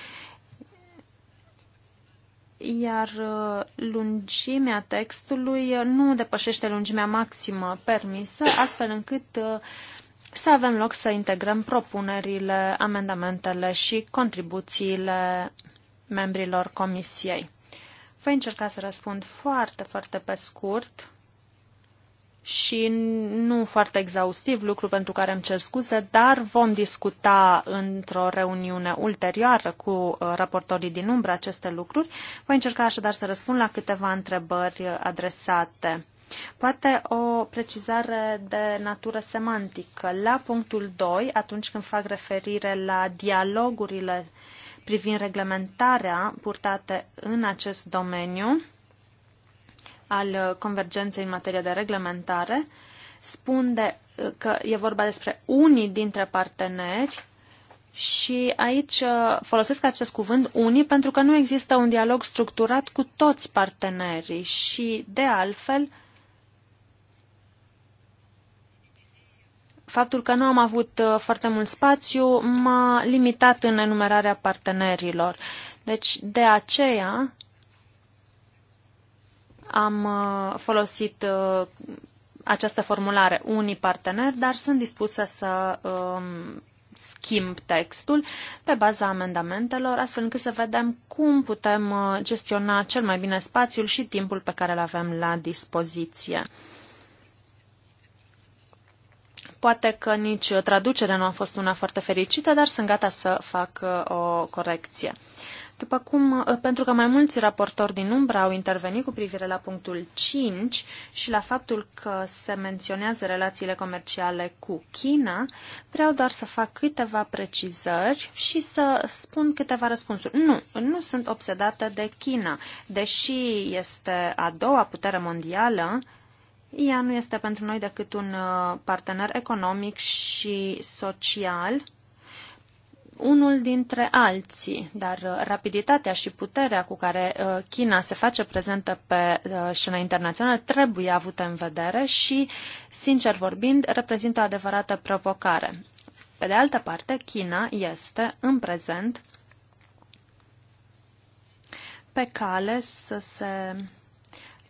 iar uh, lungimea textului uh, nu depășește lungimea maximă permisă, astfel încât uh, să avem loc să integrăm propunerile, amendamentele și contribuțiile membrilor comisiei. Voi încerca să răspund foarte, foarte pe scurt și nu foarte exhaustiv, lucru pentru care îmi cer scuze, dar vom discuta într-o reuniune ulterioară cu uh, raportorii din umbră aceste lucruri. Voi încerca așadar să răspund la câteva întrebări adresate. Poate o precizare de natură semantică. La punctul 2, atunci când fac referire la dialogurile privind reglementarea purtate în acest domeniu, al convergenței în materie de reglementare spun de, că e vorba despre unii dintre parteneri și aici uh, folosesc acest cuvânt unii pentru că nu există un dialog structurat cu toți partenerii și, de altfel, faptul că nu am avut uh, foarte mult spațiu m-a limitat în enumerarea partenerilor. Deci, de aceea, am uh, folosit uh, această formulare unii parteneri, dar sunt dispusă să um, schimb textul pe baza amendamentelor, astfel încât să vedem cum putem uh, gestiona cel mai bine spațiul și timpul pe care îl avem la dispoziție. Poate că nici traducerea nu a fost una foarte fericită, dar sunt gata să fac o corecție. După cum, ă, pentru că mai mulți raportori din umbra au intervenit cu privire la punctul 5 și la faptul că se menționează relațiile comerciale cu China, vreau doar să fac câteva precizări și să spun câteva răspunsuri. Nu, nu sunt obsedată de China. Deși este a doua putere mondială, ea nu este pentru noi decât un ă, partener economic și social unul dintre alții, dar uh, rapiditatea și puterea cu care uh, China se face prezentă pe uh, scena internațională trebuie avută în vedere și, sincer vorbind, reprezintă o adevărată provocare. Pe de altă parte, China este, în prezent, pe cale să se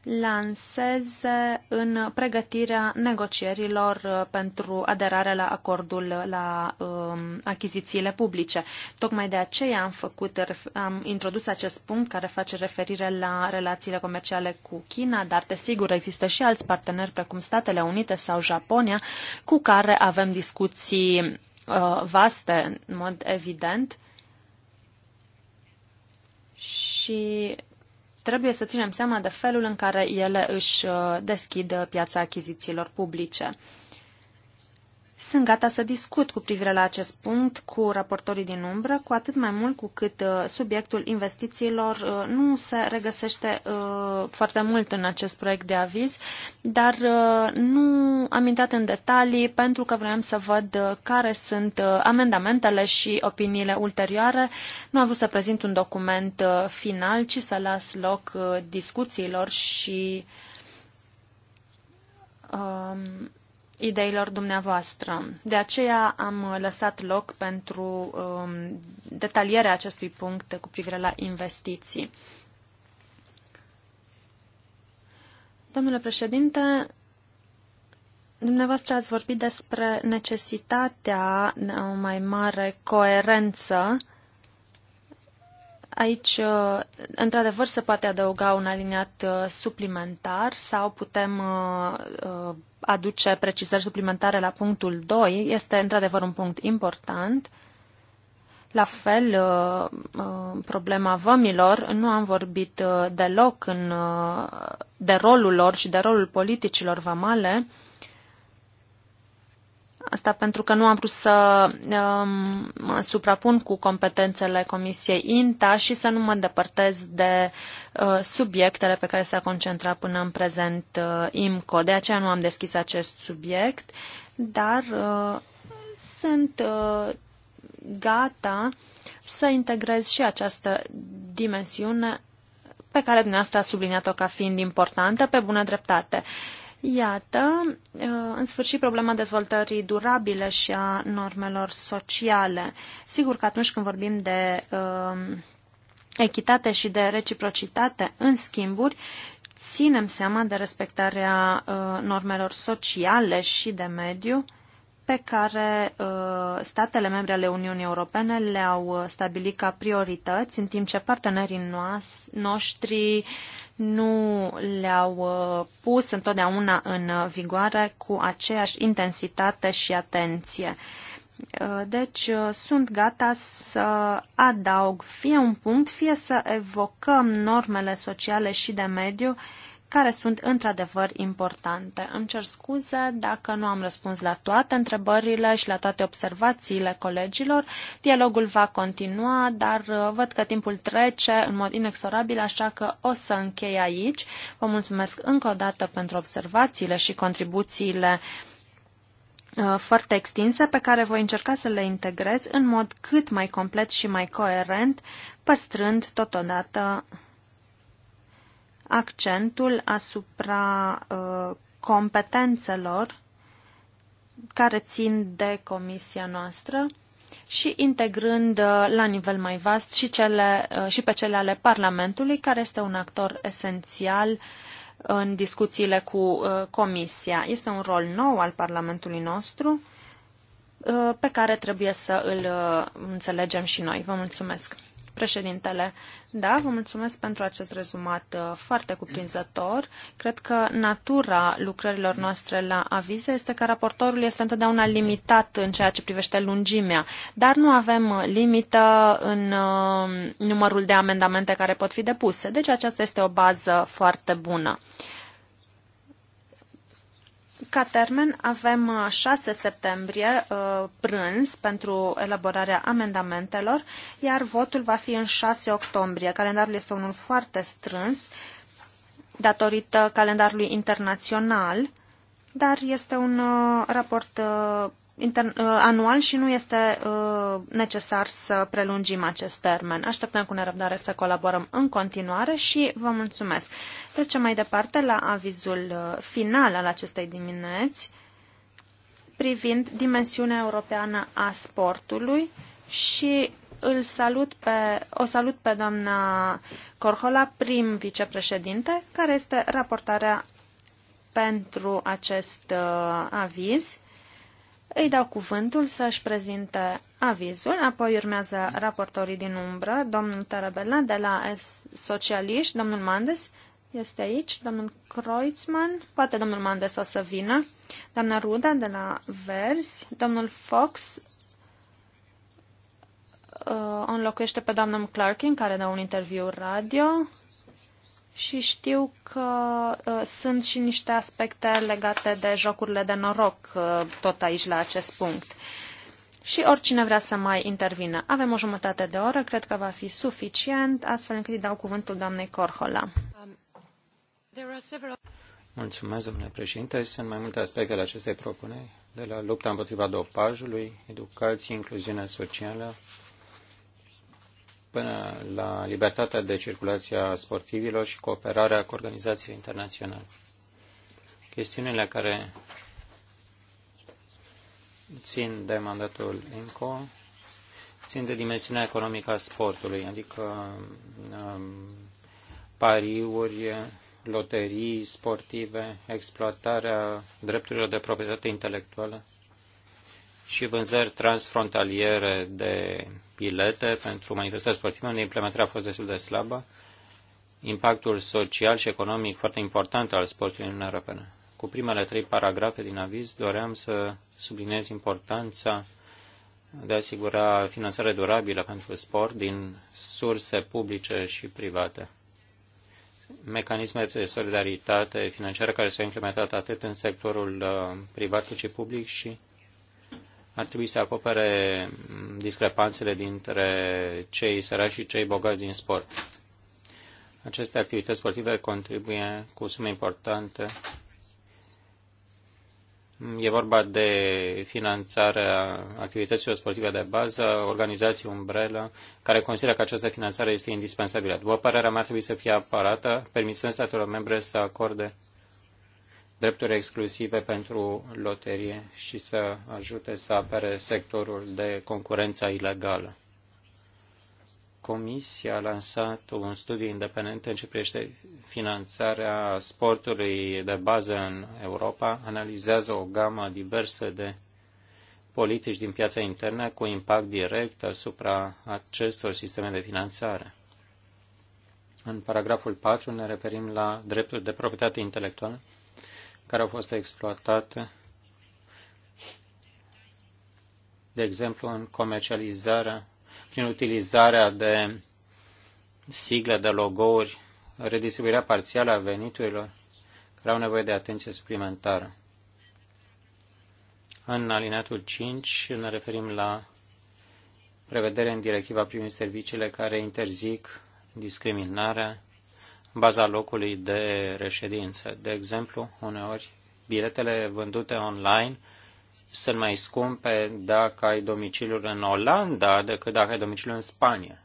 lanseze în pregătirea negocierilor uh, pentru aderarea la acordul la um, achizițiile publice. Tocmai de aceea am, făcut, am introdus acest punct care face referire la relațiile comerciale cu China, dar desigur există și alți parteneri precum Statele Unite sau Japonia cu care avem discuții uh, vaste, în mod evident. Și trebuie să ținem seama de felul în care ele își uh, deschid uh, piața achizițiilor publice. Sunt gata să discut cu privire la acest punct cu raportorii din umbră, cu atât mai mult cu cât uh, subiectul investițiilor uh, nu se regăsește uh, foarte mult în acest proiect de aviz, dar nu am intrat în detalii pentru că vreau să văd care sunt amendamentele și opiniile ulterioare. Nu am vrut să prezint un document final, ci să las loc discuțiilor și um, ideilor dumneavoastră. De aceea am lăsat loc pentru um, detalierea acestui punct cu privire la investiții. Domnule președinte, dumneavoastră ați vorbit despre necesitatea o uh, mai mare coerență. Aici, uh, într-adevăr, se poate adăuga un aliniat uh, suplimentar sau putem aduce precizări suplimentare la punctul 2. Este într-adevăr un punct important. La fel, uh, uh, problema vămilor, nu am vorbit uh, deloc în, de rolul lor și de rolul politicilor vamale. Asta pentru că nu am vrut să um, mă suprapun cu competențele Comisiei INTA și să nu mă depărtez de uh, subiectele pe care s-a concentrat până în prezent uh, IMCO. De aceea nu am deschis acest subiect, dar uh, sunt uh, gata să integrez și această dimensiune pe care dumneavoastră a subliniat-o ca fiind importantă, pe bună dreptate. Uh, Iată, uh, în sfârșit, problema dezvoltării durabile și a normelor sociale. Sigur că atunci când vorbim de uh, echitate și de reciprocitate în schimburi, ținem seama de respectarea uh, normelor sociale și de mediu pe care uh, statele membre ale Uniunii Europene le-au uh, stabilit ca priorități, în timp ce partenerii noștri nu le-au uh, pus întotdeauna în vigoare cu aceeași intensitate și atenție. Deci sunt gata să adaug fie un punct, fie să evocăm normele sociale și de mediu care sunt într-adevăr importante. Îmi cer scuze dacă nu am răspuns la toate întrebările și la toate observațiile colegilor. Dialogul va continua, dar uh, văd că timpul trece în mod inexorabil, așa că o să închei aici. Vă mulțumesc încă o dată pentru observațiile și contribuțiile uh, foarte extinse pe care voi încerca să le integrez în mod cât mai complet și mai coerent, păstrând totodată accentul asupra uh, competențelor care țin de comisia noastră și integrând uh, la nivel mai vast și, cele, uh, și pe cele ale Parlamentului, care este un actor esențial în discuțiile cu Comisia. Este un rol nou al Parlamentului nostru pe care trebuie să îl înțelegem și noi. Vă mulțumesc! Președintele, da, vă mulțumesc pentru acest rezumat uh, foarte cuprinzător. Cred că natura lucrărilor noastre la avize este că raportorul este întotdeauna limitat în ceea ce privește lungimea, dar nu avem limită în uh, numărul de amendamente care pot fi depuse, deci aceasta este o bază foarte bună. Ca termen avem 6 uh, septembrie uh, prânz pentru elaborarea amendamentelor, iar votul va fi în 6 octombrie. Calendarul este unul foarte strâns datorită calendarului internațional, dar este un uh, raport Uh, anual și nu este uh, necesar să prelungim acest termen. Așteptăm cu nerăbdare să colaborăm în continuare și vă mulțumesc. Trecem mai departe la avizul uh, final al acestei dimineți privind dimensiunea europeană a sportului și îl salut pe, o salut pe doamna Corhola, prim vicepreședinte, care este raportarea pentru acest uh, aviz. Îi dau cuvântul să-și prezinte avizul, apoi urmează raportorii din umbră, domnul Tarabella de la Socialiști, domnul Mandes este aici, domnul Kreutzmann, poate domnul Mandes o să vină, doamna Ruda de la Verzi, domnul Fox uh, o înlocuiește pe doamna McClarkin, care dă un interviu radio, și știu că uh, sunt și niște aspecte legate de jocurile de noroc uh, tot aici la acest punct. Și oricine vrea să mai intervină. Avem o jumătate de oră, cred că va fi suficient, astfel încât îi dau cuvântul doamnei Corhola. Um, Mulțumesc, domnule președinte. Sunt mai multe aspecte ale acestei propuneri, de la lupta împotriva dopajului, educație, incluziune socială, până la libertatea de circulație a sportivilor și cooperarea cu organizațiile internaționale. Chestiunile care țin de mandatul INCO țin de dimensiunea economică a sportului, adică um, pariuri, loterii sportive, exploatarea drepturilor de proprietate intelectuală și vânzări transfrontaliere de bilete pentru manifestări sportive, unde implementarea a fost destul de slabă, impactul social și economic foarte important al sportului în Uniunea Europeană. Cu primele trei paragrafe din aviz doream să subliniez importanța de a asigura finanțare durabilă pentru sport din surse publice și private. Mecanisme de solidaritate financiară care s-au implementat atât în sectorul uh, privat cât și public și ar trebui să acopere mm, discrepanțele dintre cei săraci și cei bogați din sport. Aceste activități sportive contribuie cu sume importante. Mm, e vorba de finanțarea activităților sportive de bază, organizații umbrelă, care consideră că această finanțare este indispensabilă. După părerea mea, ar trebui să fie aparată, permițând statelor membre să acorde drepturi exclusive pentru loterie și să ajute să apere sectorul de concurența ilegală. Comisia a lansat un studiu independent în ce privește finanțarea sportului de bază în Europa, analizează o gamă diversă de politici din piața internă cu impact direct asupra acestor sisteme de finanțare. În paragraful 4 ne referim la drepturi de proprietate intelectuală care au fost exploatate, de exemplu, în comercializarea, prin utilizarea de sigle, de logouri, redistribuirea parțială a veniturilor, care au nevoie de atenție suplimentară. În alineatul 5 ne referim la prevedere în directiva privind serviciile care interzic discriminarea baza locului de reședință. De exemplu, uneori biletele vândute online sunt mai scumpe dacă ai domiciliul în Olanda decât dacă ai domiciliul în Spania.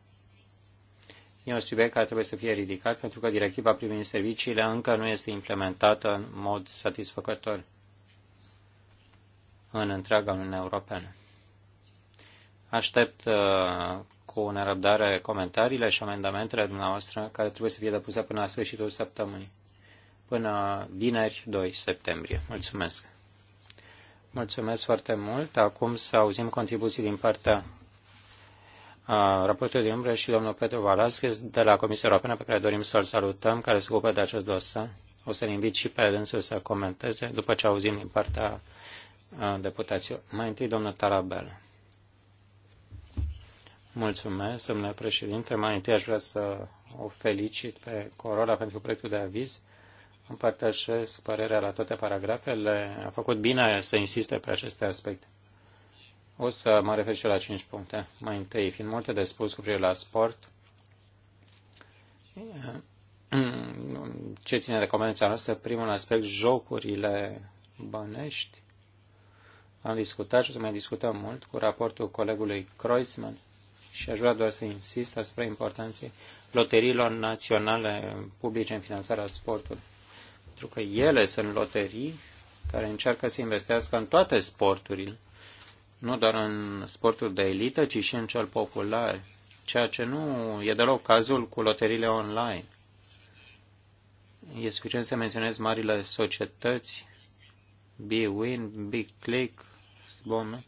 E un subiect care trebuie să fie ridicat pentru că directiva privind serviciile încă nu este implementată în mod satisfăcător în întreaga Uniune Europeană. Aștept uh, cu nerăbdare comentariile și amendamentele dumneavoastră care trebuie să fie depuse până la sfârșitul săptămânii, până vineri 2 septembrie. Mulțumesc! Mulțumesc foarte mult. Acum să auzim contribuții din partea raportului de umbră și domnul Petru Valasquez de la Comisia Europeană, pe care dorim să-l salutăm, care se ocupă de acest dosar. O să-l invit și pe dânsul să comenteze după ce auzim din partea deputaților. Mai întâi, domnul Tarabel. Mulțumesc, domnule președinte. Mai întâi aș vrea să o felicit pe Corola pentru proiectul de aviz. Împărtășesc părerea la toate paragrafele. A făcut bine să insiste pe aceste aspecte. O să mă refer și eu la cinci puncte. Mai întâi, fiind multe de spus cu privire la sport, ce ține de convenția noastră, primul aspect, jocurile bănești. Am discutat și o să mai discutăm mult cu raportul colegului Kreuzmann și aș vrea doar să insist asupra importanței loteriilor naționale publice în finanțarea sportului. Pentru că ele sunt loterii care încearcă să investească în toate sporturile, nu doar în sportul de elită, ci și în cel popular, ceea ce nu e deloc cazul cu loteriile online. E suficient să menționez marile societăți, Win, Big Click, Bome,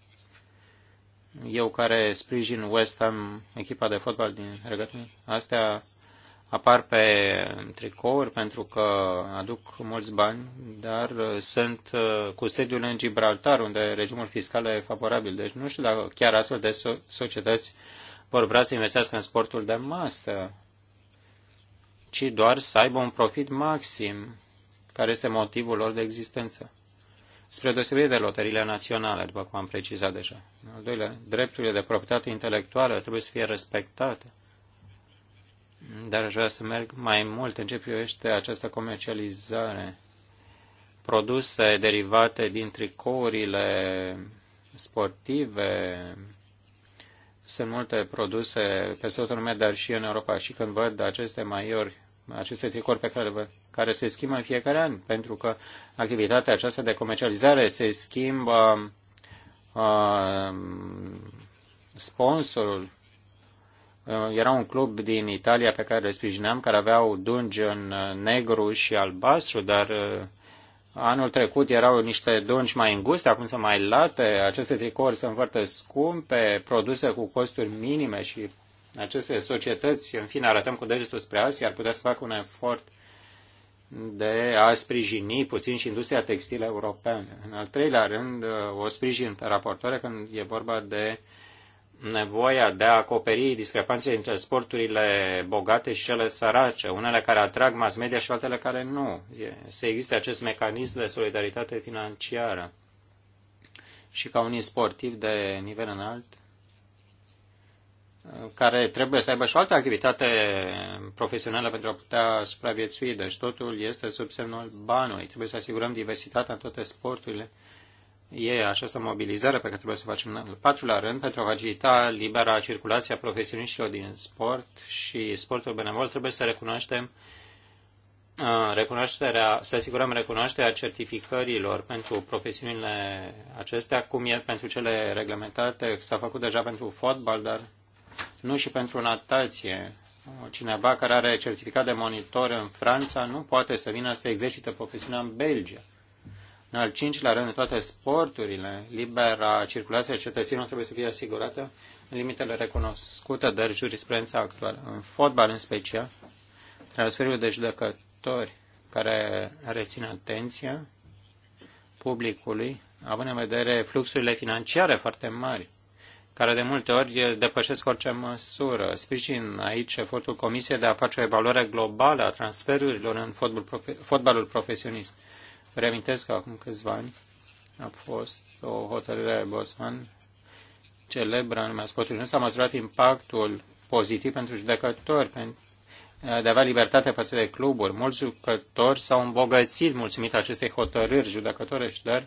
eu care sprijin West Ham, echipa de fotbal din Regatul astea apar pe tricouri pentru că aduc mulți bani, dar sunt uh, cu sediul în Gibraltar, unde regimul fiscal e favorabil. Deci nu știu dacă chiar astfel de societăți vor vrea să investească în sportul de masă, ci doar să aibă un profit maxim, care este motivul lor de existență spre deosebire de loteriile naționale, după cum am precizat deja. În al doilea, drepturile de proprietate intelectuală trebuie să fie respectate. Dar aș vrea să merg mai mult în ce privește această comercializare. Produse derivate din tricourile sportive, sunt multe produse peste tot meu, dar și în Europa. Și când văd aceste maiori, aceste tricouri pe care le văd, care se schimbă în fiecare an, pentru că activitatea aceasta de comercializare se schimbă uh, sponsorul. Uh, era un club din Italia pe care îl sprijineam, care aveau dungi în uh, negru și albastru, dar uh, Anul trecut erau niște dungi mai înguste, acum sunt mai late, aceste tricouri sunt foarte scumpe, produse cu costuri minime și aceste societăți, în fine, arătăm cu degetul spre Asia, ar putea să facă un efort de a sprijini puțin și industria textilă europeană. În al treilea rând, o sprijin pe raportoare când e vorba de nevoia de a acoperi discrepanțele între sporturile bogate și cele sărace, unele care atrag mass media și altele care nu. Se existe acest mecanism de solidaritate financiară. Și ca unii sportiv de nivel înalt, care trebuie să aibă și o altă activitate profesională pentru a putea supraviețui. Deci totul este sub semnul banului. Trebuie să asigurăm diversitatea în toate sporturile. E această mobilizare pe care trebuie să o facem în patrulea rând pentru a facilita libera circulație a profesioniștilor din sport și sportul benevol. Trebuie să recunoaștem uh, recunoașterea, să asigurăm recunoașterea certificărilor pentru profesiunile acestea, cum e pentru cele reglementate, s-a făcut deja pentru fotbal, dar nu și pentru natație. Cineva care are certificat de monitor în Franța nu poate să vină să exercite profesiunea în Belgia. În al cincilea rând, toate sporturile, libera circulație a cetățenilor trebuie să fie asigurată în limitele recunoscute de jurisprudența actuală. În fotbal, în special, transferul de judecători care rețin atenția publicului, având în vedere fluxurile financiare foarte mari care de multe ori depășesc orice măsură. Sprijin aici efortul Comisiei de a face o evaluare globală a transferurilor în fotbal, profe fotbalul profesionist. Reamintesc că acum câțiva ani a fost o hotărâre Bosman celebră în lumea sportului. Nu s-a măsurat impactul pozitiv pentru judecători, pentru de a avea libertate față de cluburi. Mulți jucători s-au îmbogățit mulțumit acestei hotărâri judecătorești, dar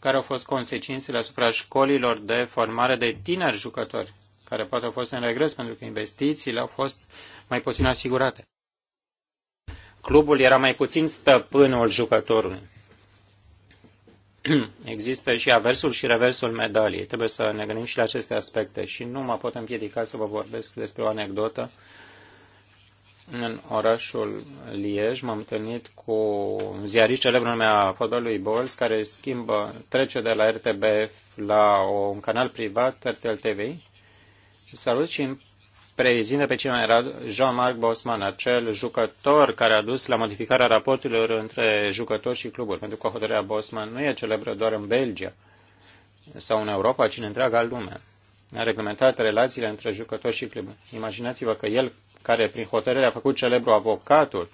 care au fost consecințele asupra școlilor de formare de tineri jucători, care poate au fost în regres pentru că investițiile au fost mai puțin asigurate. Clubul era mai puțin stăpânul jucătorului. Există și aversul și reversul medaliei. Trebuie să ne gândim și la aceste aspecte și nu mă pot împiedica să vă vorbesc despre o anecdotă în orașul Liej m-am întâlnit cu un ziarist celebru numea fotbalului Bols, care schimbă, trece de la RTBF la o, un canal privat, RTL TV. Salut și îmi prezintă pe cine era Jean-Marc Bosman, acel jucător care a dus la modificarea raporturilor între jucători și cluburi, pentru că hotărârea Bosman nu e celebră doar în Belgia sau în Europa, ci în întreaga lume. A reglementat relațiile între jucători și cluburi. Imaginați-vă că el, care prin hotărâre a făcut celebru avocatul,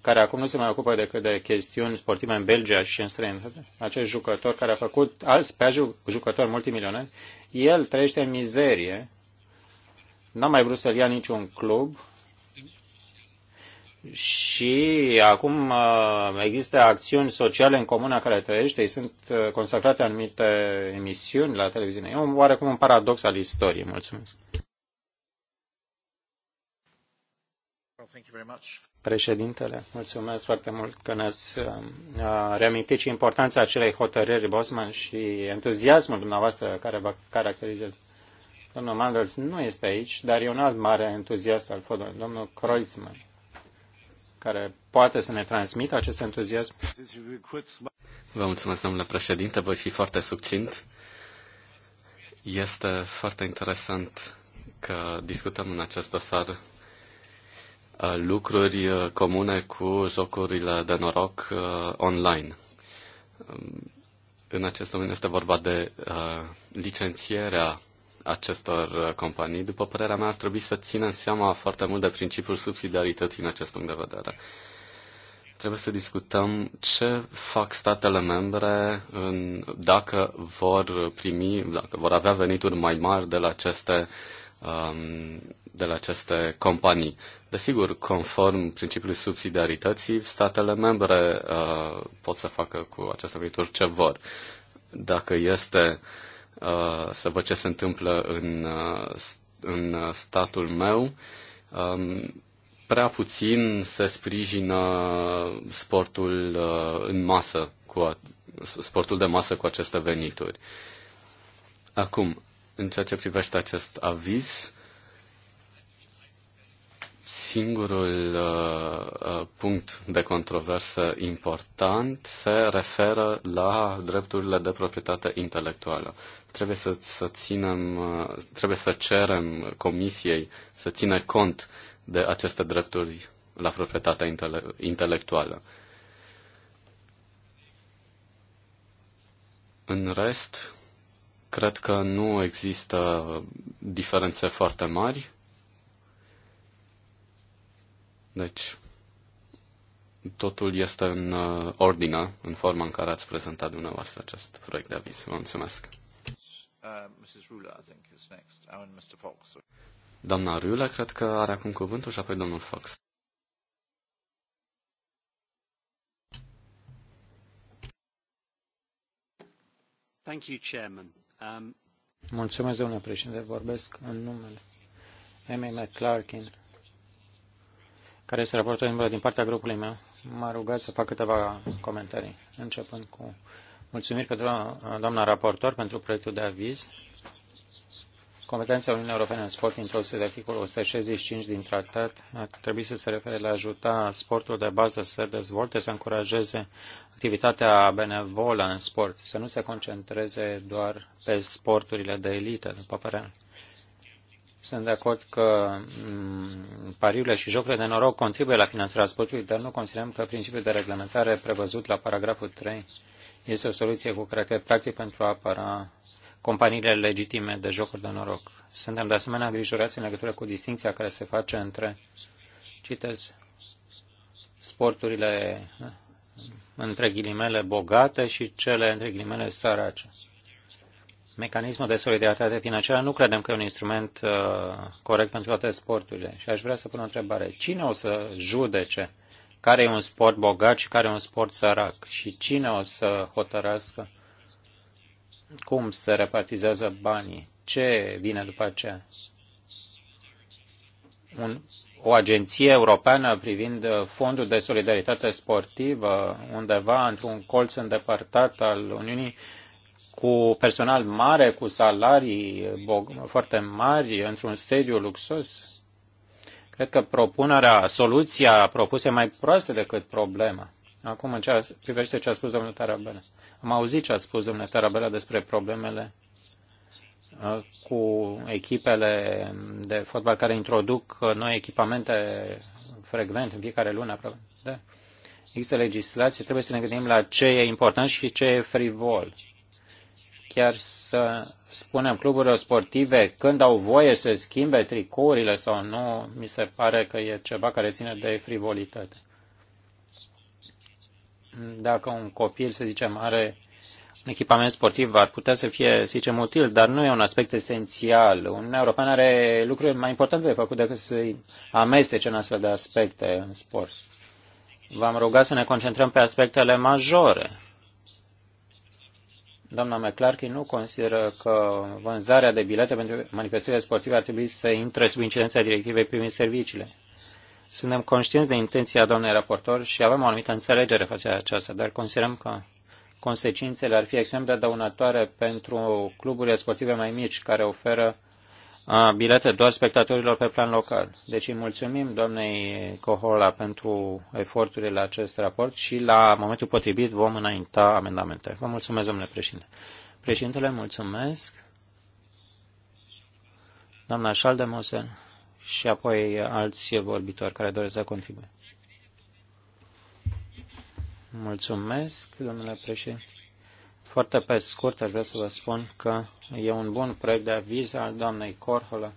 care acum nu se mai ocupă decât de chestiuni sportive în Belgia și în străinătate, acest jucător care a făcut alți pe jucător multimilionar, el trăiește în mizerie, n-a mai vrut să-l ia niciun club și acum uh, există acțiuni sociale în comuna care trăiește, îi sunt uh, consacrate anumite emisiuni la televiziune. E un, oarecum un paradox al istoriei. Mulțumesc! Președintele, mulțumesc foarte mult că ne-ați uh, reamintit și importanța acelei hotărâri Bosman și entuziasmul dumneavoastră care vă caracterizează. Domnul Mandels nu este aici, dar e un alt mare entuziast al fotbalului, domnul Kreuzmann, care poate să ne transmită acest entuziasm. Vă mulțumesc, domnule președinte, voi fi foarte succint. Este foarte interesant că discutăm în acest dosar Uh, lucruri uh, comune cu jocurile de noroc uh, online. Um, în acest domeniu este vorba de licențierea acestor companii. După părerea mea, ar trebui să ținem seama foarte mult de principiul subsidiarității în acest punct de vedere trebuie să discutăm ce fac statele membre în, dacă vor primi, dacă vor avea venituri mai mari de la aceste um, de la aceste companii. Desigur, conform principiului subsidiarității, statele membre uh, pot să facă cu aceste venituri ce vor. Dacă este uh, să văd ce se întâmplă în, uh, în statul meu, um, prea puțin se sprijină sportul uh, în masă, cu a, sportul de masă cu aceste venituri. Acum, în ceea ce privește acest aviz, Singurul uh, uh, punct de controversă important se referă la drepturile de proprietate intelectuală. Trebuie să, să ținem, uh, trebuie să cerem comisiei să ține cont de aceste drepturi la proprietatea intele- intelectuală. În rest, cred că nu există diferențe foarte mari deci, totul este în uh, ordine, în forma în care ați prezentat dumneavoastră acest proiect de aviz. Vă mulțumesc. Uh, oh, Doamna Rula, cred că are acum cuvântul și apoi domnul Fox. Thank you, Chairman. Um... Mulțumesc, domnule președinte. Vorbesc în numele Emmy McClarkin care este raportul din partea grupului meu, m-a rugat să fac câteva comentarii, începând cu mulțumiri pentru uh, doamna raportor pentru proiectul de aviz. Competența Uniunii Europene în sport introdusă de articolul 165 din tratat ar trebui să se refere la ajuta sportul de bază să dezvolte, să încurajeze activitatea benevolă în sport, să nu se concentreze doar pe sporturile de elită, după părerea sunt de acord că mm, pariurile și jocurile de noroc contribuie la finanțarea sportului, dar nu considerăm că principiul de reglementare prevăzut la paragraful 3 este o soluție cu caracter practic pentru a apăra companiile legitime de jocuri de noroc. Suntem de asemenea îngrijorați în legătură cu distinția care se face între, citez, sporturile între ghilimele bogate și cele între ghilimele sărace mecanismul de solidaritate financiară nu credem că e un instrument uh, corect pentru toate sporturile. Și aș vrea să pun o întrebare. Cine o să judece care e un sport bogat și care e un sport sărac? Și cine o să hotărască cum se repartizează banii? Ce vine după aceea? Un, o agenție europeană privind uh, fondul de solidaritate sportivă undeva într-un colț îndepărtat al Uniunii uh, cu personal mare, cu salarii foarte mari, într-un sediu luxos? Cred că propunerea, soluția propusă e mai proastă decât problema. Acum, în ce a, privește ce a spus domnul Tarabela. Am auzit ce a spus domnul Tarabela despre problemele uh, cu echipele de fotbal care introduc uh, noi echipamente frecvent în fiecare lună. Da. Există legislație, trebuie să ne gândim la ce e important și ce e frivol chiar să spunem cluburile sportive când au voie să schimbe tricourile sau nu, mi se pare că e ceva care ține de frivolitate. Dacă un copil, să zicem, are un echipament sportiv, ar putea să fie, să zicem, util, dar nu e un aspect esențial. Un european are lucruri mai importante de făcut decât să-i amestece în astfel de aspecte în sport. V-am rugat să ne concentrăm pe aspectele majore Doamna McClarkin nu consideră că vânzarea de bilete pentru manifestările sportive ar trebui să intre sub incidența directivei privind serviciile. Suntem conștienți de intenția doamnei raportor și avem o anumită înțelegere față de aceasta, dar considerăm că consecințele ar fi extrem de dăunătoare pentru cluburile sportive mai mici care oferă a bilete doar spectatorilor pe plan local. Deci îi mulțumim doamnei Cohola pentru eforturile la acest raport și la momentul potrivit vom înainta amendamente. Vă mulțumesc, domnule președinte. Președintele, mulțumesc. Doamna Schaldemosen și apoi alți vorbitori care doresc să contribuie. Mulțumesc, domnule președinte. Foarte pe scurt, aș vrea să vă spun că e un bun proiect de aviz al doamnei Corhola.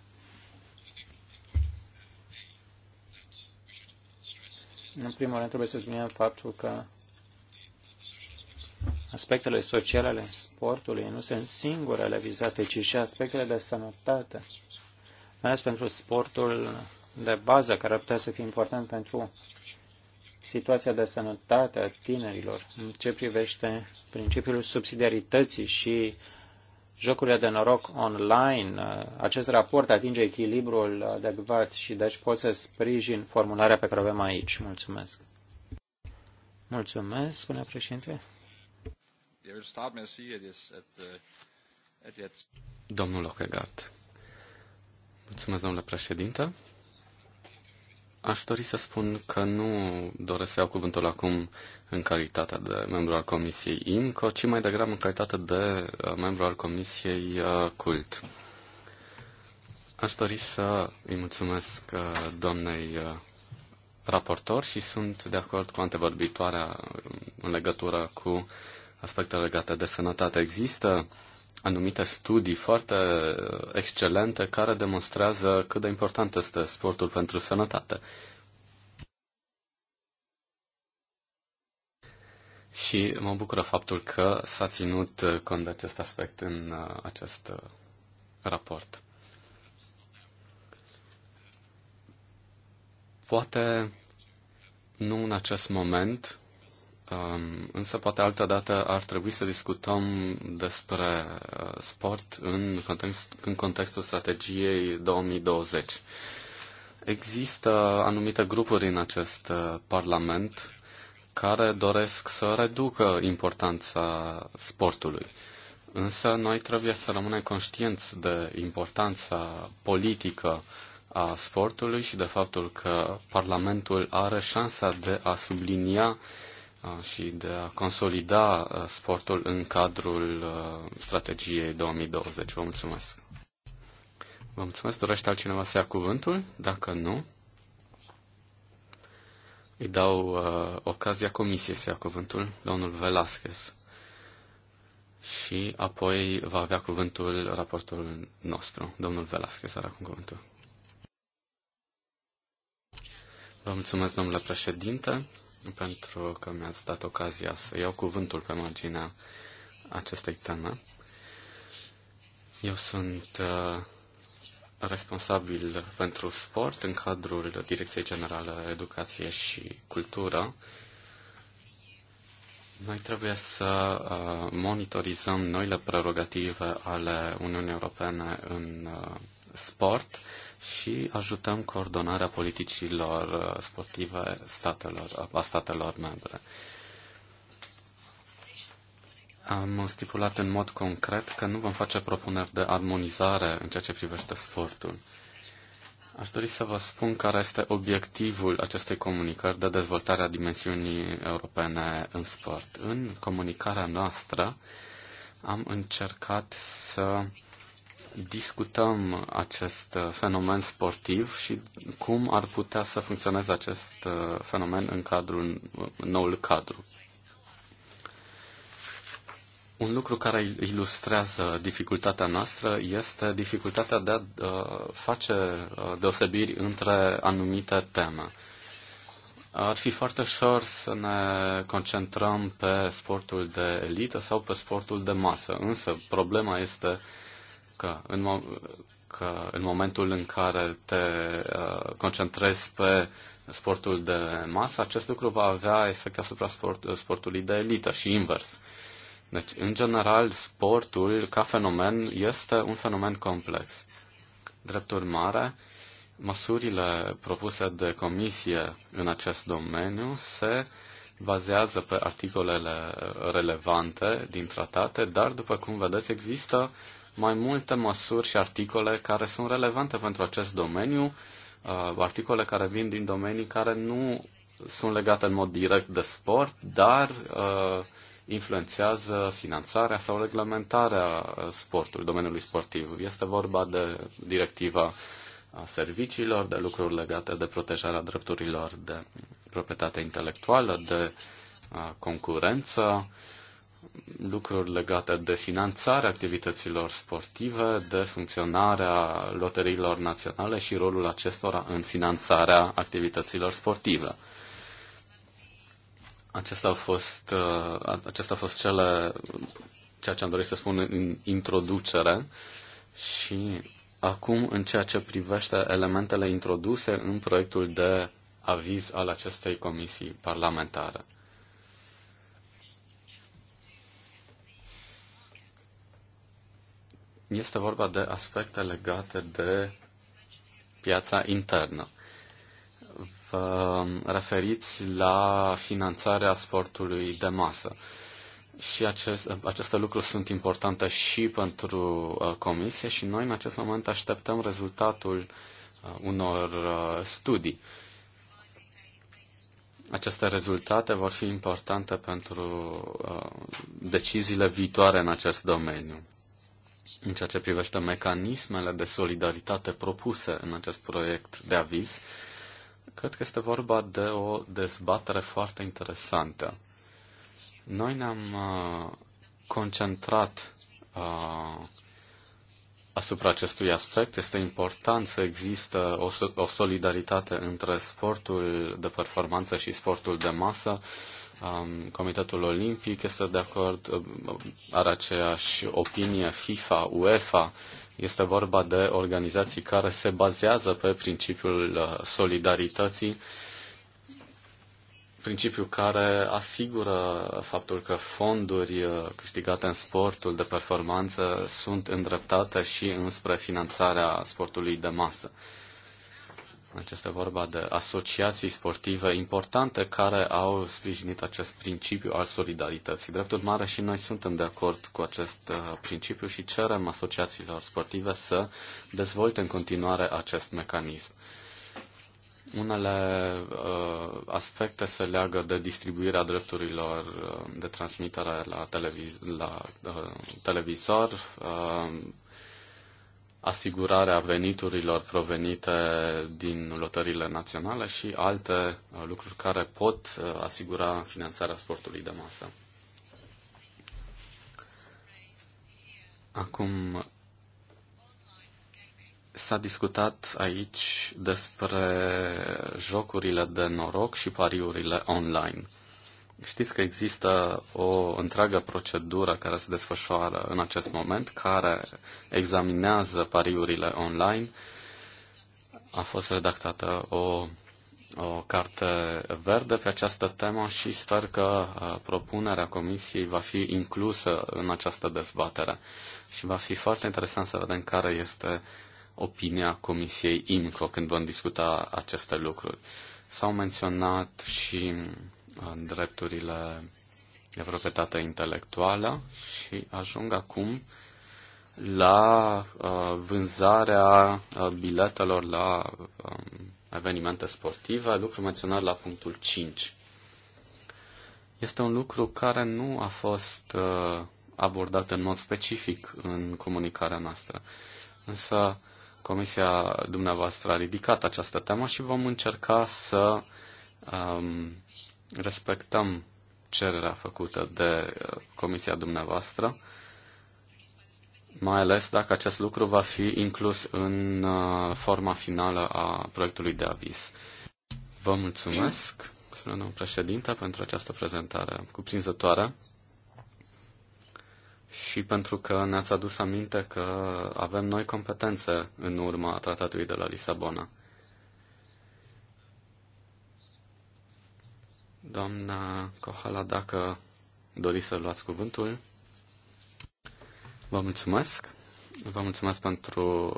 În primul rând, trebuie să subliniem faptul că aspectele sociale ale sportului nu sunt singurele vizate, ci și aspectele de sănătate, mai ales pentru sportul de bază, care ar putea să fie important pentru situația de sănătate a tinerilor, în ce privește principiul subsidiarității și jocurile de noroc online. Acest raport atinge echilibrul adecvat și deci pot să sprijin formularea pe care o avem aici. Mulțumesc. Mulțumesc, spune președinte. Domnul Ocăgat. Mulțumesc, domnule președinte. Aș dori să spun că nu doresc să iau cuvântul acum în calitate de membru al Comisiei IMCO, ci mai degrabă în calitate de uh, membru al Comisiei uh, CULT. Aș dori să îi mulțumesc uh, doamnei raportor și sunt de acord cu antevorbitoarea um, în legătură cu aspectele legate de sănătate. Există anumite studii foarte excelente care demonstrează cât de important este sportul pentru sănătate. Și mă bucură faptul că s-a ținut cont de acest aspect în uh, acest uh, raport. Poate nu în acest moment, Um, însă poate altă dată ar trebui să discutăm despre uh, sport în, context, în contextul strategiei 2020. Există anumite grupuri în acest uh, Parlament care doresc să reducă importanța sportului. Însă noi trebuie să rămânem conștienți de importanța politică a sportului și de faptul că Parlamentul are șansa de a sublinia uh, și de a consolida sportul în cadrul strategiei 2020. Vă mulțumesc! Vă mulțumesc! Dorește altcineva să ia cuvântul? Dacă nu, îi dau uh, ocazia comisiei să ia cuvântul, domnul Velasquez. Și apoi va avea cuvântul raportul nostru. Domnul Velasquez are acum cuvântul. Vă mulțumesc, domnule președinte pentru că mi-ați dat ocazia să iau cuvântul pe marginea acestei teme. Eu sunt uh, responsabil pentru sport în cadrul Direcției Generale Educație și Cultură. Noi trebuie să uh, monitorizăm noile prerogative ale Uniunii Europene în uh, sport și ajutăm coordonarea politicilor uh, sportive statelor, a statelor membre. Am stipulat în mod concret că nu vom face propuneri de armonizare în ceea ce privește sportul. Aș dori să vă spun care este obiectivul acestei comunicări de dezvoltare a dimensiunii europene în sport. În comunicarea noastră am încercat să discutăm acest uh, fenomen sportiv și cum ar putea să funcționeze acest uh, fenomen în cadrul în uh, noul cadru. Un lucru care ilustrează dificultatea noastră este dificultatea de a face deosebiri între anumite teme. Ar fi foarte ușor să ne concentrăm pe sportul de elită sau pe sportul de masă, însă problema este că în, mo- că în momentul în care te uh, concentrezi pe sportul de masă, acest lucru va avea efect asupra sport, uh, sportului de elită și invers. Deci, în general, sportul ca fenomen este un fenomen complex. Drept urmare, măsurile propuse de comisie în acest domeniu se bazează pe articolele relevante din tratate, dar, după cum vedeți, există mai multe măsuri și articole care sunt relevante pentru acest domeniu, uh, articole care vin din domenii care nu sunt legate în mod direct de sport, dar uh, influențează finanțarea sau reglementarea uh, sportului, domeniului sportiv. Este vorba de directiva a serviciilor, de lucruri legate de protejarea drepturilor de proprietate intelectuală, de concurență, lucruri legate de finanțarea activităților sportive, de funcționarea loteriilor naționale și rolul acestora în finanțarea activităților sportive. Acestea au fost, uh, acestea au fost cele, ceea ce am dorit să spun în introducere și acum în ceea ce privește elementele introduse în proiectul de aviz al acestei comisii parlamentare. Este vorba de aspecte legate de piața internă. Vă referiți la finanțarea sportului de masă. Și acest, aceste lucruri sunt importante și pentru uh, comisie și noi în acest moment așteptăm rezultatul uh, unor uh, studii. Aceste rezultate vor fi importante pentru uh, deciziile viitoare în acest domeniu în ceea ce privește mecanismele de solidaritate propuse în acest proiect de aviz, cred că este vorba de o dezbatere foarte interesantă. Noi ne-am uh, concentrat uh, asupra acestui aspect. Este important să există o, solidaritate între sportul de performanță și sportul de masă. Um, Comitetul Olimpic este de acord, uh, are aceeași opinie FIFA, UEFA. Este vorba de organizații care se bazează pe principiul uh, solidarității, principiu care asigură faptul că fonduri uh, câștigate în sportul de performanță sunt îndreptate și înspre finanțarea sportului de masă. Este vorba de asociații sportive importante care au sprijinit acest principiu al solidarității. Drept urmare, și noi suntem de acord cu acest uh, principiu și cerem asociațiilor sportive să dezvolte în continuare acest mecanism. Unele uh, aspecte se leagă de distribuirea drepturilor uh, de transmitere la, televiz- la uh, televizor, uh, asigurarea veniturilor provenite din lotările naționale și alte uh, lucruri care pot uh, asigura finanțarea sportului de masă. Acum s-a discutat aici despre jocurile de noroc și pariurile online. Știți că există o întreagă procedură care se desfășoară în acest moment, care examinează pariurile online. A fost redactată o, o carte verde pe această temă și sper că propunerea comisiei va fi inclusă în această dezbatere. Și va fi foarte interesant să vedem care este opinia comisiei IMCO când vom discuta aceste lucruri. S-au menționat și drepturile de proprietate intelectuală și ajung acum la uh, vânzarea uh, biletelor la um, evenimente sportive, lucru menționat la punctul 5. Este un lucru care nu a fost uh, abordat în mod specific în comunicarea noastră. Însă comisia dumneavoastră a ridicat această temă și vom încerca să um, respectăm cererea făcută de uh, comisia dumneavoastră, mai ales dacă acest lucru va fi inclus în uh, forma finală a proiectului de aviz. Vă mulțumesc, domnul președinte, pentru această prezentare cuprinzătoare și pentru că ne-ați adus aminte că avem noi competențe în urma tratatului de la Lisabona. Doamna Cohala, dacă doriți să luați cuvântul, vă mulțumesc. Vă mulțumesc pentru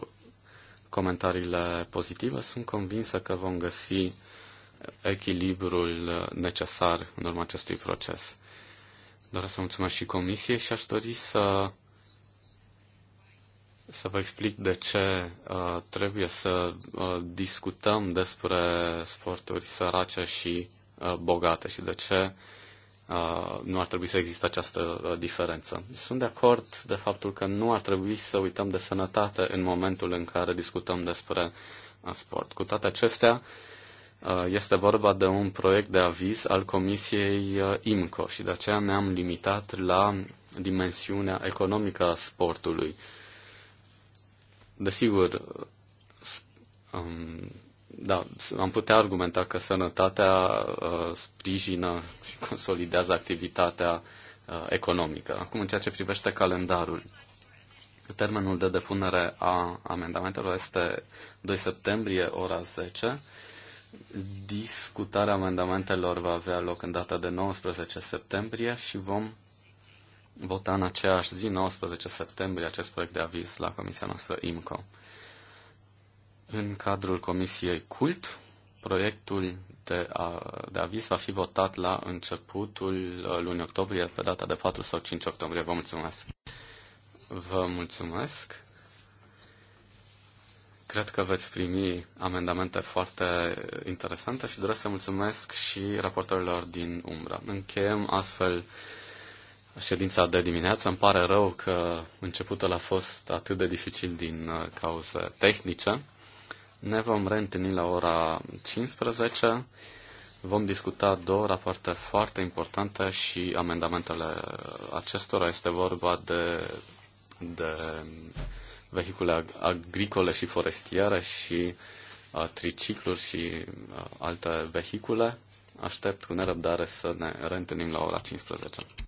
comentariile pozitive. Sunt convinsă că vom găsi echilibrul necesar în urma acestui proces. Doresc să mulțumesc și comisiei și aș dori să, să vă explic de ce uh, trebuie să uh, discutăm despre sporturi sărace și Uh, bogate și de ce uh, nu ar trebui să existe această uh, diferență. Sunt de acord de faptul că nu ar trebui să uităm de sănătate în momentul în care discutăm despre sport. Cu toate acestea, este vorba de un proiect de aviz al Comisiei IMCO și de aceea ne-am limitat la dimensiunea economică a sportului. Desigur, um, da, am putea argumenta că sănătatea uh, sprijină și consolidează activitatea uh, economică. Acum, în ceea ce privește calendarul, termenul de depunere a amendamentelor este 2 septembrie, ora 10. Discutarea amendamentelor va avea loc în data de 19 septembrie și vom vota în aceeași zi, 19 septembrie, acest proiect de aviz la Comisia noastră IMCO. În cadrul Comisiei CULT, proiectul de, a, de aviz va fi votat la începutul lunii octombrie, pe data de 4 sau 5 octombrie. Vă mulțumesc! Vă mulțumesc! Cred că veți primi amendamente foarte interesante și doresc să mulțumesc și raportorilor din Umbra. Încheiem astfel ședința de dimineață. Îmi pare rău că începutul a fost atât de dificil din uh, cauze tehnice. Ne vom reîntâlni la ora 15. Vom discuta două rapoarte foarte importante și amendamentele acestora. Este vorba de, de vehicule agricole și forestiere și a, tricicluri și a, alte vehicule. Aștept cu nerăbdare să ne reîntâlnim la ora 15.